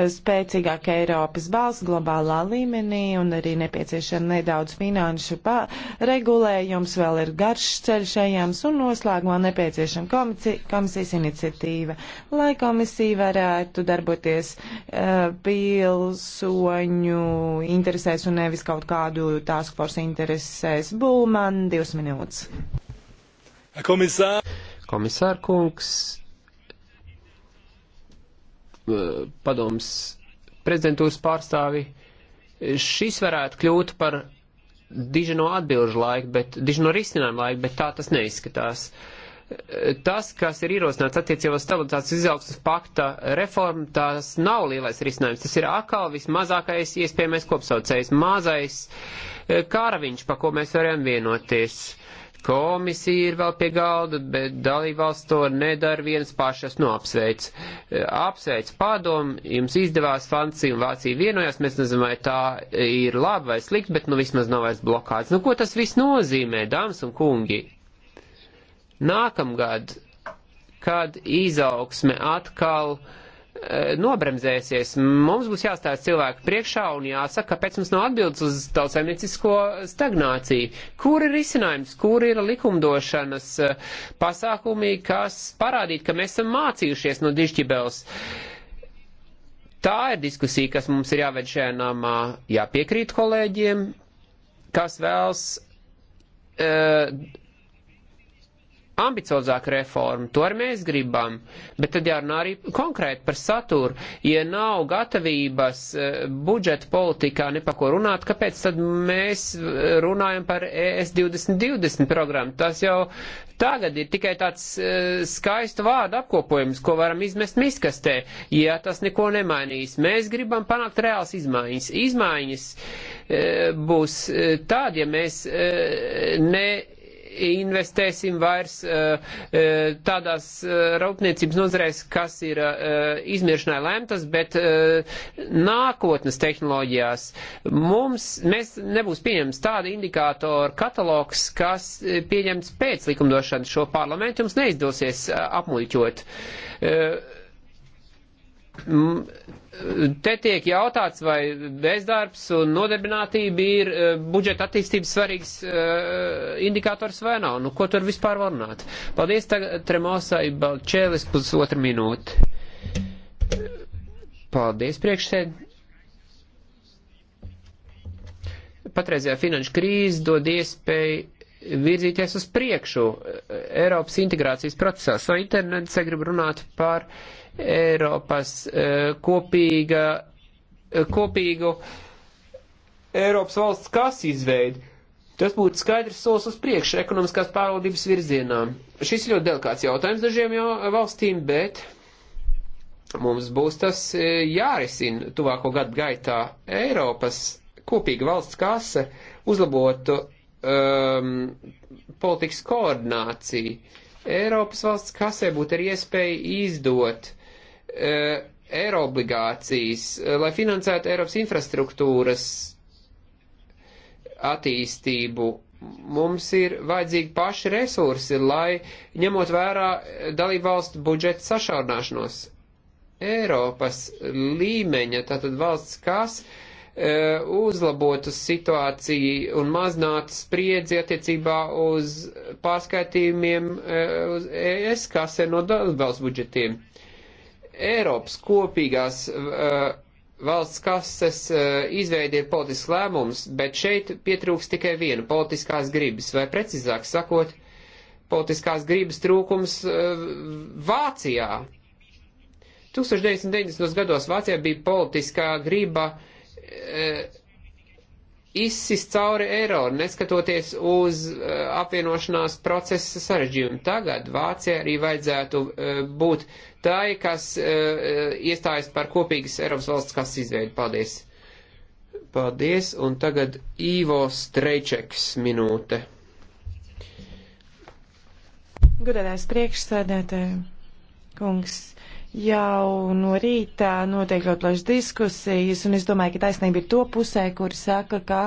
spēcīgāka Eiropas balss globālā līmenī un arī nepieciešama nedaudz finanšu regulējums, vēl ir garš ceļš ejams un noslēgumā nepieciešama komisija, komisijas iniciatīva, lai komisija varētu darboties uh, pilsoņu interesēs un nevis kaut kādu task force interesēs. Būman divas minūtes. Komisār. Komisār kungs, Eh, padoms prezidentūras pārstāvi, šis varētu kļūt par dižino atbilžu laiku, bet dižino risinājumu laiku, bet tā tas neizskatās. Eh, tas, kas ir ierosināts attiecībā uz stabilitātes izaugsmas pakta reformu, tas nav lielais risinājums. Tas ir akal vismazākais iespējamais kopsaucējs, mazais eh, kāraviņš, pa ko mēs varējām vienoties. Uh, Komisija ir vēl pie galda, bet dalībvalsts to nedara viens pašas noapsveic. Nu, apsveic padomu, jums izdevās Francija un Vācija vienojās, mēs nezinām, vai tā ir labi vai slikti, bet nu vismaz nav vairs blokāts. Nu ko tas viss nozīmē, dāmas un kungi? Nākamgad, kad izaugsme atkal uh, Eh, nobremzēsies. Mums būs jāstāsta cilvēku priekšā un jāsaka, kāpēc mums nav atbildes uz tautsaimniecisko stagnāciju. Kur ir risinājums, kur ir likumdošanas eh, pasākumi, kas parādītu, ka mēs esam mācījušies no dišķibels? Tā ir diskusija, kas mums ir jāved šajā namā, jāpiekrīt kolēģiem, kas vēls. Uh, eh, ambiciozāku reformu, to arī mēs gribam, bet tad jārunā arī konkrēti par saturu. Ja nav gatavības eh, budžeta politikā nepako runāt, kāpēc tad mēs eh, runājam par e ES 2020 programmu? Tas jau tagad ir tikai tāds eh, skaistu vārdu apkopojums, ko varam izmest miskastē, ja tas neko nemainīs. Mēs gribam panākt reāls izmaiņas. Izmaiņas būs tādi, ja mēs ne investēsim vairs eh, eh, tādās eh, rūpniecības nozarēs, kas ir izmiršanai lemtas, bet nākotnes tehnoloģijās mums mēs nebūs pieņems tāda indikātora katalogs, kas pieņemts pēc likumdošanas šo parlamentu, jums neizdosies apmuļķot Te tiek jautāts, vai bezdarbs un nodarbinātība ir e, budžeta attīstības svarīgs e, indikators vai nav. Nu, ko tur vispār var runāt? Paldies tagad Tremosai Balčēlis pusotru minūti. Paldies priekšsēd. Patreizējā finanšu krīze dod iespēju virzīties uz priekšu e, Eiropas integrācijas procesā. So internetā grib runāt par uh, Eiropas eh, kopīga, eh, kopīgu Eiropas valsts kas izveidi. Tas būtu skaidrs solis uz priekšu ekonomiskās pārvaldības virzienā. Šis ir ļoti delikāts jautājums dažiem jau valstīm, bet mums būs tas eh, jārisina tuvāko gadu gaitā. Eiropas kopīga valsts kase uzlabotu um, politikas koordināciju. Eiropas valsts kasē būtu arī iespēja izdot Eh, eiro obligācijas, eh, lai finansētu Eiropas infrastruktūras attīstību. Mums ir vajadzīgi paši resursi, lai ņemot vērā eh, dalību valstu budžeta sašaurināšanos. Eiropas līmeņa, tātad valsts kas, uzlabotu situāciju un maznātu spriedzi attiecībā uz pārskaitījumiem uz ES kasē no dalībvalsts budžetiem. Eiropas kopīgās uh, valsts kases uh, eh, izveidi ir politisks lēmums, bet šeit pietrūks tikai viena politiskās gribas, vai precīzāk sakot, politiskās gribas trūkums uh, Vācijā. 1990. gados Vācijā bija politiskā griba uh, izsis cauri eiro, neskatoties uz uh, apvienošanās procesa sarežģījumu. Tagad Vācija arī vajadzētu uh, būt tai, kas uh, iestājas par kopīgas Eiropas valsts kas izveidu. Paldies! Paldies, un tagad Īvo Streičeks minūte. Gudētais priekšsēdētāji, kungs, Jau no rīta notiek ļoti plašas diskusijas, un es domāju, ka taisnība ir to pusē, kur saka, ka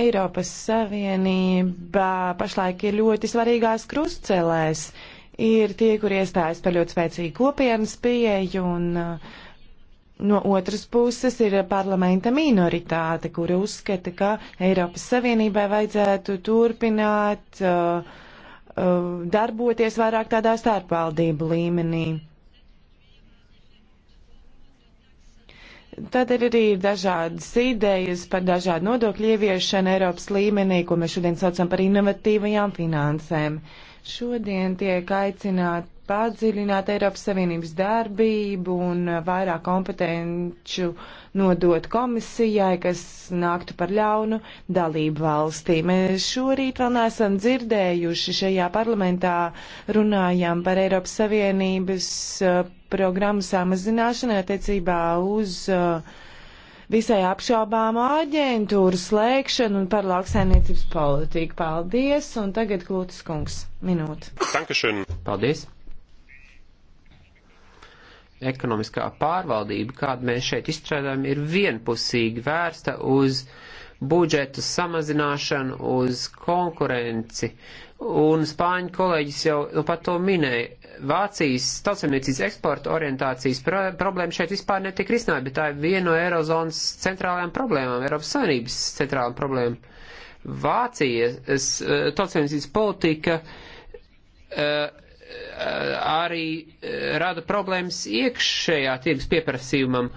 Eiropas Savienība pašlaik ir ļoti svarīgās krustcelēs. Ir tie, kur iestājas par ļoti spēcīgu kopienas pieeju, un uh, No otras puses ir parlamenta minoritāte, kura uzskata, ka Eiropas Savienībai vajadzētu turpināt uh, uh, darboties vairāk tādā starpvaldību līmenī. Tad ir arī dažādas idejas par dažādu nodokļu ieviešanu Eiropas līmenī, ko mēs šodien saucam par inovatīvajām finansēm. Uh, Šodien tiek aicināt padziļināt Eiropas Savienības darbību un vairāk kompetenču nodot komisijai, kas nāktu par ļaunu dalību valstī. Mēs šorīt vēl neesam dzirdējuši šajā parlamentā runājām par Eiropas Savienības eh, programmu samazināšanu attiecībā uz uh, visai apšaubāmu aģentūru slēgšanu un par lauksaimniecības politiku. Paldies, un tagad Klūtis kungs, minūte. Dankeschön. Paldies. Ekonomiskā pārvaldība, kādu mēs šeit izstrādājam, ir vienpusīgi vērsta uz uh, budžetu samazināšanu, uz konkurenci. Un spāņu kolēģis jau nu, pat to minēja. Vācijas tautsemniecības eksporta orientācijas pro problēma šeit vispār netika risināta, bet tā ir viena no Eirozonas centrālajām problēmām, Eiropas Savienības centrālām problēmām. Vācijas eh, tautsemniecības politika. Uh, arī eh, rada problēmas iekšējā tirgus pieprasījumam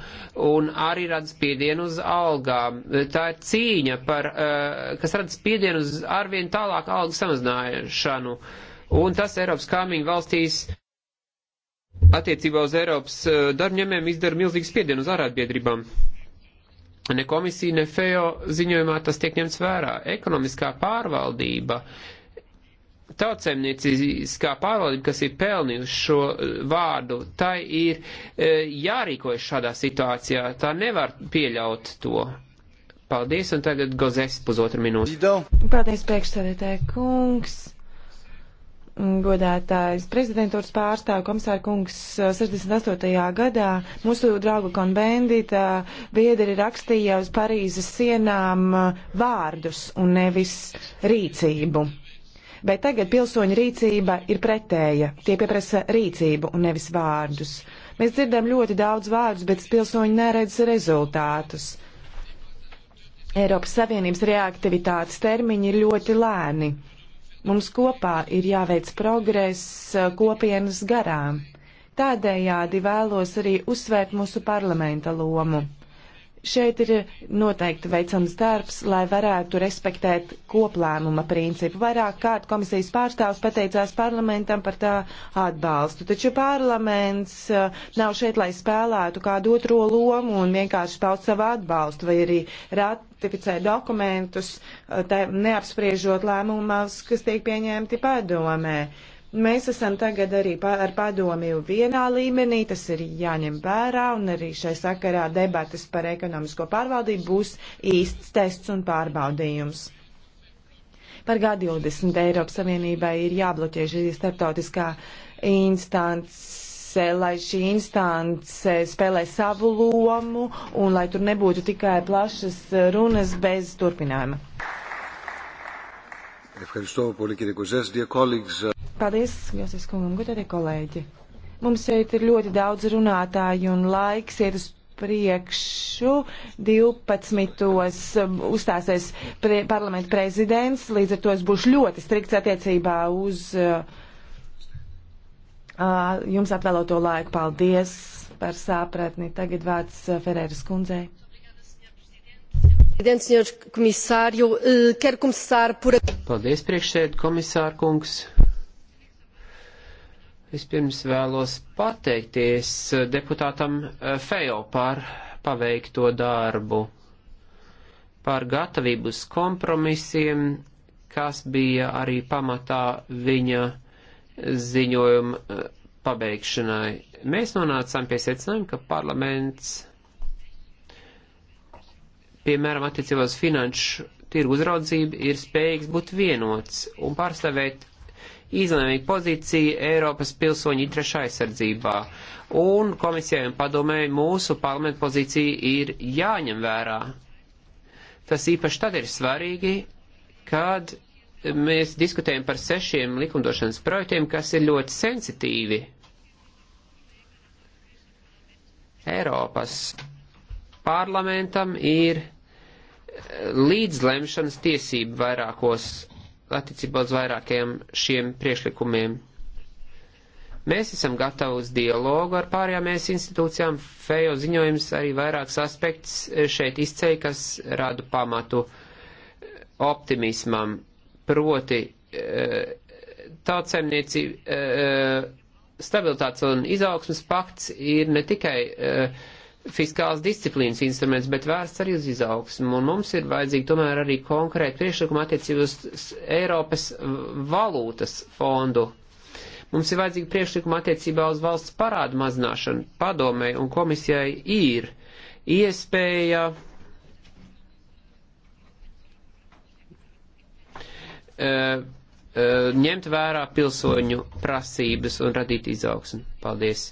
un arī rada spiedienu uz algām. Tā ir cīņa, par, eh, kas rada spiedienu uz arvien tālāk algu samazināšanu. Un tas Eiropas kaimiņu valstīs attiecībā uz Eiropas eh, darbņemiem izdara milzīgu spiedienu uz ārādbiedrībām. Ne komisija, ne FEO ziņojumā tas tiek ņemts vērā. Ekonomiskā pārvaldība uh, tautsemnieciskā pārvaldība, kas ir pelnījusi šo e, vārdu, tai ir e, jārīkojas šādā situācijā. Tā nevar pieļaut to. Paldies, un tagad Gozes pusotru minūti. Paldies, priekšsēdētāji kungs. Godātājs prezidentūras pārstāv komisāra kungs 68. E, gadā mūsu draugu konbendita biedri rakstīja uz Parīzes sienām vārdus un nevis rīcību bet tagad pilsoņu rīcība ir pretēja. Tie pieprasa rīcību un nevis vārdus. Mēs dzirdam ļoti daudz vārdus, bet pilsoņi neredz rezultātus. Eiropas Savienības reaktivitātes termiņi ir ļoti lēni. Mums kopā ir jāveic progress uh, kopienas garām. Tādējādi vēlos arī uzsvērt mūsu parlamenta lomu. Šeit ir noteikti veicams darbs, lai varētu respektēt koplēmuma principu. Vairāk kārt komisijas pārstāvs pateicās parlamentam par tā atbalstu, taču parlaments eh, nav šeit, lai spēlētu kādu otro lomu un vienkārši paust savu atbalstu vai arī ratificē dokumentus, eh, neapspriežot lēmumus, kas tiek pieņemti padomē. Uh, Mēs esam tagad arī pa, ar padomju vienā līmenī, tas ir jāņem vērā, un arī šai sakarā debatas par ekonomisko pārvaldību būs īsts tests un pārbaudījums. Par G20 Eiropas Savienībai ir jābloķē šī starptautiskā instance, lai šī instance spēlē savu lomu un lai tur nebūtu tikai plašas runas bez turpinājuma. Ευχαριστώ πολύ κύριε Κουζές. Dear colleagues, Paldies, Jāsis Kungam, gudrie kolēģi. Mums šeit ir ļoti daudz runātāju un laiks iet uz priekšu 12. uzstāsies pre parlamenta prezidents, līdz ar to es būšu ļoti strikts attiecībā uz uh, jums atvēloto laiku. Paldies par sāpratni. Tagad vārds Ferēras kundzei. Paldies, priekšsēd komisār kungs. Vispirms vēlos pateikties eh, deputātam eh, Fejo par paveikto darbu, par gatavību uz kompromisiem, kas bija arī pamatā viņa ziņojuma eh, pabeigšanai. Mēs nonācām pie secinājuma, ka parlaments, piemēram, attiecībā uz finanšu tirgu uzraudzību, ir spējīgs būt vienots un pārstāvēt izlēmīgu pozīciju Eiropas pilsoņu interešu aizsardzībā. Un komisijai un padomēji mūsu parlamentu pozīcija ir jāņem vērā. Tas īpaši tad ir svarīgi, kad mēs diskutējam par sešiem likumdošanas projektiem, kas ir ļoti sensitīvi Eiropas parlamentam ir līdzlemšanas tiesība vairākos attiecībā uz vairākiem šiem priešlikumiem. Mēs esam gatavi uz dialogu ar pārējām mēs institūcijām. Fejo ziņojums arī vairākas aspekts šeit izceļ, kas rada pamatu optimismam. Proti, eh, tautsēmniecība, eh, stabilitātes un izaugsmas pakts ir ne tikai uh, fiskāls disciplīnas instruments, bet vērsts arī uz izaugsmu. Un mums ir vajadzīgi tomēr arī konkrēti priekšlikumi attiecībā uz Eiropas valūtas fondu. Mums ir vajadzīgi priekšlikumi attiecībā uz valsts parādu mazināšanu. Padomē un komisijai ir iespēja uh, uh, ņemt vērā pilsoņu prasības un radīt izaugsmu. Paldies!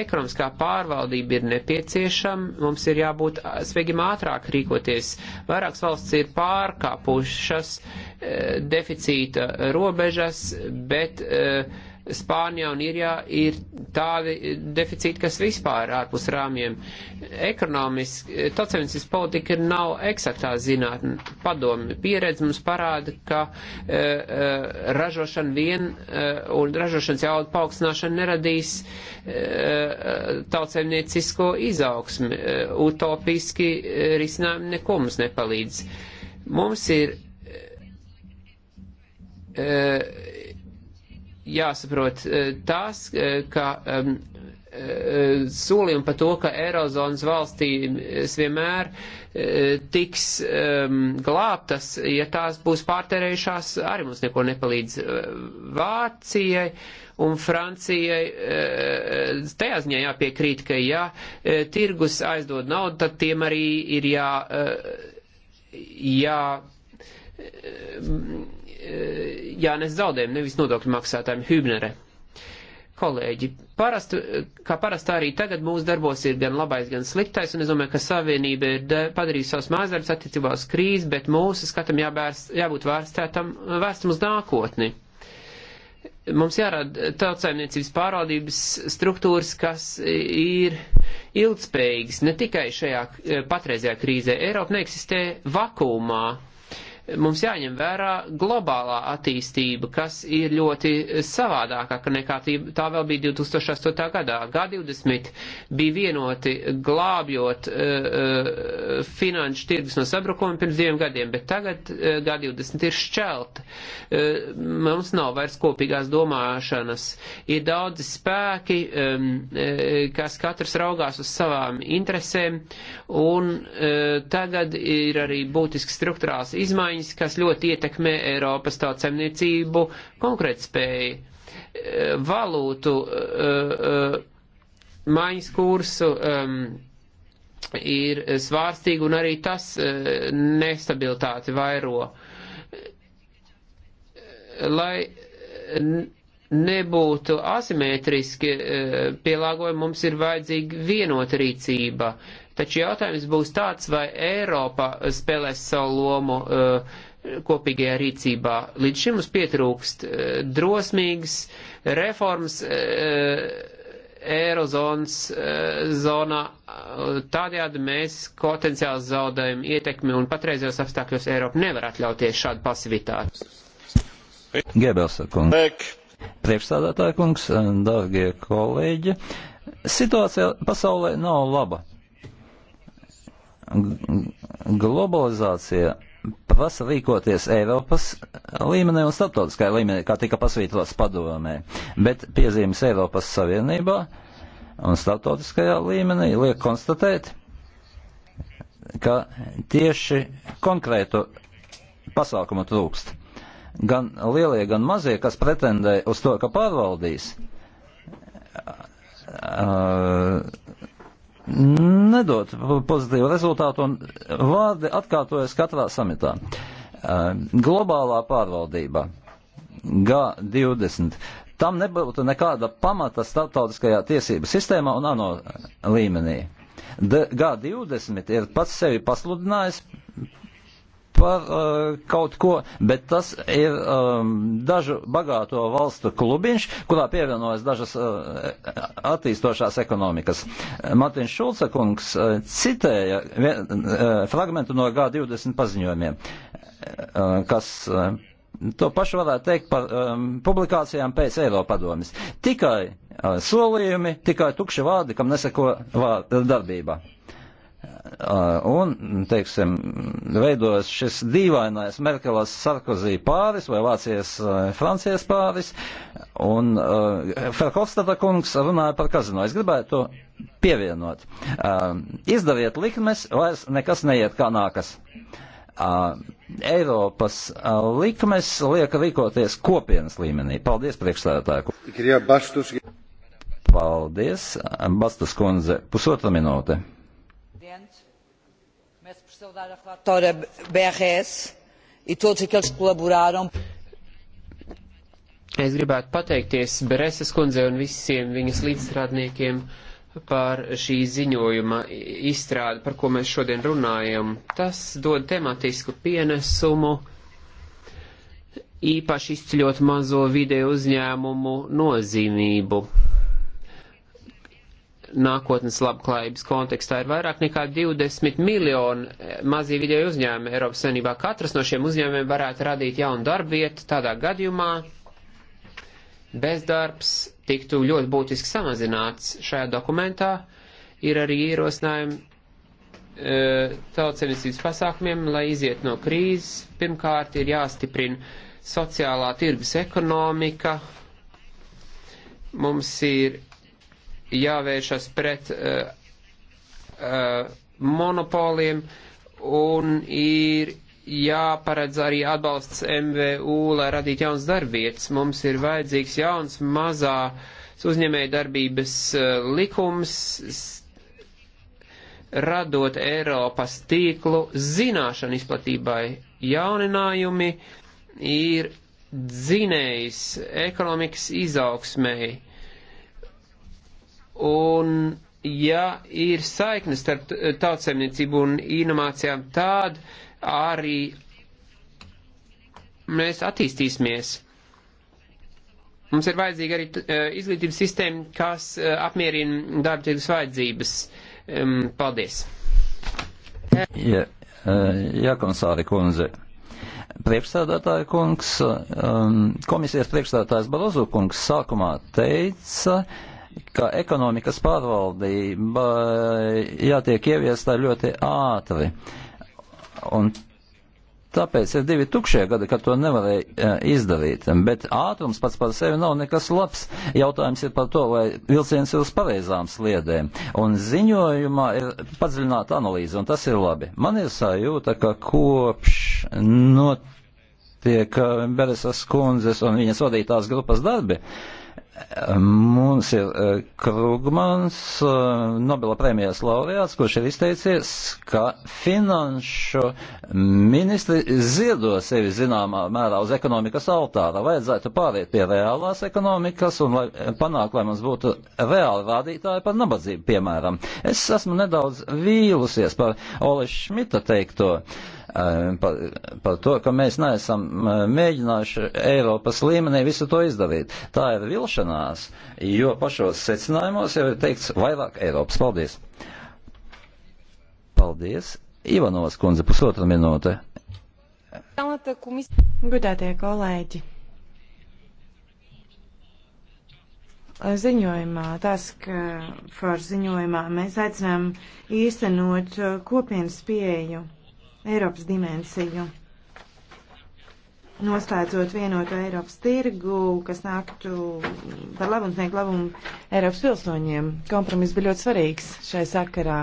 ekonomiskā pārvaldība ir nepieciešama, mums ir jābūt sveigiem ātrāk rīkoties. Vairākas valsts ir pārkāpušas e, deficīta robežas, bet. E, Spānijā un Irijā ir tādi deficīti, kas vispār ir ārpus rāmjiem. Ekonomiski, tautsevinsis politika nav eksaktā zinātne. Padomi pieredze mums parāda, ka e, e, ražošana vien e, un ražošanas jaudu paaugstināšana neradīs e, tautsevniecisko izaugsmi. E, utopiski e, risinājumi neko mums nepalīdz. Mums ir e, jāsaprot e, tās, e, ka um, solījumi par to, ka Eirozonas valstīs vienmēr tiks um, glābtas, ja tās būs pārterējušās, arī mums neko nepalīdz Vācijai un Francijai. Tajā ziņā jāpiekrīt, ka ja tirgus aizdod naudu, tad tiem arī ir jā. jā jānes zaudējumi, nevis nodokļu maksātājiem Hübnere. Kolēģi, parasti, kā parasti arī tagad mūsu darbos ir gan labais, gan sliktais, un es domāju, ka Savienība ir padarījusi savus mājasdarbus attiecībā uz krīzi, bet mūsu skatam jābērst, jābūt vērstētam, vērstam uz nākotni. Mums jārada tautsaimniecības pārvaldības struktūras, kas ir ilgspējīgas ne tikai šajā eh, patreizajā krīzē. Eiropa neeksistē vakumā, mums jāņem vērā globālā attīstība, kas ir ļoti savādākāka nekā tā vēl bija 2008. gadā. G20 bija vienoti glābjot uh, finanšu tirgus no sabrukuma pirms diviem gadiem, bet tagad uh, e, G20 ir šķelta. Uh, mums nav vairs kopīgās domāšanas. Ir daudzi spēki, um, kas katrs raugās uz savām interesēm, un uh, tagad ir arī būtiski struktūrās izmaiņas izmaiņas, kas ļoti ietekmē Eiropas tautsemniecību konkrētspēju. Eh, valūtu eh, eh, maiņas kursu um, ir svārstīgi un arī tas nestabilitāti vairo. Lai nebūtu asimetriski pielāgojumi, mums ir vajadzīga vienota rīcība. Uh, Taču jautājums būs tāds, vai Eiropa spēlēs savu lomu uh, kopīgajā rīcībā. Līdz šim mums pietrūkst uh, drosmīgas reformas uh, Eirozonas zonā. Tādējādi mēs potenciāli zaudējam ietekmi un patreizējos apstākļos Eiropa nevar atļauties šādu pasivitāti. Gebelsa kungs. Priekšstādātāja kungs, dārgie kolēģi, situācija pasaulē nav laba globalizācija prasa rīkoties Eiropas līmenī un starptautiskajā līmenī, kā tika pasvītrots padomē, bet piezīmes Eiropas Savienībā un starptautiskajā līmenī liek konstatēt, ka tieši konkrētu pasākumu trūkst. Gan lielie, gan mazie, kas pretendē uz to, ka pārvaldīs, uh, nedod pozitīvu rezultātu un vārdi atkārtojas katrā samitā. Globālā pārvaldība G20. Tam nebūtu nekāda pamata starptautiskajā tiesību sistēmā un ANO līmenī. G20 ir pats sevi pasludinājis par uh, kaut ko, bet tas ir um, dažu bagāto valstu klubiņš, kurā pievienojas dažas uh, attīstošās ekonomikas. Matiņš Šulca kungs uh, citēja vien, uh, fragmentu no G20 paziņojumiem, uh, kas. Uh, To pašu varētu teikt par um, publikācijām pēc Eiropadomis. Tikai uh, solījumi, tikai tukši vārdi, kam neseko vārd, darbībā. Uh, un, teiksim, veidojas šis dīvainais Merkelas Sarkozī pāris vai Vācijas uh, Francijas pāris, un uh, Ferhofstada kungs runāja par kazino. Es gribētu pievienot. Uh, izdariet likmes, vairs nekas neiet kā nākas. Uh, Eiropas uh, likmes liek rīkoties kopienas līmenī. Paldies, priekšstādātāju. Paldies, Bastas kundze. Pusotra minūte saudar a relatora BRS e todos aqueles que colaboraram. Es gribētu pateikties Bereses kundzei un visiem viņas līdzstrādniekiem par šī ziņojuma izstrādi, par ko mēs šodien runājam. Tas dod tematisku pienesumu īpaši izceļot mazo video uzņēmumu nozīmību nākotnes labklājības kontekstā ir vairāk nekā 20 miljoni mazī vidēji uzņēmumi Eiropas Savienībā. Katrs no šiem uzņēmumiem varētu radīt jaunu darbu vietu. Tādā gadījumā bezdarbs tiktu ļoti būtiski samazināts šajā dokumentā. Ir arī ierosinājumi e, tautsenisības pasākumiem, lai iziet no krīzes. Pirmkārt, ir jāstiprina sociālā tirgus ekonomika. Mums ir jāvēršas pret uh, uh, monopoliem un ir jāparedz arī atbalsts MVU, lai radītu jauns darbvietas. Mums ir vajadzīgs jauns mazās uzņēmēja darbības uh, eh, likums, radot Eiropas tīklu zināšanu izplatībai. Jauninājumi ir dzinējs ekonomikas izaugsmēji Un ja ir saiknes starp tautsemniecību un inovācijām, tad arī mēs attīstīsimies. Mums ir vajadzīga arī eh, izglītības sistēma, kas eh, apmierina darba tirgus vajadzības. Paldies! Ja, eh, ja komisāri kundze, priekšstādātāja kungs, komisijas priekšstādātājs Barozu kungs sākumā teica, ka ekonomikas pārvaldība eh, jātiek ieviestā ļoti ātri. Un tāpēc ir divi tukšie gadi, kad to nevarēja eh, izdarīt. Bet ātrums pats par sevi nav nekas labs. Jautājums ir par to, vai vilciens ir uz pareizām sliedēm. Un ziņojumā ir padziļināta analīze, un tas ir labi. Man ir sajūta, ka kopš notiek eh, Beresas kundzes un viņas vadītās grupas darbi. Uh, Mums ir e, Krugmans, e, Nobela prēmijas laureāts, kurš ir izteicies, ka finanšu ministri ziedo sevi zināmā mērā uz ekonomikas altāra. Vajadzētu pāriet pie reālās ekonomikas un lai, panākt, lai mums būtu reāli rādītāji par nabadzību, piemēram. Es esmu nedaudz vīlusies par Ole Šmita teikto. Uh, par, par to, ka mēs neesam mēģinājuši Eiropas līmenī visu to izdarīt. Tā ir vilšanās, jo pašos secinājumos jau ir teikts vairāk Eiropas. Paldies! Paldies! Ivanovas kundze, pusotra minūte. Gudētie kolēģi! ziņojumā, task for ziņojumā, mēs aicinām īstenot kopienas pieeju Eiropas dimensiju. Noslēdzot vienotu Eiropas tirgu, kas nāktu par labu un sniegt labumu Eiropas pilsoņiem. Kompromiss bija ļoti svarīgs šai sakarā.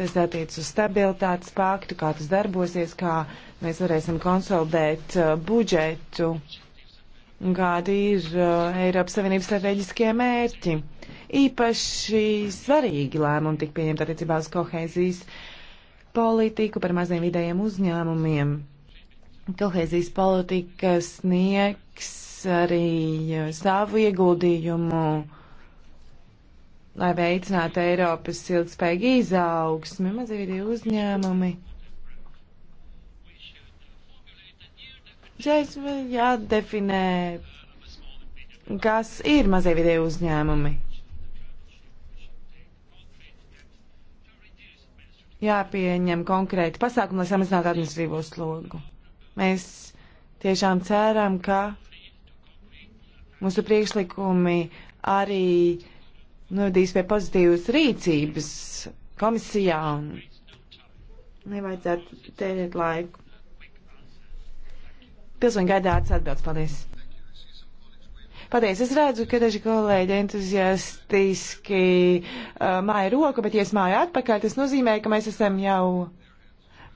Tas attiec uz stabilitātes paktu, kā tas darbosies, kā mēs varēsim konsolidēt uh, budžetu un kādi ir uh, Eiropas Savienības strateģiskie mērķi. Īpaši svarīgi lēmumi tika pieņemti attiecībā uz kohēzijas uh, politiku, par maziem vidējiem uzņēmumiem. Kohēzijas politika sniegs arī e, savu ieguldījumu, lai veicinātu Eiropas ilgspējīgu izaugsmi, mazie vidēji uzņēmumi. Šeit jādefinē, kas ir mazie vidēji uzņēmumi. jāpieņem konkrēti pasākumi, lai samazinātu administrīvo slogu. Mēs tiešām ceram, ka mūsu priekšlikumi arī novadīs pie pozitīvas rīcības komisijā un nevajadzētu tērēt laiku. Pilsoņi gaidāts atbildes. Paldies! Pateicu, es redzu, ka daži kolēģi entuziastiski uh, māja roku, bet, ja es māju atpakaļ, tas nozīmē, ka mēs esam jau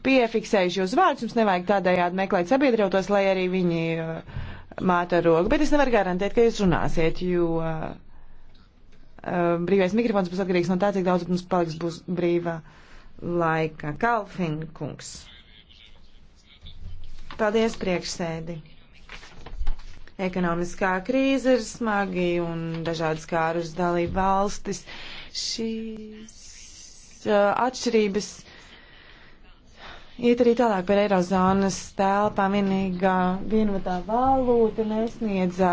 piefiksējuši jūs vārdus. Mums nevajag tādējādi meklēt sabiedrotos, lai arī viņi uh, māta roku. Bet es nevaru garantēt, ka jūs runāsiet, jo uh, brīvais mikrofons būs atkarīgs no tā, cik daudz mums paliks būs brīva laika. Kalfin kungs. Paldies priekšsēdi. Ekonomiskā krīze ir smagi un dažādas kārus dalību valstis. Šīs uh, atšķirības iet arī tālāk par Eirozonas telpām. Vienīgā vienotā valūta nesniedzā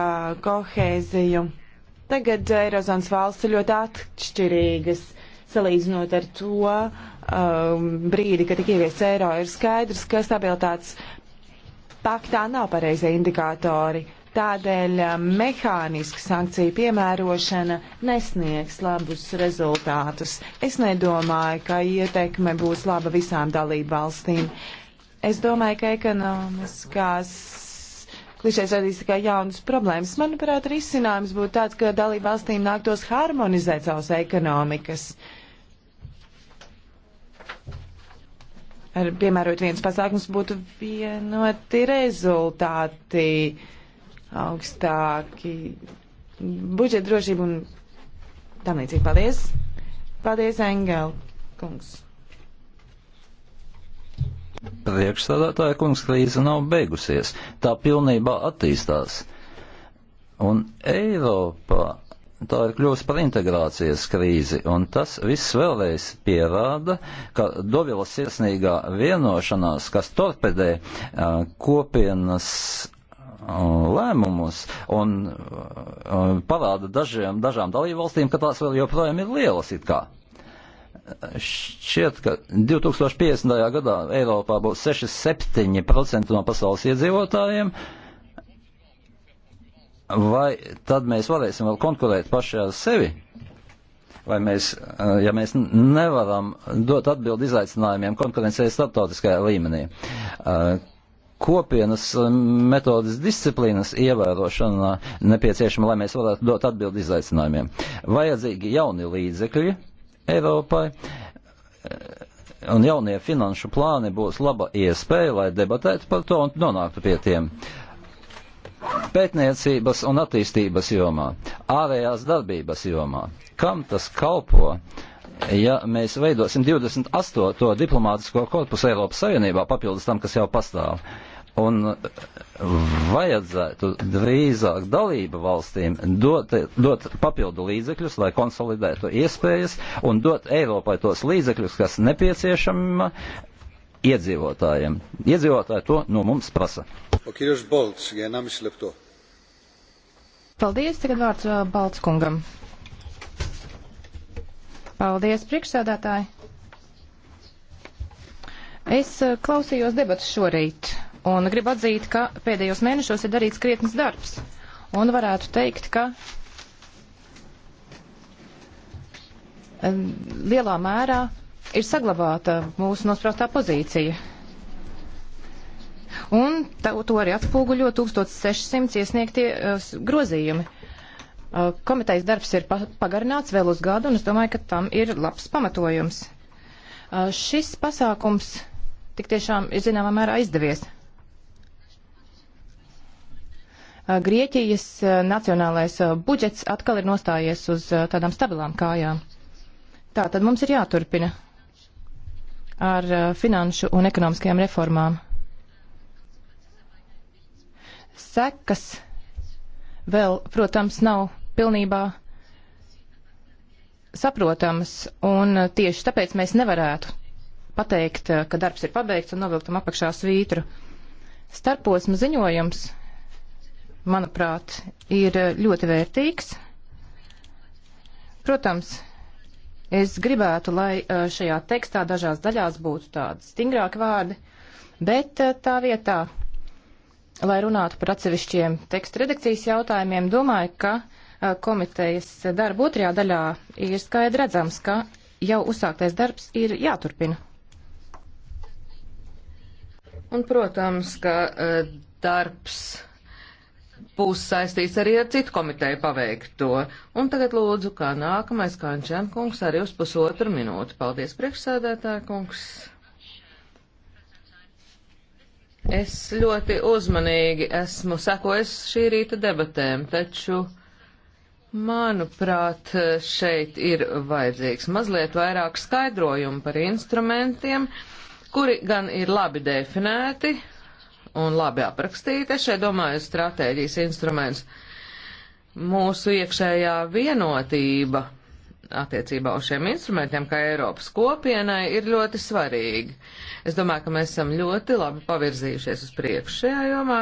kohēziju. Tagad Eirozonas valsts ir ļoti atšķirīgas. Salīdzinot ar to um, brīdi, kad tika ieviests eiro, ir skaidrs, ka stabilitātes paktā nav pareizie indikātori. Tādēļ eh, mehāniska sankcija piemērošana nesniegs labus rezultātus. Es nedomāju, ka ietekme būs laba visām dalību valstīm. Es domāju, ka ekonomiskās klišais radīs tikai jaunas problēmas. Manuprāt, risinājums būtu tāds, ka dalību valstīm nāktos harmonizēt savas ekonomikas. Ar, piemērot viens pasākums būtu vienoti rezultāti. Uh, augstāki budžeta drošība un tam līdzīgi. Paldies! Paldies, Engel kungs! Priekšstādātāja kungs krīze nav beigusies, tā pilnībā attīstās. Un Eiropā tā ir kļuvusi par integrācijas krīzi, un tas viss vēlreiz pierāda, ka Dovilas iesnīgā vienošanās, kas torpedē kopienas lēmumus un uh, parāda dažiem, dažām dalībvalstīm, ka tās vēl joprojām ir lielas it kā. Šķiet, ka 2050. gadā Eiropā būs 6-7% no pasaules iedzīvotājiem. Vai tad mēs varēsim vēl konkurēt paši ar sevi? Vai mēs, uh, ja mēs nevaram dot atbildi izaicinājumiem konkurencei starptautiskajā līmenī? Uh, kopienas eh, metodas disciplīnas ievērošana nepieciešama, lai mēs varētu dot atbildi izaicinājumiem. Vajadzīgi jauni līdzekļi Eiropai. Eh, un jaunie finanšu plāni būs laba iespēja, lai debatētu par to un nonāktu pie tiem. Pētniecības un attīstības jomā, ārējās darbības jomā. Kam tas kalpo? ja mēs veidosim 28. diplomātisko korpusu Eiropas Savienībā papildus tam, kas jau pastāv. Un eh, vajadzētu drīzāk dalību valstīm dot, dot papildu līdzekļus, lai konsolidētu iespējas un dot Eiropai tos līdzekļus, kas nepieciešami iedzīvotājiem. Iedzīvotāji to no mums prasa. Paldies, tagad vārds eh, Balts kungam. Paldies, priekšsēdētāji. Es eh, klausījos debatas šorīt Un gribu atzīt, ka pēdējos mēnešos ir darīts krietnes darbs. Un varētu teikt, ka lielā mērā ir saglabāta mūsu nospraustā pozīcija. Un to arī atspoguļo 1600 iesniegtie uh, grozījumi. Uh, eh, komitejas darbs ir pa pagarināts vēl uz gadu, un es domāju, ka tam ir labs pamatojums. Uh, šis pasākums tik tiešām ir zināmā mērā izdevies. Grieķijas nacionālais budžets atkal ir nostājies uz tādām stabilām kājām. Tā tad mums ir jāturpina ar finanšu un ekonomiskajām reformām. Sekas vēl, protams, nav pilnībā saprotamas, un tieši tāpēc mēs nevarētu pateikt, ka darbs ir pabeigts un novilktam apakšā svītru. Starposma ziņojums manuprāt, ir eh, ļoti vērtīgs. Protams, es gribētu, lai eh, šajā tekstā dažās daļās būtu tādi stingrāki vārdi, bet eh, tā vietā, lai runātu par atsevišķiem tekstu redakcijas jautājumiem, domāju, ka komitejas darba otrajā daļā ir skaidri redzams, ka jau uzsāktais darbs ir jāturpina. Un, protams, ka darbs būs saistīts arī ar citu komiteju paveikto. Un tagad lūdzu, kā nākamais Kančēn kungs, arī uz pusotru minūti. Paldies, priekšsēdētāja kungs. Es ļoti uzmanīgi esmu sekojis šī rīta debatēm, taču, manuprāt, šeit ir vajadzīgs mazliet vairāk skaidrojumu par instrumentiem, kuri gan ir labi definēti, un labi aprakstīti. Es šeit domāju stratēģijas instruments. Mūsu iekšējā vienotība attiecībā uz šiem instrumentiem, kā Eiropas kopienai, ir ļoti svarīgi. Es domāju, ka mēs esam ļoti labi pavirzījušies uz priekšu šajā jomā,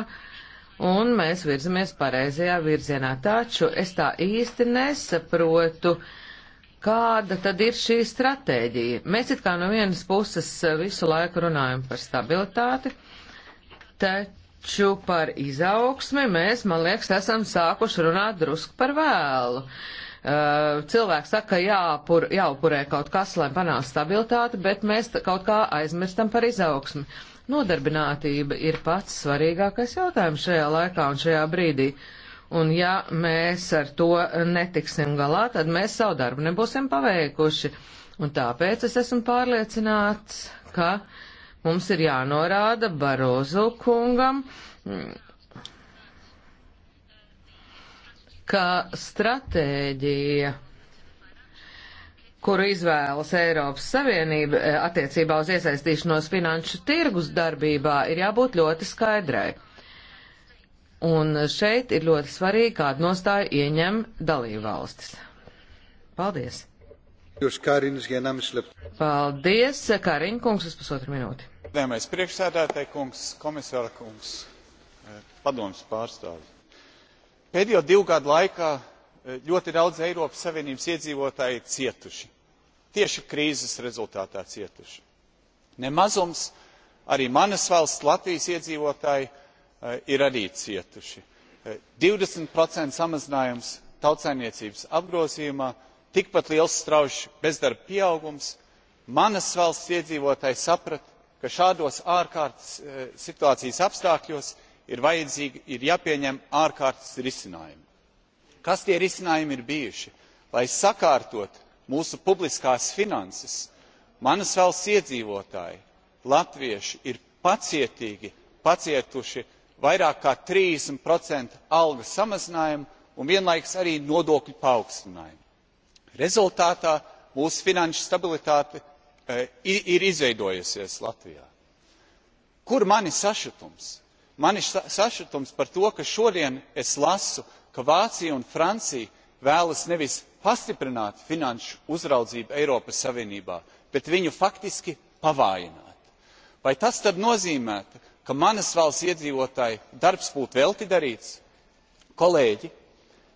un mēs virzamies pareizajā virzienā. Taču es tā īsti nesaprotu, kāda tad ir šī stratēģija. Mēs it kā no vienas puses visu laiku runājam par stabilitāti Taču par izaugsmi mēs, man liekas, esam sākuši runāt drusku par vēlu. Uh, cilvēks saka, ka jāpur, jāupurē kaut kas, lai panāca stabilitāti, bet mēs kaut kā aizmirstam par izaugsmi. Nodarbinātība ir pats svarīgākais jautājums šajā laikā un šajā brīdī. Un ja mēs ar to netiksim galā, tad mēs savu darbu nebūsim paveikuši. Un tāpēc es esmu pārliecināts, ka uh, Mums ir jānorāda Barozo kungam, mm, ka stratēģija, kuru izvēlas Eiropas Savienība eh, attiecībā uz iesaistīšanos finanšu tirgus darbībā, ir jābūt ļoti skaidrai. Un šeit ir ļoti svarīgi, kādu nostāju ieņem dalībvalstis. Paldies! Paldies, Kāriņa kungs, uz pusotru minūti. Dēmais priekšsēdētāji kungs, komisāra kungs, eh, padomas pārstāvi. Pēdējo divu gadu laikā eh, ļoti daudz Eiropas Savienības iedzīvotāji cietuši. Tieši krīzes rezultātā cietuši. Nemazums arī manas valsts Latvijas iedzīvotāji eh, ir arī cietuši. 20% samazinājums tautsaimniecības apgrozījumā tikpat liels strauji bezdarba pieaugums manas valsts iedzīvotāji saprata ka šādos ārkārtas e, situācijas apstākļos ir jāpieņem ārkārtas risinājumi. kas tie risinājumi ir bijuši? lai sakārtotu mūsu publiskās finanses manas valsts iedzīvotāji latvieši ir pacietīgi pacietuši vairāk kā trīsdesmit algas samazinājumu un vienlaikus arī nodokļu paaugstinājumu rezultātā mūsu finanšu stabilitāte e, ir izveidojusies latvijā. kur manis sašutums? manis sašutums par to ka šodien es lasu ka vācija un francija vēlas nevis pastiprināt finanšu uzraudzību eiropas savienībā bet viņu faktiski pavājināt. vai tas tad nozīmētu ka manas valsts iedzīvotāju darbs būtu velti darīts? kolēģi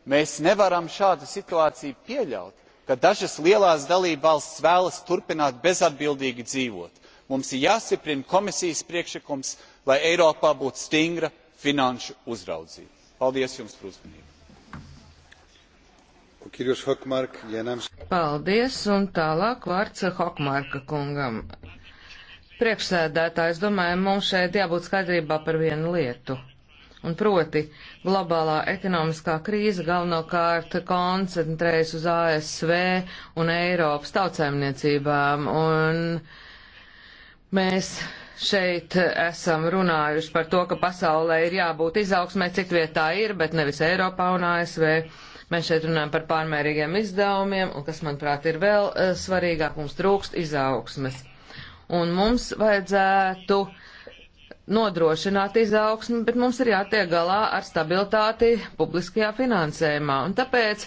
mēs nevaram šādu situāciju pieļaut ka dažas lielās dalībvalstis vēlas turpināt bezatbildīgi dzīvot. mums ir jāstiprina komisijas priekšlikums lai eiropā būtu stingra finanšu uzraudzība. paldies jums par uzmanību! Paldies, un tālāk vārds Hokmārka kungam. Priekšsēdētājs, domāju, mums šeit jābūt skaidrībā par vienu lietu Un proti, globālā ekonomiskā krīze galvenokārt koncentrējas uz ASV un Eiropas tautsēmniecībām. Un mēs šeit esam runājuši par to, ka pasaulē ir jābūt izaugsmē, cik vietā ir, bet nevis Eiropā un ASV. Mēs šeit runājam par pārmērīgiem izdevumiem, un kas, manuprāt, ir vēl eh, svarīgāk, mums trūkst izaugsmes. Un mums vajadzētu uh, nodrošināt izaugsmi, bet mums ir jātiek galā ar stabilitāti publiskajā finansējumā. Un tāpēc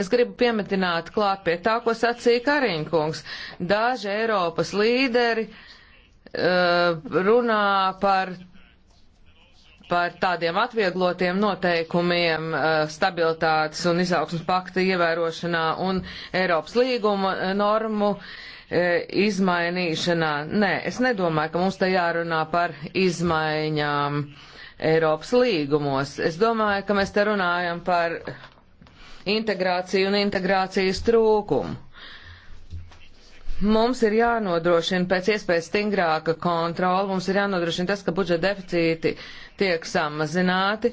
es gribu piemetināt klāt pie tā, ko sacīja Kariņkungs. Daži Eiropas līderi uh, runā par par tādiem atvieglotiem noteikumiem eh, stabilitātes un izaugsmas pakta ievērošanā un Eiropas līguma eh, normu E, izmainīšanā. Nē, es nedomāju, ka mums te jārunā par izmaiņām Eiropas līgumos. Es domāju, ka mēs te runājam par integrāciju un integrācijas trūkumu. Mums ir jānodrošina pēc iespējas stingrāka kontrola, mums ir jānodrošina tas, ka budžeta deficīti tiek samazināti.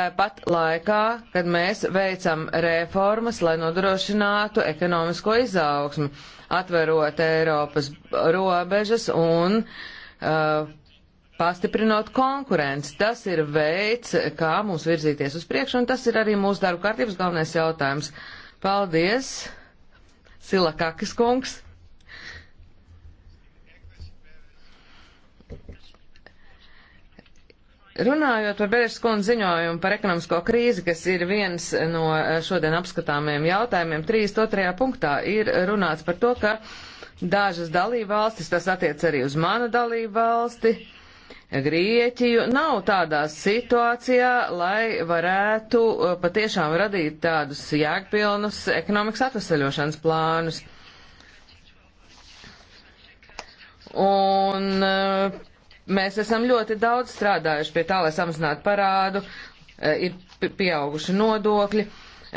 Tāpat laikā, kad mēs veicam reformas, lai nodrošinātu ekonomisko izaugsmu, atverot Eiropas robežas un uh, pastiprinot konkurenci. Tas ir veids, kā mums virzīties uz priekšu, un tas ir arī mūsu darba kārtības galvenais jautājums. Paldies, Silakakis kungs! Runājot par Bēržas kundzes ziņojumu par ekonomisko krīzi, kas ir viens no eh, šodien apskatāmiem jautājumiem, 32. punktā ir runāts par to, ka dažas dalībvalstis, tas attiec arī uz manu dalībvalsti, Grieķiju, nav tādā situācijā, lai varētu eh, patiešām radīt tādus jēgpilnus ekonomikas atvesaļošanas plānus. Un eh, Mēs esam ļoti daudz strādājuši pie tā, lai samazinātu parādu, e, ir pieauguši nodokļi.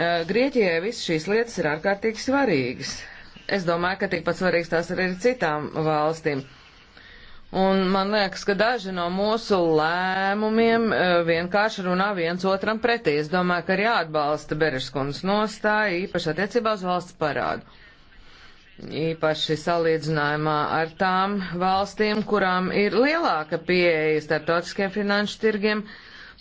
E, Grieķijai visas šīs lietas ir ārkārtīgi svarīgas. Es domāju, ka tikpat svarīgs tās arī ir citām valstīm. Un man liekas, ka daži no mūsu lēmumiem e, vienkārši runā viens otram pretī. Es domāju, ka ir jāatbalsta Bereškundas nostāja īpaši attiecībā uz valsts parādu īpaši salīdzinājumā ar tām valstīm, kurām ir lielāka pieeja starptautiskiem finanšu tirgiem.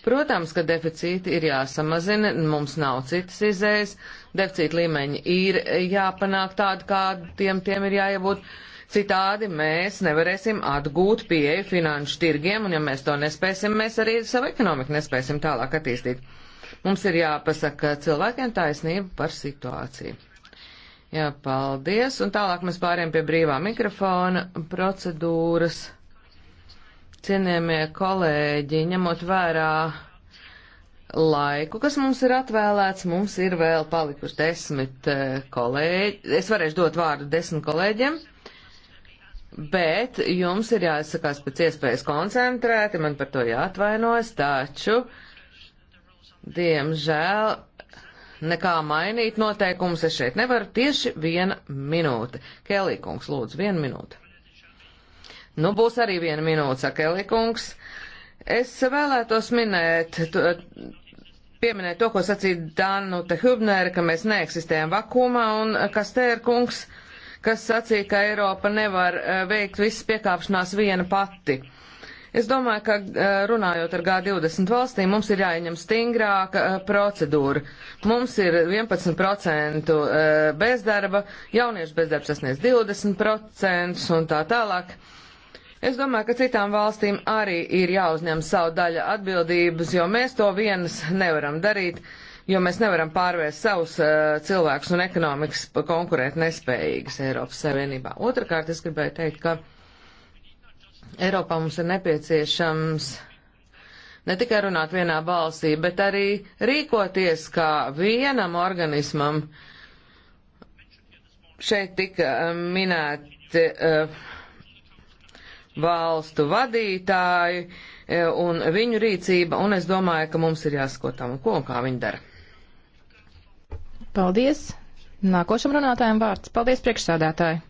Protams, ka deficīti ir jāsamazina, mums nav citas izējas, deficīta līmeņi ir jāpanāk tādi, kādiem tiem ir jābūt. Citādi mēs nevarēsim atgūt pieeju finanšu tirgiem, un ja mēs to nespēsim, mēs arī savu ekonomiku nespēsim tālāk attīstīt. Mums ir jāpasaka cilvēkiem taisnība par situāciju. Jā, paldies. Un tālāk mēs pāriem pie brīvā mikrofona procedūras. Cienījamie kolēģi, ņemot vērā laiku, kas mums ir atvēlēts, mums ir vēl palikuši desmit eh, kolēģi. Es varēšu dot vārdu desmit kolēģiem, bet jums ir jāizsakās pēc iespējas koncentrēti, man par to jāatvainojas, taču, diemžēl, nekā mainīt noteikumus es šeit nevaru tieši viena minūte. Kelīkungs, lūdzu, viena minūte. Nu, būs arī viena minūte, saka Kelīkungs. Es vēlētos minēt, pieminēt to, ko sacīja Danute Hubnere, ka mēs neeksistējam vakumā, un Kastērkungs, kas sacīja, ka Eiropa nevar eh, veikt visas piekāpšanās viena pati. Uh, Es domāju, ka eh, runājot ar G20 valstīm, mums ir jāieņem stingrāka eh, procedūra. Mums ir 11% eh, bezdarba, jauniešu bezdarbs sasniedz 20% un tā tālāk. Es domāju, ka citām valstīm arī ir jāuzņem savu daļu atbildības, jo mēs to vienas nevaram darīt, jo mēs nevaram pārvērst savus cilvēkus un ekonomikas konkurēt nespējīgas Eiropas Savienībā. Otrakārt, es gribēju teikt, ka Eiropā mums ir nepieciešams ne tikai runāt vienā balsī, bet arī rīkoties kā vienam organismam. Šeit tika eh, minēti uh, valstu vadītāji eh, un viņu rīcība, un es domāju, ka mums ir jāsako tam, ko un kā viņi dara. Paldies! Nākošam runātājam vārds. Paldies, priekšsādātāji!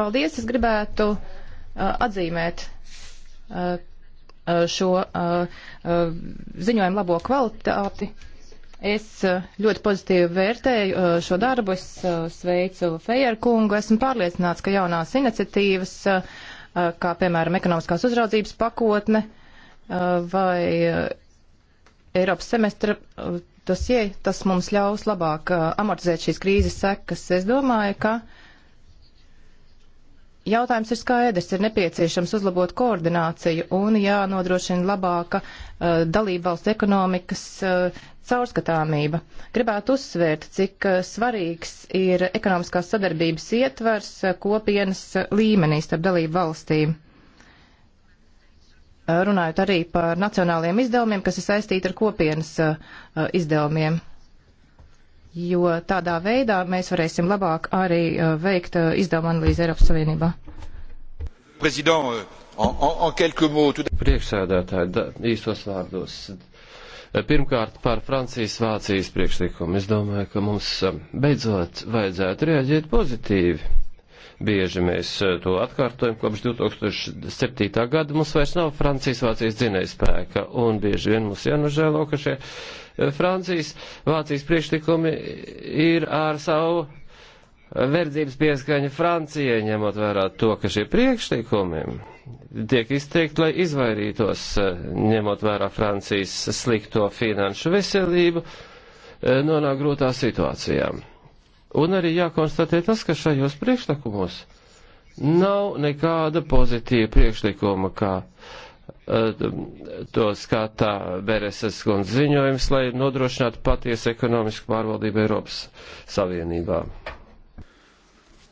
Paldies, es gribētu uh, atzīmēt uh, uh, šo ziņojumu labo kvalitāti. Es ļoti pozitīvi vērtēju šo darbu, es sveicu Fejerkungu, esmu pārliecināts, ka jaunās iniciatīvas, kā piemēram ekonomiskās uzraudzības pakotne vai Eiropas semestra dosie, tas mums ļaus labāk amortizēt šīs krīzes sekas. Es domāju, ka Jautājums ir skaidrs, ir nepieciešams uzlabot koordināciju un jānodrošina labāka uh, dalība valsts ekonomikas uh, caurskatāmība. Gribētu uzsvērt, cik uh, svarīgs ir ekonomiskās sadarbības ietvers uh, kopienas uh, līmenī starp dalību valstīm. Uh, runājot arī par nacionāliem izdevumiem, kas ir saistīti ar kopienas uh, izdevumiem jo tādā veidā mēs varēsim labāk arī uh, veikt uh, izdevuma analīzi Eiropas Savienībā. Uh, Priekšsēdētāji, īsos vārdos. Pirmkārt, par Francijas-Vācijas priekšlikumu. Es domāju, ka mums um, beidzot vajadzētu rēģēt pozitīvi. Bieži mēs to atkārtojam, kopš 2007. gada mums vairs nav Francijas-Vācijas dzinējspēka, un bieži vien mums jānožēlo, ka šie Francijas, Vācijas priekšlikumi ir ar savu verdzības pieskaņa Francijai, ņemot vērā to, ka šie priekšlikumi tiek izteikti, lai izvairītos, ņemot vērā Francijas slikto finanšu veselību, nonāk grūtā situācijā. Un arī jākonstatē tas, ka šajos priekšlikumos nav nekāda pozitīva priekšlikuma, kā uh, Eh, to skatā Bereses kundze ziņojums, lai nodrošinātu patiesu ekonomisku pārvaldību Eiropas Savienībā.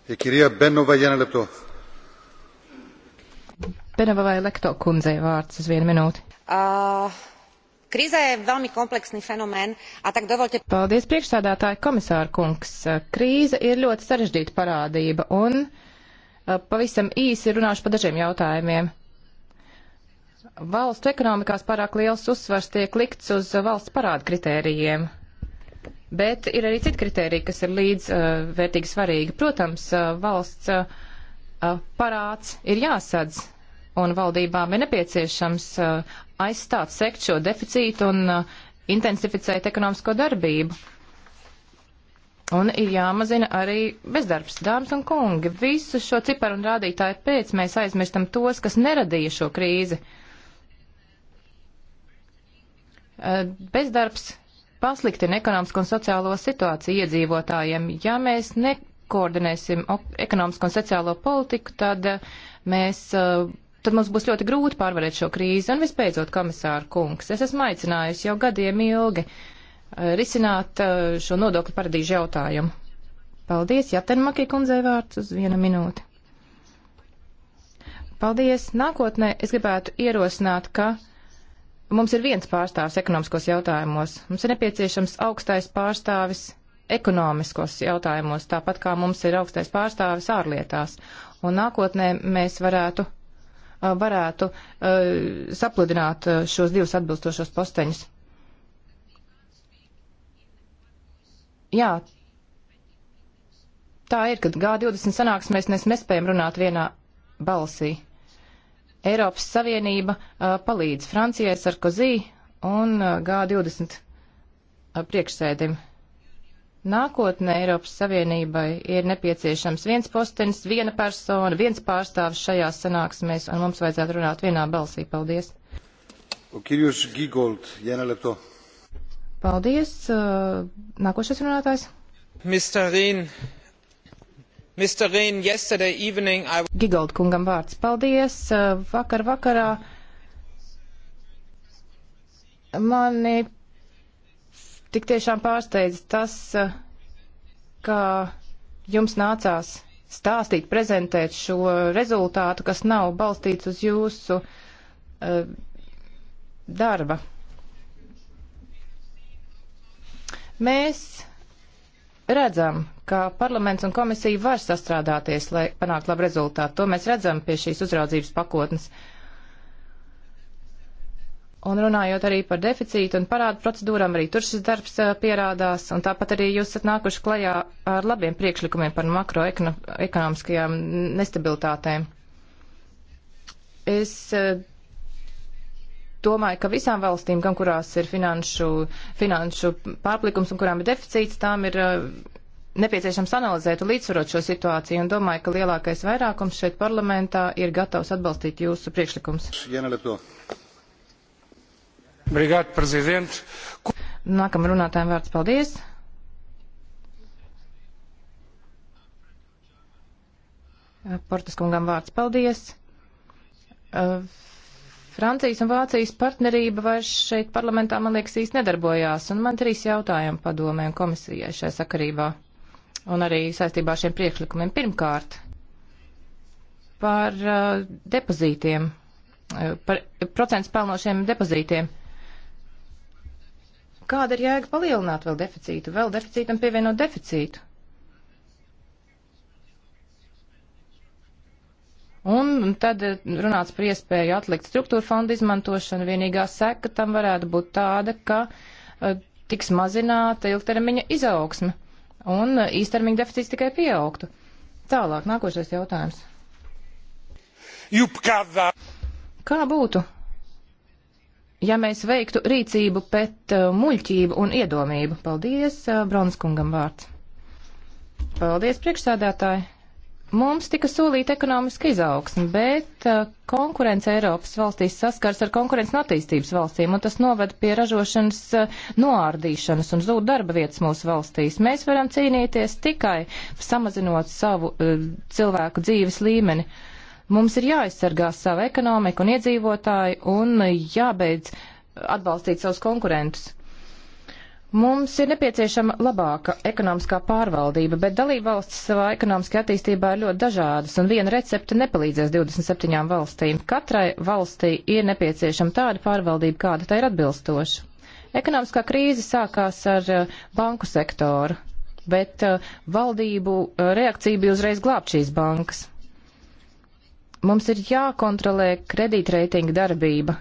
Eh, Benova vai Lekto kundzei vārds uz vienu minūti. Uh, eh, krīzē ir veľmi kompleksný fenomén, a tak dovolte... Paldies, priekšsādātāji komisāra kungs. Krīze ir ļoti sarežģīta parādība un pavisam īsi runāšu par dažiem jautājumiem Valstu ekonomikās pārāk liels uzsvars tiek likts uz uh, valsts parāda kritērijiem, bet ir arī citi kritēriji, kas ir līdzvērtīgi uh, svarīgi. Protams, uh, valsts uh, uh, parāds ir jāsadz, un valdībām ir nepieciešams uh, aizstāt sekt šo deficītu un intensificēt ekonomisko darbību. Un ir jāmazina arī bezdarbs. Dāmas un kungi, visu šo ciparu un rādītāju pēc mēs aizmirstam tos, kas neradīja šo krīzi. Uh, Eh, bezdarbs pasliktina ekonomisko un sociālo situāciju iedzīvotājiem. Ja mēs nekoordinēsim ekonomisko un sociālo politiku, tad eh, mēs. Eh, tad mums būs ļoti grūti pārvarēt šo krīzi. Un visbeidzot, komisāra kungs, es esmu aicinājusi jau gadiem ilgi risināt šo nodokļu paradīžu jautājumu. Paldies, Jatenmakī kundzei vārds uz vienu minūti. Paldies. Nākotnē es gribētu ierosināt, ka uh, Mums ir viens pārstāvis ekonomiskos jautājumos. Mums ir nepieciešams augstais pārstāvis ekonomiskos jautājumos, tāpat kā mums ir augstais pārstāvis ārlietās. Un nākotnē mēs varētu, varētu sapludināt šos divus atbilstošos posteņus. Jā, tā ir, kad G20 sanāksmēs mēs nespējam runāt vienā balsī. Eiropas Savienība uh, palīdz Francijai Sarkozī un uh, G20 uh, priekšsēdim. Nākotnē Eiropas Savienībai ir nepieciešams viens postenis, viena persona, viens pārstāvis šajās sanāksmēs, un mums vajadzētu runāt vienā balsī. Paldies! Kirjus Gigold, Jēna Lepto. Paldies! Nākošais runātājs. Mr. Rīn, Mr. Rehn, yesterday evening I... Gigold kungam vārds. Paldies. Uh, vakar vakarā mani tik tiešām pārsteidz tas, uh, ka jums nācās stāstīt, prezentēt šo rezultātu, kas nav balstīts uz jūsu uh, darba. Mēs redzam, ka parlaments un komisija var sastrādāties, lai panāktu labu rezultātu. To mēs redzam pie šīs uzraudzības pakotnes. Un runājot arī par deficītu un parādu procedūram, arī tur šis darbs pierādās, un tāpat arī jūs esat nākuši klajā ar labiem priekšlikumiem par makroekonomiskajām nestabilitātēm. Es domāju, ka visām valstīm, gan kurās ir finanšu, finanšu pārplikums un kurām ir deficīts, tām ir eh, nepieciešams analizēt un līdzsvarot šo situāciju, un domāju, ka lielākais vairākums šeit parlamentā ir gatavs atbalstīt jūsu priekšlikums. Brigāt, prezident. Nākam runātājiem vārds paldies. Portas kungam vārds paldies. Eh, Francijas un Vācijas partnerība vairs šeit parlamentā, man liekas, īsti nedarbojās, un man trīs jautājumi padomē un komisijai šajā sakarībā, un arī saistībā ar šiem priekšlikumiem. Pirmkārt, par uh, depozītiem, uh, par procentu pelnošiem depozītiem. Kāda ir jēga palielināt vēl deficītu, vēl deficītam pievienot deficītu? Un tad eh, runāts par iespēju atlikt struktūra fonda izmantošanu. Vienīgā seka tam varētu būt tāda, ka uh, tiks mazināta ilgtermiņa izaugsme un uh, īstermiņa deficīts tikai pieaugtu. Tālāk, nākošais jautājums. Jupkādā. Kā būtu, ja mēs veiktu rīcību pret uh, muļķību un iedomību? Paldies, Bronskungam vārds. Paldies, priekšsēdētāji. Mums tika solīta ekonomiska izaugsme, bet uh, konkurence Eiropas valstīs saskars ar konkurences no attīstības valstīm, un tas noved pie ražošanas uh, noārdīšanas un zūd darba vietas mūsu valstīs. Mēs varam cīnīties tikai samazinot savu uh, cilvēku dzīves līmeni. Mums ir jāaizsargā savu ekonomiku un iedzīvotāju un jābeidz atbalstīt savus konkurentus. Mums ir nepieciešama labāka ekonomiskā pārvaldība, bet dalībvalstis savā ekonomiskajā attīstībā ir ļoti dažādas, un viena recepte nepalīdzēs 27 valstīm. Katrai valstī ir nepieciešama tāda pārvaldība, kāda tai ir atbilstoša. Ekonomiskā krīze sākās ar eh, banku sektoru, bet eh, valdību eh, reakcija bija uzreiz glābt šīs bankas. Mums ir jākontrolē kredītreitinga darbība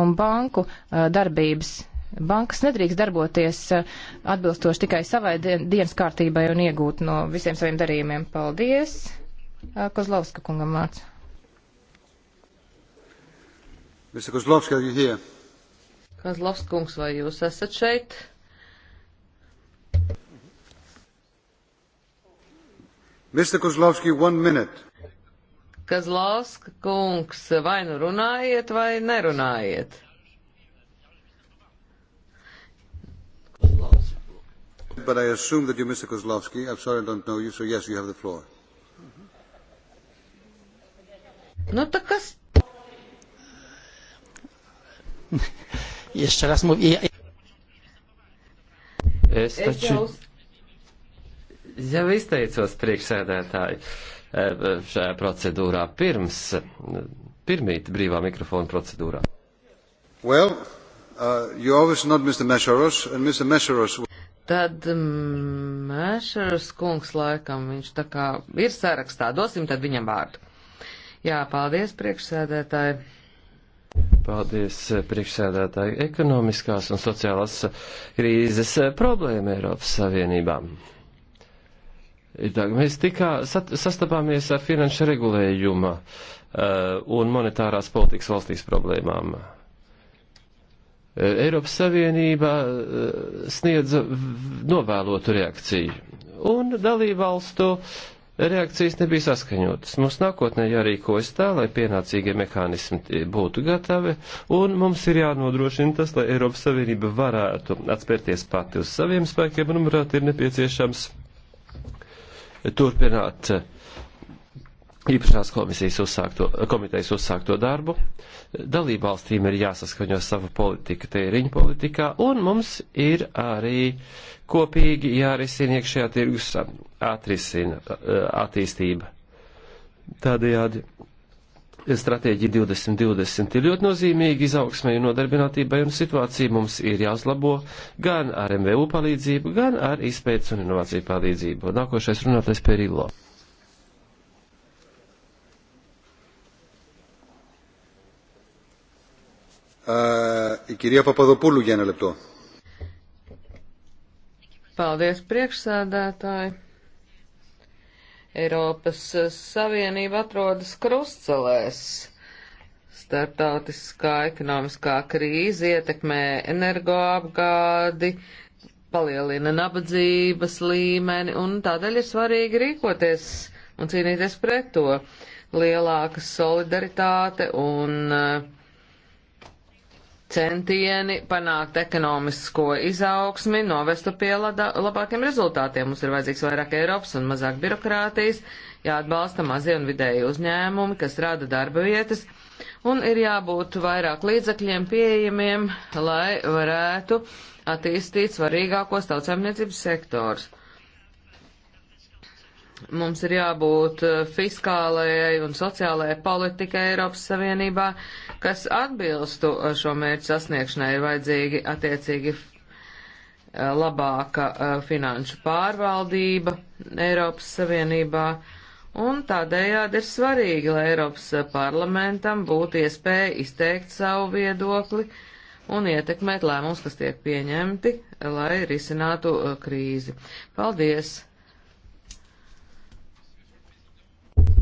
un banku darbības Bankas nedrīkst darboties eh, atbilstoši tikai savai dienas kārtībai un iegūt no visiem saviem darījumiem. Paldies! Eh, Kozlovska kungam vārds. Mr. Kozlovska, are you here? Kozlovska kungs, vai jūs esat šeit? Mr. Kozlovski, one minute. Kozlovska kungs, vai nu runājiet, vai nerunājiet. But I assume that you're Mr. Kozlovsky. I'm sorry I don't know you, so yes, you have the floor. No to kas... Jeszcze raz mówię... Es taču jau izteicos priekšsēdētāji šajā e, procedūrā pirms, e, pirmīt brīvā mikrofona procedūrā. Well, uh, you obviously not Mr. Mesheros, and Mr. Mesheros... Tad Mēšers mm, kungs laikam viņš tā kā ir sarakstā. Dosim tad viņam vārdu. Jā, paldies priekšsēdētāji. Paldies priekšsēdētāji. Ekonomiskās un sociālās krīzes problēma Eiropas Savienībām. Mēs tikā sastapāmies ar finanšu regulējuma eh, un monetārās politikas valstīs problēmām. Eiropas Savienība eh, sniedza novēlotu reakciju, un dalībvalstu reakcijas nebija saskaņotas. Mums nākotnē jārīkojas tā, lai pienācīgie mehānismi būtu gatavi, un mums ir jānodrošina tas, lai Eiropas Savienība varētu atspērties pati uz saviem spēkiem, un, manuprāt, ir nepieciešams turpināt uh, īpašās komisijas uzsākto, komitejas uzsākto darbu. Dalībvalstīm ir jāsaskaņo sava politika tēriņu politikā, un mums ir arī kopīgi jārisina iekšējā tirgus atrisina, attīstība. Tādējādi stratēģija 2020 ir ļoti nozīmīga izaugsmai un nodarbinātībai, un situācija mums ir jāuzlabo gan ar MVU palīdzību, gan ar izpētes un inovāciju palīdzību. Nākošais runātais Perillo. Η κυρία Papadopoulou για ένα λεπτό. Paldies, priekšsēdētāji. Eiropas Savienība atrodas krustcelēs. Startautiskā ekonomiskā krīze ietekmē energoapgādi, palielina nabadzības līmeni, un tādēļ ir svarīgi rīkoties un cīnīties pret to. Lielāka solidaritāte un uh, centieni panākt ekonomisko izaugsmi novestu pie labākiem rezultātiem. Mums ir vajadzīgs vairāk Eiropas un mazāk birokrātijas, jāatbalsta mazie un vidēji uzņēmumi, kas rada darba vietas, un ir jābūt vairāk līdzakļiem pieejamiem, lai varētu attīstīt svarīgākos tautsēmniecības sektors. Mums ir jābūt eh, fiskālajai un sociālajai politikai Eiropas Savienībā, kas atbilstu eh, šo mērķu sasniegšanai, ir vajadzīgi attiecīgi eh, labāka finanšu pārvaldība Eiropas Savienībā. Un tādējādi ir svarīgi, lai Eiropas parlamentam būtu iespēja izteikt savu viedokli un ietekmēt lēmumus, kas tiek pieņemti, lai risinātu krīzi. Paldies!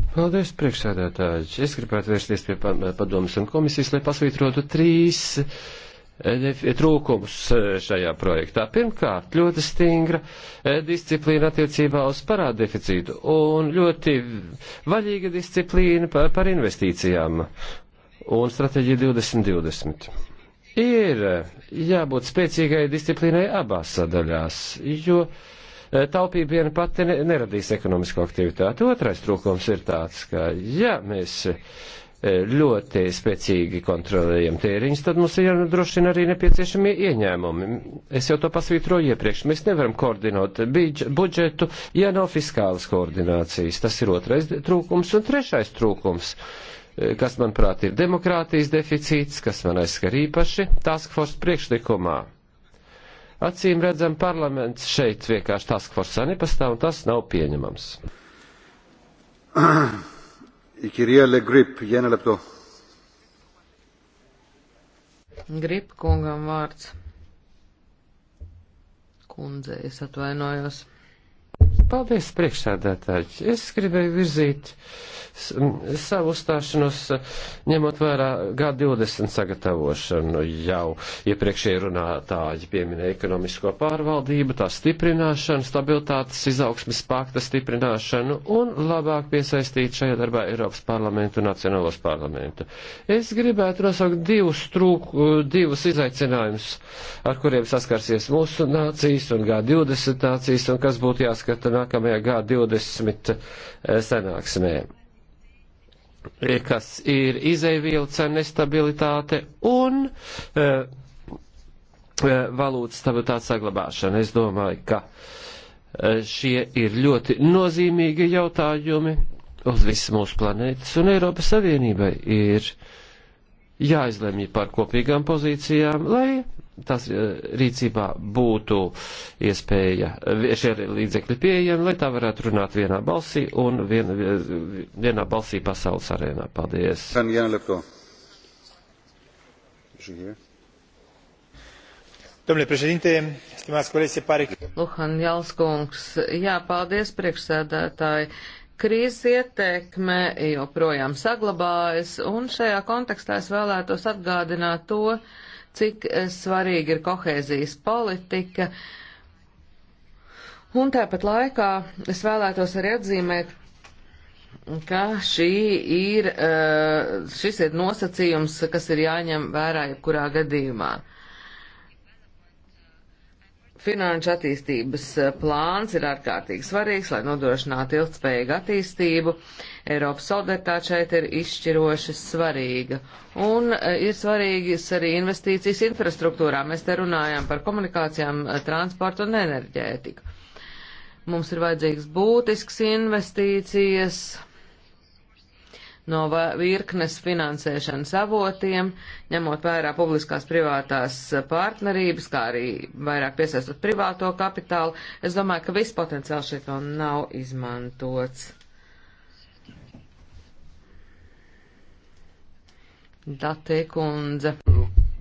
Paldies, priekšsēdētāji. Es gribētu vērsties pie padomas un komisijas, lai pasvītrotu trīs eh, eh, trūkumus eh, šajā projektā. Pirmkārt, ļoti stingra disciplīna attiecībā uz parādu deficītu un ļoti vaļīga disciplīna par, par investīcijām un stratēģija 2020. Ir jābūt spēcīgai disciplīnai abās sadaļās, jo Eh, taupība viena pati neradīs ekonomisko aktivitāti. Otrais trūkums ir tāds, ka ja mēs eh, ļoti spēcīgi kontrolējam tēriņus, tad mums ir jānodrošina arī nepieciešamie ieņēmumi. Es jau to pasvītroju iepriekš. Mēs nevaram koordinot budžetu, ja nav fiskālas koordinācijas. Tas ir otrais trūkums. Un trešais trūkums, eh, kas, manuprāt, ir demokrātijas deficīts, kas man aizskar īpaši, task force priekšlikumā Acīm redzam, parlaments šeit vienkārši task force nepastāv, un tas nav pieņemams. Grip, Grip kungam vārds. Kundze, es atvainojos. Paldies, priekšsēdētāji. Es gribēju virzīt savu uzstāšanos, ņemot vērā G20 sagatavošanu. Jau iepriekšēji runātāji pieminēja ekonomisko pārvaldību, tā stiprināšanu, stabilitātes izaugsmes pakta stiprināšanu un labāk piesaistīt šajā darbā Eiropas parlamentu un Nacionālos parlamentu. Es gribētu nosaukt divus, trūk, divus izaicinājumus, ar kuriem saskarsies mūsu nācijas un G20 nācijas un kas būtu jāskata nākamajā G20 eh, sanāksmē, e, kas ir izēvielu cenu nestabilitāte un eh, eh, valūtas stabilitātes saglabāšana. Es domāju, ka šie ir ļoti nozīmīgi jautājumi uz visu mūsu planētas un Eiropas Savienībai ir jāizlemj par kopīgām pozīcijām, lai tās eh, rīcībā būtu iespēja šie līdzekļi pieejami, lai tā varētu runāt vienā balsī un vien, eh, vienā balsī pasaules arēnā. Paldies! Domnule președinte, stimați colegi, se pare că... Luhan Jālskungs, jā, paldies priekšsēdētāji. Krīzes ietekme joprojām saglabājas, un šajā kontekstā es vēlētos atgādināt to, uh, cik eh, svarīga ir kohēzijas politika. Un tāpat laikā es vēlētos arī atzīmēt, ka šī ir, eh, šis ir nosacījums, kas ir jāņem vērā jebkurā gadījumā. Finanšu attīstības eh, plāns ir ārkārtīgi svarīgs, lai nodrošinātu ilgspējīgu attīstību. Eiropas solidaritāte šeit ir izšķiroši svarīga. Un eh, ir svarīgas arī investīcijas infrastruktūrā. Mēs te runājam par komunikācijām, eh, transportu un enerģētiku. Mums ir vajadzīgas būtiskas investīcijas no virknes finansēšanas avotiem, ņemot vērā publiskās privātās partnerības, kā arī vairāk piesaistot privāto kapitālu. Es domāju, ka viss potenciāls šeit vēl nav izmantots. Datē kundze.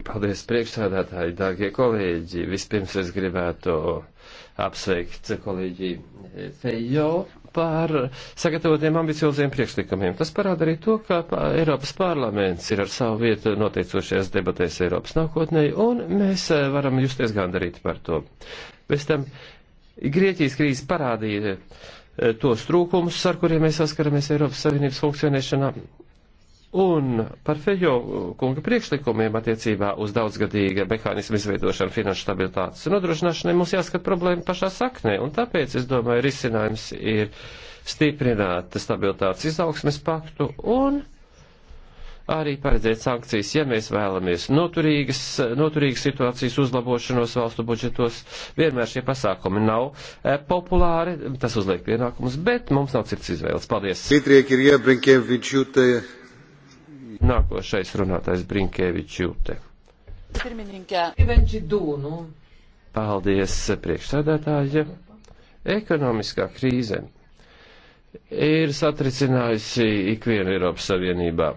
Paldies priekšsādātāji, dārgie kolēģi. Vispirms es gribētu apsveikt kolēģi Fejo par sagatavotiem ambicioziem priekšlikumiem. Tas parāda arī to, ka Eiropas parlaments ir ar savu vietu noteicošajās debatēs Eiropas nākotnē, un mēs eh, varam justies gandarīti par to. Bez tam Grieķijas krīze parādīja eh, tos trūkumus, ar kuriem mēs saskaramies Eiropas Savienības funkcionēšanā, Un par Fejo kunga priekšlikumiem attiecībā uz daudzgadīga mehānismu izveidošanu finanšu stabilitātes un nodrošināšanai mums jāskat problēma pašā saknē, un tāpēc, es domāju, risinājums ir stiprināt stabilitātes izaugsmes paktu un arī paredzēt sankcijas, ja mēs vēlamies noturīgas, noturīgas situācijas uzlabošanos valstu budžetos. Vienmēr šie pasākumi nav e, populāri, tas uzliek pienākumus, bet mums nav cits izvēles. Paldies! Citrieki, Nākošais runātājs Brinkēvičs Jūte. Paldies, priekšsēdētāja. Ekonomiskā krīze ir satricinājusi ikvienu Eiropas Savienībā.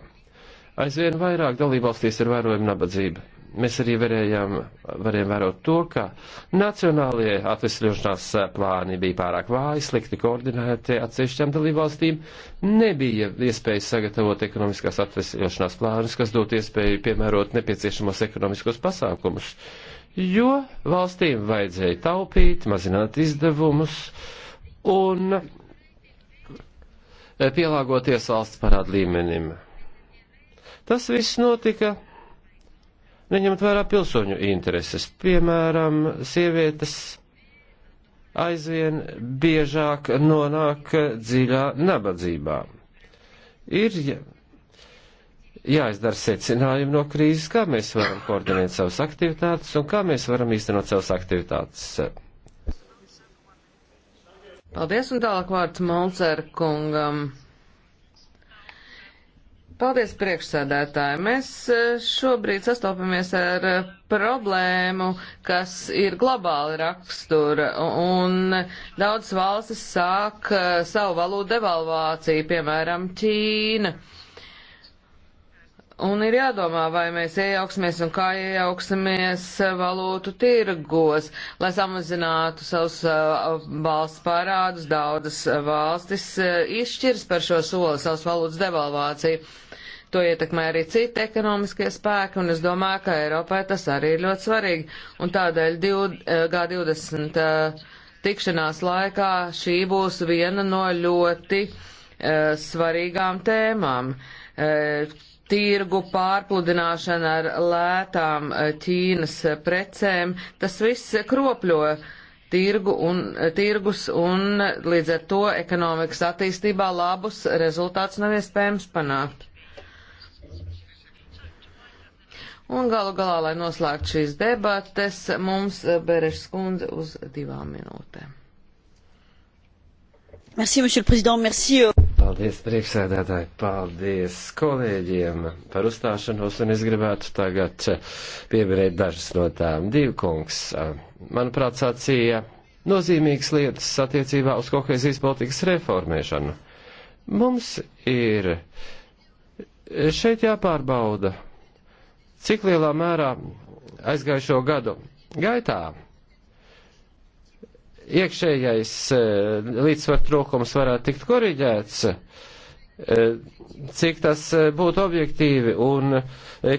Aizvien vairāk dalībvalstīs ir vērojama nabadzība mēs arī varējām, varējām vērot to, ka nacionālie atvesļošanās plāni bija pārāk vāji, slikti koordinēti atsevišķām dalībvalstīm, nebija iespējas sagatavot ekonomiskās atvesļošanās plānus, kas dot iespēju piemērot nepieciešamos ekonomiskos pasākumus, jo valstīm vajadzēja taupīt, mazināt izdevumus un eh, pielāgoties valsts parādu līmenim. Tas viss notika neņemt vērā pilsoņu intereses. Piemēram, sievietes aizvien biežāk nonāk dziļā nabadzībā. Ir jāizdara secinājumi no krīzes, kā mēs varam koordinēt savas aktivitātes un kā mēs varam īstenot savas aktivitātes. Paldies un tālāk vārds Malcer kungam. Paldies, priekšsēdētāji. Mēs eh, šobrīd sastopamies ar eh, problēmu, kas ir globāla rakstura, un daudz valstis sāk eh, savu valūtu devalvāciju, piemēram, Ķīna. Un ir jādomā, vai mēs iejauksimies un kā iejauksimies valūtu tirgos, lai samazinātu savus uh, valsts parādus. Daudzas valstis uh, izšķirs par šo soli savus valūtas devalvāciju. To ietekmē arī citi ekonomiskie spēki, un es domāju, ka Eiropai tas arī ir ļoti svarīgi. Un tādēļ uh, G20 tikšanās laikā šī būs viena no ļoti uh, svarīgām tēmām. Uh, tirgu pārpludināšana ar lētām eh, Ķīnas eh, precēm, tas viss kropļo tirgu un, eh, tirgus un līdz ar to ekonomikas attīstībā labus rezultātus nav iespējams panākt. Un galu galā, lai noslēgtu šīs debates, mums Berešs kundze uz divām minūtēm. Merci, monsieur le président. Merci. Euh, Paldies, priekšsēdētāji, paldies kolēģiem par uzstāšanos, un es gribētu tagad pieminēt dažas no tām. Divkungs, manuprāt, sacīja nozīmīgas lietas attiecībā uz kohēzijas politikas reformēšanu. Mums ir šeit jāpārbauda, cik lielā mērā aizgājušo gadu gaitā iekšējais eh, līdzsvar trūkums varētu tikt koriģēts, eh, cik tas eh, būtu objektīvi un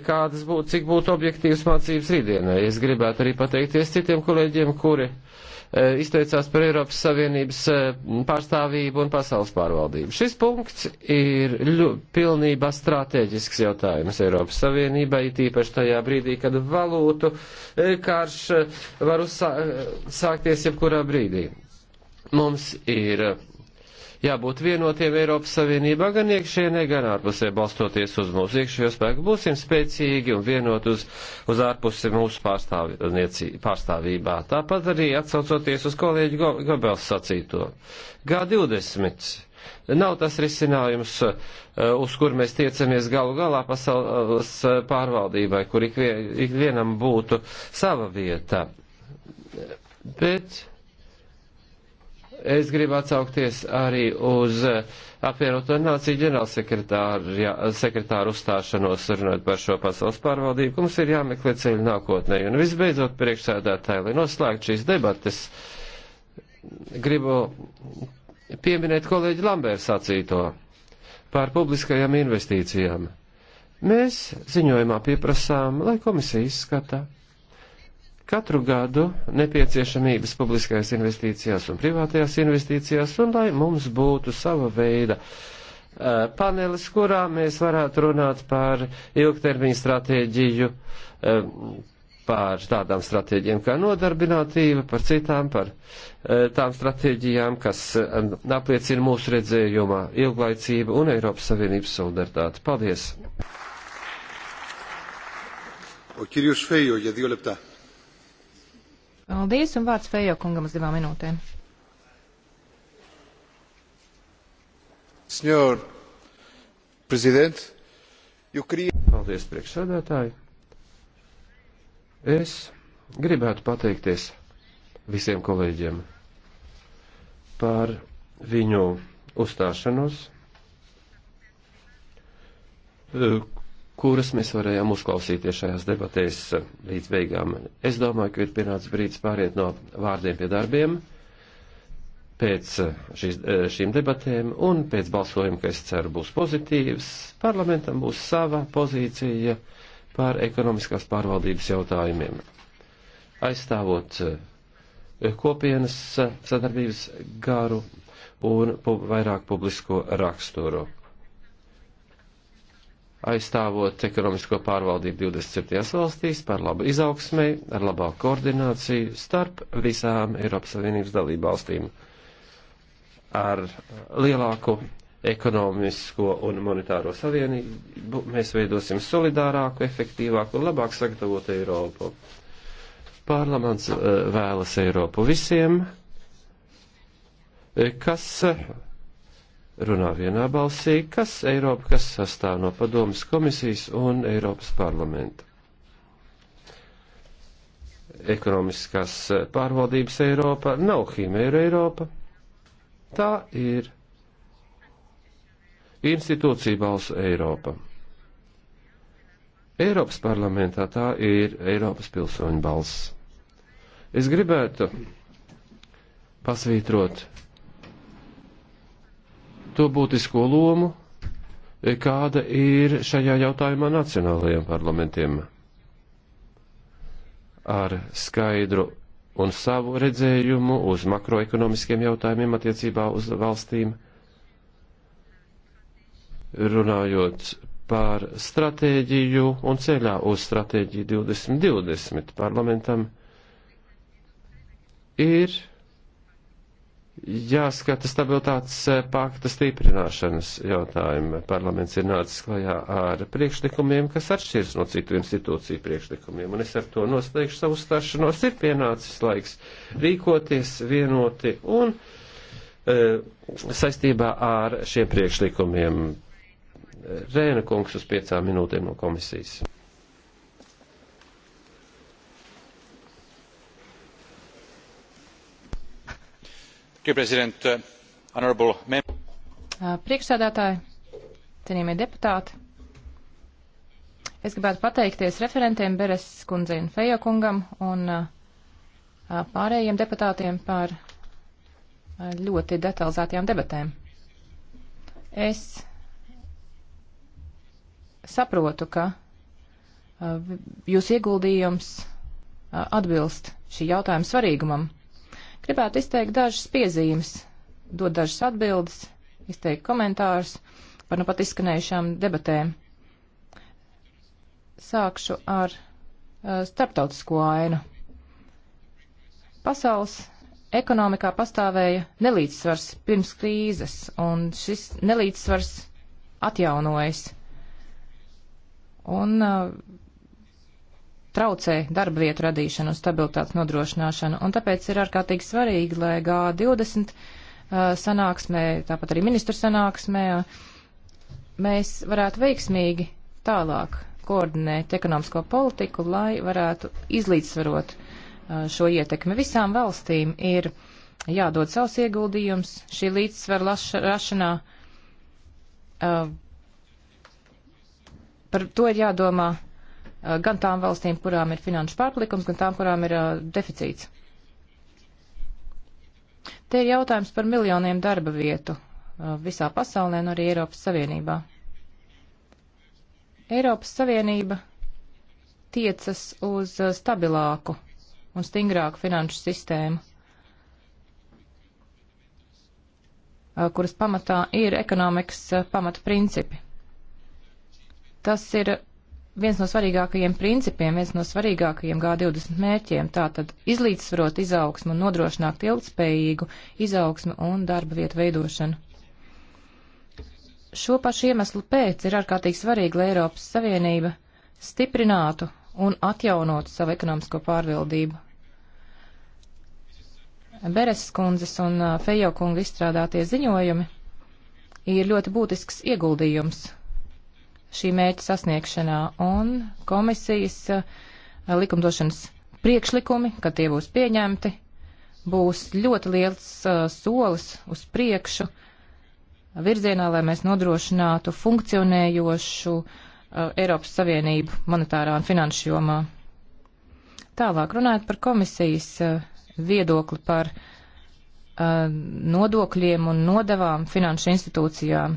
kādas būtu, cik būtu objektīvas mācības rītdienai. Es gribētu arī pateikties citiem kolēģiem, kuri uh, Eh, izteicās par Eiropas Savienības eh, pārstāvību un pasaules pārvaldību. Šis punkts ir ļu, pilnībā strateģisks jautājums Eiropas Savienībai, tīpaši tajā brīdī, kad valūtu eh, karš var uzsākties jebkurā brīdī. Mums ir jābūt vienotiem Eiropas Savienībā gan iekšienē, gan ārpusē, balstoties uz mūsu iekšējo spēku. Būsim spēcīgi un vienot uz, uz ārpusi mūsu pārstāvībā. Tāpat arī atsaucoties uz kolēģi Go Gobels sacīto. G20 Nav tas risinājums, uh, uz kur mēs tiecamies galu galā pasaules uh, pārvaldībai, kur ikvienam būtu sava vieta. Bet Es gribu atsaukties arī uz apvienoto nāciju ģenerālsekretāru uzstāšanos runāt par šo pasaules pārvaldību. Mums ir jāmeklē ceļu nākotnē. Un visbeidzot, priekšsēdētāji, lai noslēgtu šīs debates, gribu pieminēt kolēģi Lambērs sacīto par publiskajām investīcijām. Mēs ziņojumā pieprasām, lai komisija izskatā katru gadu nepieciešamības publiskajās investīcijās un privātajās investīcijās, un lai mums būtu sava veida panelis, kurā mēs varētu runāt par ilgtermiņu stratēģiju, par tādām stratēģiem kā nodarbinātība, par citām, par tām stratēģijām, kas apliecina mūsu redzējumā ilglaicību un Eiropas Savienības solidaritāti. Paldies! Ο κύριος Φέιο για δύο λεπτά. Paldies, un vārds Fejo kungam uz divām minūtēm. Senjor prezident, Jukrija. Paldies, priekšsēdētāji. Es gribētu pateikties visiem kolēģiem par viņu uzstāšanos, kuras mēs varējām uzklausīties šajās debatēs eh, līdz beigām. Es domāju, ka ir pienācis brīdis pāriet no vārdiem pie darbiem pēc eh, šīs, eh, šīm debatēm un pēc balsojuma, ka es ceru būs pozitīvs, parlamentam būs sava pozīcija par ekonomiskās pārvaldības jautājumiem. Aizstāvot kopienas sadarbības garu un vairāk publisko raksturu aizstāvot ekonomisko pārvaldību 27 valstīs par labu izaugsmei, ar labāku koordināciju starp visām Eiropas Savienības dalību valstīm, ar lielāku ekonomisko un monetāro savienību mēs veidosim solidārāku, efektīvāku un labāk sagatavotu Eiropu. Parlaments eh, vēlas Eiropu visiem, eh, kas runā vienā balsī, kas Eiropa, kas sastāv no padomas komisijas un Eiropas parlamenta. Ekonomiskās pārvaldības Eiropa nav Himēra Eiropa. Tā ir institūcija balsu Eiropa. Eiropas parlamentā tā ir Eiropas pilsoņu balss. Es gribētu pasvītrot to būtisko lomu, e, kāda ir šajā jautājumā nacionālajiem parlamentiem. Ar skaidru un savu redzējumu uz makroekonomiskiem jautājumiem attiecībā uz valstīm, runājot par stratēģiju un ceļā uz stratēģiju 2020 parlamentam, ir jāskata stabilitātes eh, pakta stiprināšanas jautājumi. Parlaments ir nācis klajā ar priekšlikumiem, kas atšķiras no citu institūciju priekšlikumiem, un es ar to noslēgšu savu stāšanos. Ir pienācis laiks rīkoties vienoti un e, saistībā ar šiem priekšlikumiem. Rēna kungs uz piecām minūtēm no komisijas. Uh, priekšsēdētāji, cienījamie deputāti, es gribētu pateikties referentiem Beres kundzei un Fejo kungam un uh, uh, pārējiem deputātiem par ļoti detalizētajām debatēm. Es saprotu, ka jūsu ieguldījums atbilst šī jautājuma svarīgumam. Gribētu izteikt dažas piezīmes, dot dažas atbildes, izteikt komentārus par nu pat izskanējušām debatēm. Sākšu ar uh, starptautisko ainu. Pasaules ekonomikā pastāvēja nelīdzsvars pirms krīzes, un šis nelīdzsvars atjaunojas. Un uh, traucē darba vietu radīšanu un stabilitātes nodrošināšanu. Un tāpēc ir ārkārtīgi svarīgi, lai G20 uh, sanāksmē, tāpat arī ministru sanāksmē, uh, mēs varētu veiksmīgi tālāk koordinēt ekonomisko politiku, lai varētu izlīdzsvarot uh, šo ietekmi. Visām valstīm ir jādod savs ieguldījums šī līdzsvara rašanā. Par to ir jādomā Eh, gan tām valstīm, kurām ir finanšu pārpalikums, gan tām, kurām ir eh, deficīts. Te ir jautājums par miljoniem darba vietu eh, visā pasaulē un arī Eiropas Savienībā. Eiropas Savienība tiecas uz stabilāku un stingrāku finanšu sistēmu, kuras pamatā ir ekonomikas pamata principi. Tas ir viens no svarīgākajiem principiem, viens no svarīgākajiem G20 mērķiem, tātad izlīdzsvarot izaugsmu un nodrošināt ilgspējīgu izaugsmu un darba vietu veidošanu. Šo pašu iemeslu pēc ir ārkārtīgi svarīgi, lai Eiropas Savienība stiprinātu un atjaunotu savu ekonomisko pārvildību. Bereses kundzes un Fejo kunga izstrādātie ziņojumi ir ļoti būtisks ieguldījums šī mērķa sasniegšanā, un komisijas eh, likumdošanas priekšlikumi, kad tie būs pieņemti, būs ļoti liels eh, solis uz priekšu virzienā, lai mēs nodrošinātu funkcionējošu eh, Eiropas Savienību monetārā un finanšu jomā. Tālāk runājot par komisijas viedokli par nodokļiem un nodevām finanšu institūcijām.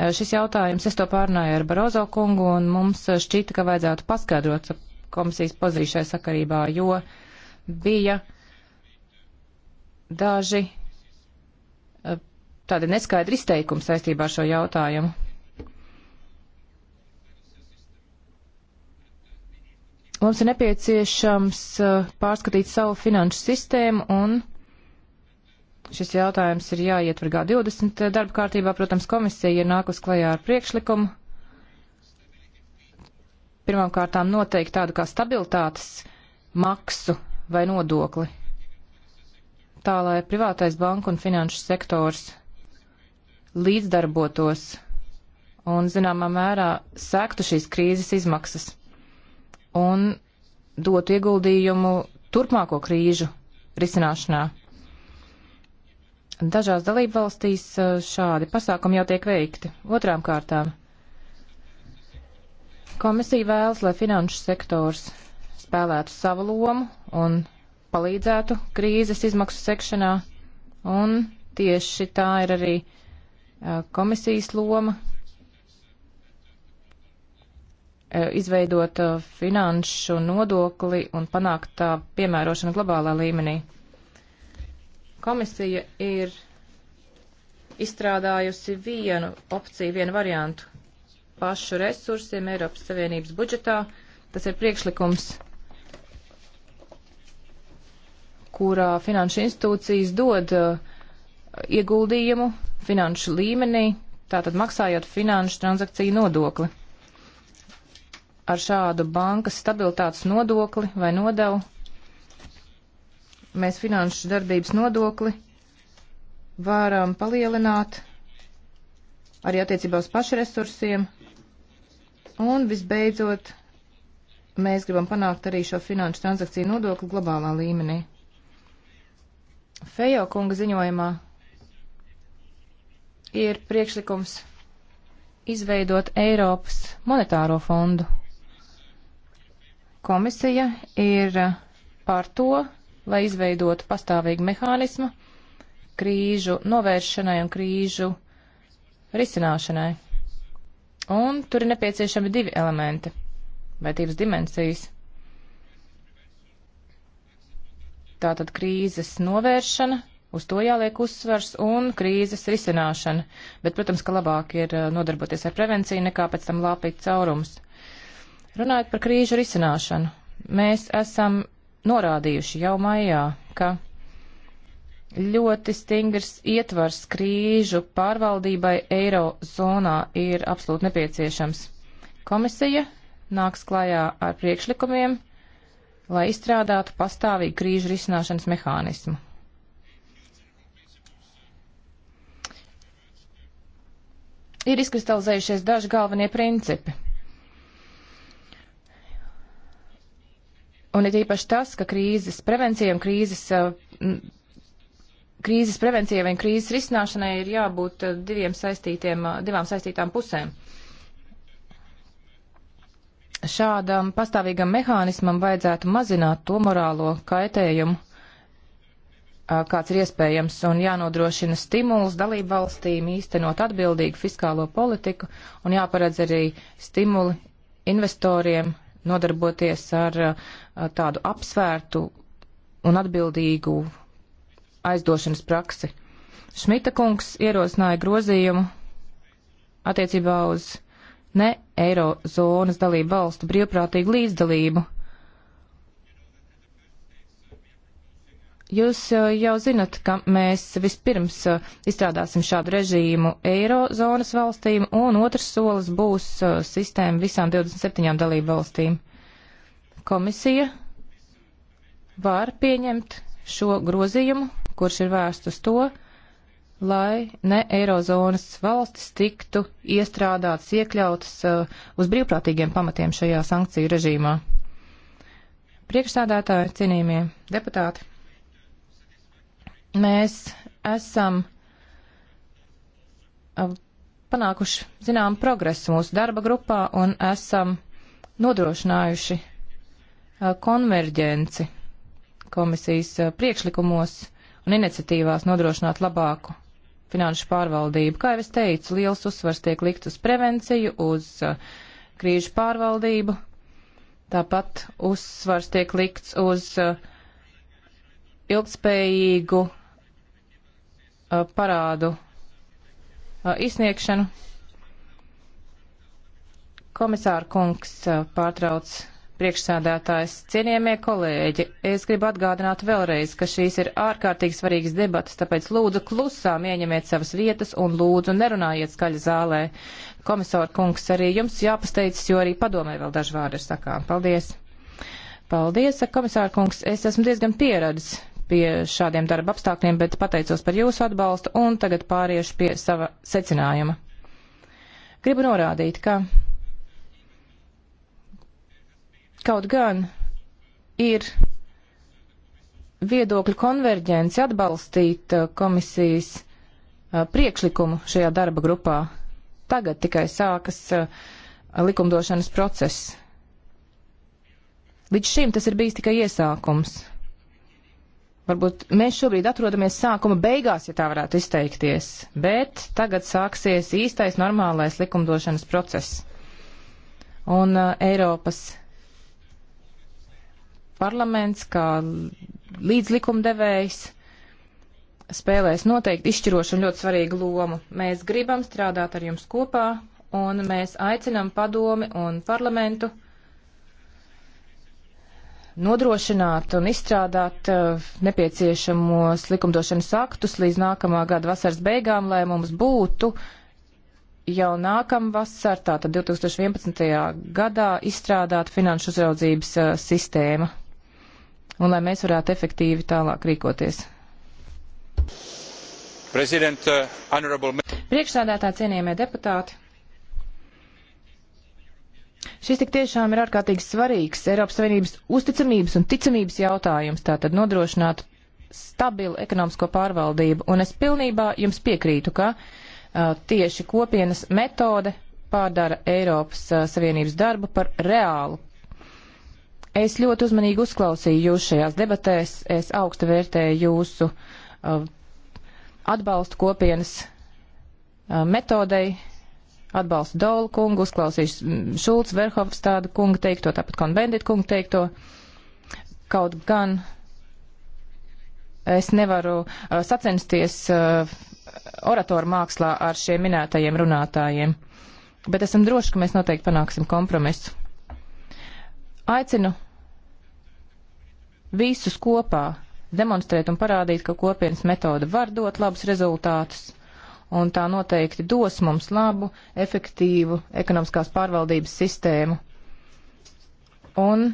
Eh, šis jautājums, es to pārnāju ar Barozo kungu, un mums eh, šķita, ka vajadzētu paskaidrot komisijas pozīciju šai sakarībā, jo bija daži eh, tādi neskaidri izteikumi saistībā ar šo jautājumu. Mums ir nepieciešams pārskatīt savu finanšu sistēmu un šis jautājums ir jāietver G20 darba kārtībā. Protams, komisija ir nākus klajā ar priekšlikumu. Pirmām kārtām noteikti tādu kā stabilitātes maksu vai nodokli. Tā, lai privātais banku un finanšu sektors līdzdarbotos un, zināmā mērā, sektu šīs krīzes izmaksas un dotu ieguldījumu turpmāko krīžu risināšanā. Dažās dalību valstīs eh, šādi pasākumi jau tiek veikti. Otrām kārtām komisija vēlas, lai finanšu sektors spēlētu savu lomu un palīdzētu krīzes izmaksu sekšanā, un tieši tā ir arī eh, komisijas loma eh, izveidot finanšu nodokli un panākt tā piemērošanu globālā līmenī. Komisija ir izstrādājusi vienu opciju, vienu variantu pašu resursiem Eiropas Savienības budžetā. Tas ir priekšlikums, kurā finanšu institūcijas dod uh, ieguldījumu finanšu līmenī, tātad maksājot finanšu transakciju nodokli. Ar šādu bankas stabilitātes nodokli vai nodevu mēs finanšu darbības nodokli varam palielināt arī attiecībā uz pašresursiem. Un visbeidzot, mēs gribam panākt arī šo finanšu transakciju nodokli globālā līmenī. Fejo kunga ziņojumā ir priekšlikums izveidot Eiropas monetāro fondu. Komisija ir par to, lai izveidotu pastāvīgu mehānismu krīžu novēršanai un krīžu risināšanai. Un tur ir nepieciešami divi elementi vai divas dimensijas. Tātad krīzes novēršana, uz to jāliek uzsvars un krīzes risināšana. Bet, protams, ka labāk ir uh, nodarboties ar prevenciju nekā pēc tam lāpīt caurums. Runājot par krīžu risināšanu, mēs esam norādījuši jau maijā, ka ļoti stingrs ietvars krīžu pārvaldībai eirozonā ir absolūti nepieciešams. Komisija nāks klajā ar priekšlikumiem, lai izstrādātu pastāvīgu krīžu risināšanas mehānismu. Ir izkristalizējušies daži galvenie principi. Un ir īpaši tas, ka krīzes prevencijai un krīzes, eh, krīzes prevencijai un krīzes risināšanai ir jābūt eh, diviem saistītiem, eh, divām saistītām pusēm šādam pastāvīgam mehānismam vajadzētu mazināt to morālo kaitējumu, kāds ir iespējams, un jānodrošina stimuls dalību valstīm īstenot atbildīgu fiskālo politiku, un jāparedz arī stimuli investoriem nodarboties ar uh, tādu apsvērtu un atbildīgu aizdošanas praksi. Šmita kungs ierosināja grozījumu attiecībā uz ne Eirozonas dalību valstu brīvprātīgu līdzdalību Jūs eh, jau zinat, ka mēs vispirms eh, izstrādāsim šādu režīmu eirozonas valstīm, un otrs solis būs eh, sistēma visām 27 dalību valstīm. Komisija var pieņemt šo grozījumu, kurš ir vērsts uz to, lai ne eirozonas valstis tiktu iestrādātas, iekļautas uz brīvprātīgiem pamatiem šajā sankciju režīmā. Priekšstādātāji, cienījamie deputāti! mēs esam uh, panākuši zinām progresu mūsu darba grupā un esam nodrošinājuši uh, konverģenci komisijas uh, priekšlikumos un iniciatīvās nodrošināt labāku finanšu pārvaldību. Kā jau es teicu, liels uzsvars tiek likt uz prevenciju, uz krīžu pārvaldību, tāpat uzsvars tiek likts uz ilgspējīgu Uh, parādu uh, izsniegšanu. Komisāra kungs uh, pārtrauc priekšsēdētājs, cienījamie kolēģi, es gribu atgādināt vēlreiz, ka šīs ir ārkārtīgi svarīgas debatas, tāpēc lūdzu klusām ieņemiet savas vietas un lūdzu nerunājiet skaļi zālē. Komisāra kungs, arī jums jāpasteicis, jo arī padomē vēl daži vārdi ir sakām. Paldies! Paldies, komisāra kungs, es esmu diezgan pieradis pie šādiem darba apstākļiem, bet pateicos par jūsu atbalstu un tagad pāriešu pie sava secinājuma. Gribu norādīt, ka kaut gan ir viedokļu konverģenci atbalstīt uh, komisijas uh, priekšlikumu šajā darba grupā. Tagad tikai sākas uh, likumdošanas process. Līdz šim tas ir bijis tikai iesākums. Varbūt mēs šobrīd atrodamies sākuma beigās, ja tā varētu izteikties, bet tagad sāksies īstais normālais likumdošanas process. Un uh, Eiropas parlaments, kā līdzlikumdevējs, spēlēs noteikti izšķirošu un ļoti svarīgu lomu. Mēs gribam strādāt ar jums kopā, un mēs aicinam padomi un parlamentu uh, nodrošināt un izstrādāt uh, nepieciešamos likumdošanas aktus līdz nākamā gada vasaras beigām, lai mums būtu jau nākamvasar, tātad 2011. gadā, izstrādāt finanšu uzraudzības uh, sistēma un lai mēs varētu efektīvi tālāk rīkoties. President, uh, honorable... Priekšsādātā cienījamie deputāti. Šis tik tiešām ir ārkārtīgi svarīgs Eiropas Savienības uzticamības un ticamības jautājums, tātad nodrošināt stabilu ekonomisko pārvaldību. Un es pilnībā jums piekrītu, ka uh, tieši kopienas metode pārdara Eiropas uh, Savienības darbu par reālu. Es ļoti uzmanīgi uzklausīju jūs šajās debatēs, es augstu vērtēju jūsu uh, atbalstu kopienas metodei, atbalstu Dola kungu, uzklausīšu mm, Šulc, Verhofstāda kungu teikto, tāpat Konbendit kungu teikto. Kaut gan es nevaru uh, sacensties uh, oratoru mākslā ar šiem minētajiem runātājiem, bet esam droši, ka mēs noteikti panāksim kompromisu. Aicinu visus kopā demonstrēt un parādīt, ka kopienas metoda var dot labus rezultātus un tā noteikti dos mums labu, efektīvu ekonomiskās pārvaldības sistēmu. Un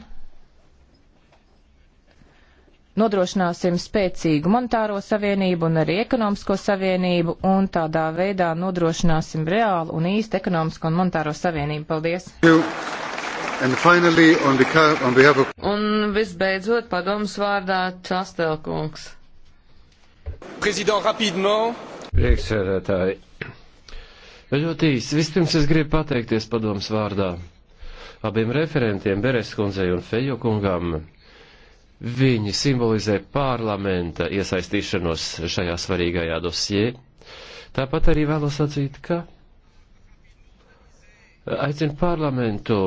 nodrošināsim spēcīgu monetāro savienību un arī ekonomisko savienību, un tādā veidā nodrošināsim reālu un īstu ekonomisko un monetāro savienību. Paldies! Finally, on the, on the other... Un visbeidzot, padoms vārdā Častelkungs. Prezident, rapidement. Priekšsēdētāji. Ļoti īsi. Vispirms es gribu pateikties padoms vārdā abiem referentiem, Beres kundzei un Fejo kungam. Viņi simbolizē parlamenta iesaistīšanos šajā svarīgajā dosjē. Tāpat arī vēlos atzīt, ka aicinu parlamentu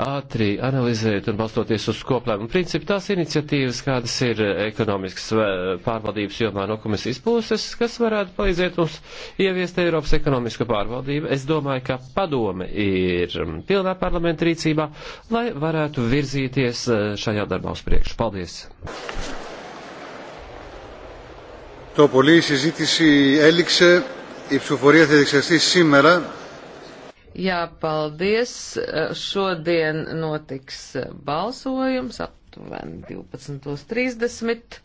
ātri analizēt un balstoties uz koplēmu principu tās iniciatīvas, kādas ir ekonomiskas eh, pārvaldības jomā no komisijas puses, kas varētu palīdzēt mums ieviest Eiropas ekonomisko pārvaldību. Es domāju, ka padome ir mm, pilnā parlamenta rīcībā, lai varētu virzīties eh, šajā darbā uz priekšu. Paldies! Το πολύ συζήτηση έληξε. Η ψηφοφορία θα διεξαχθεί σήμερα. Jā, paldies. Šodien notiks balsojums aptuveni 12.30.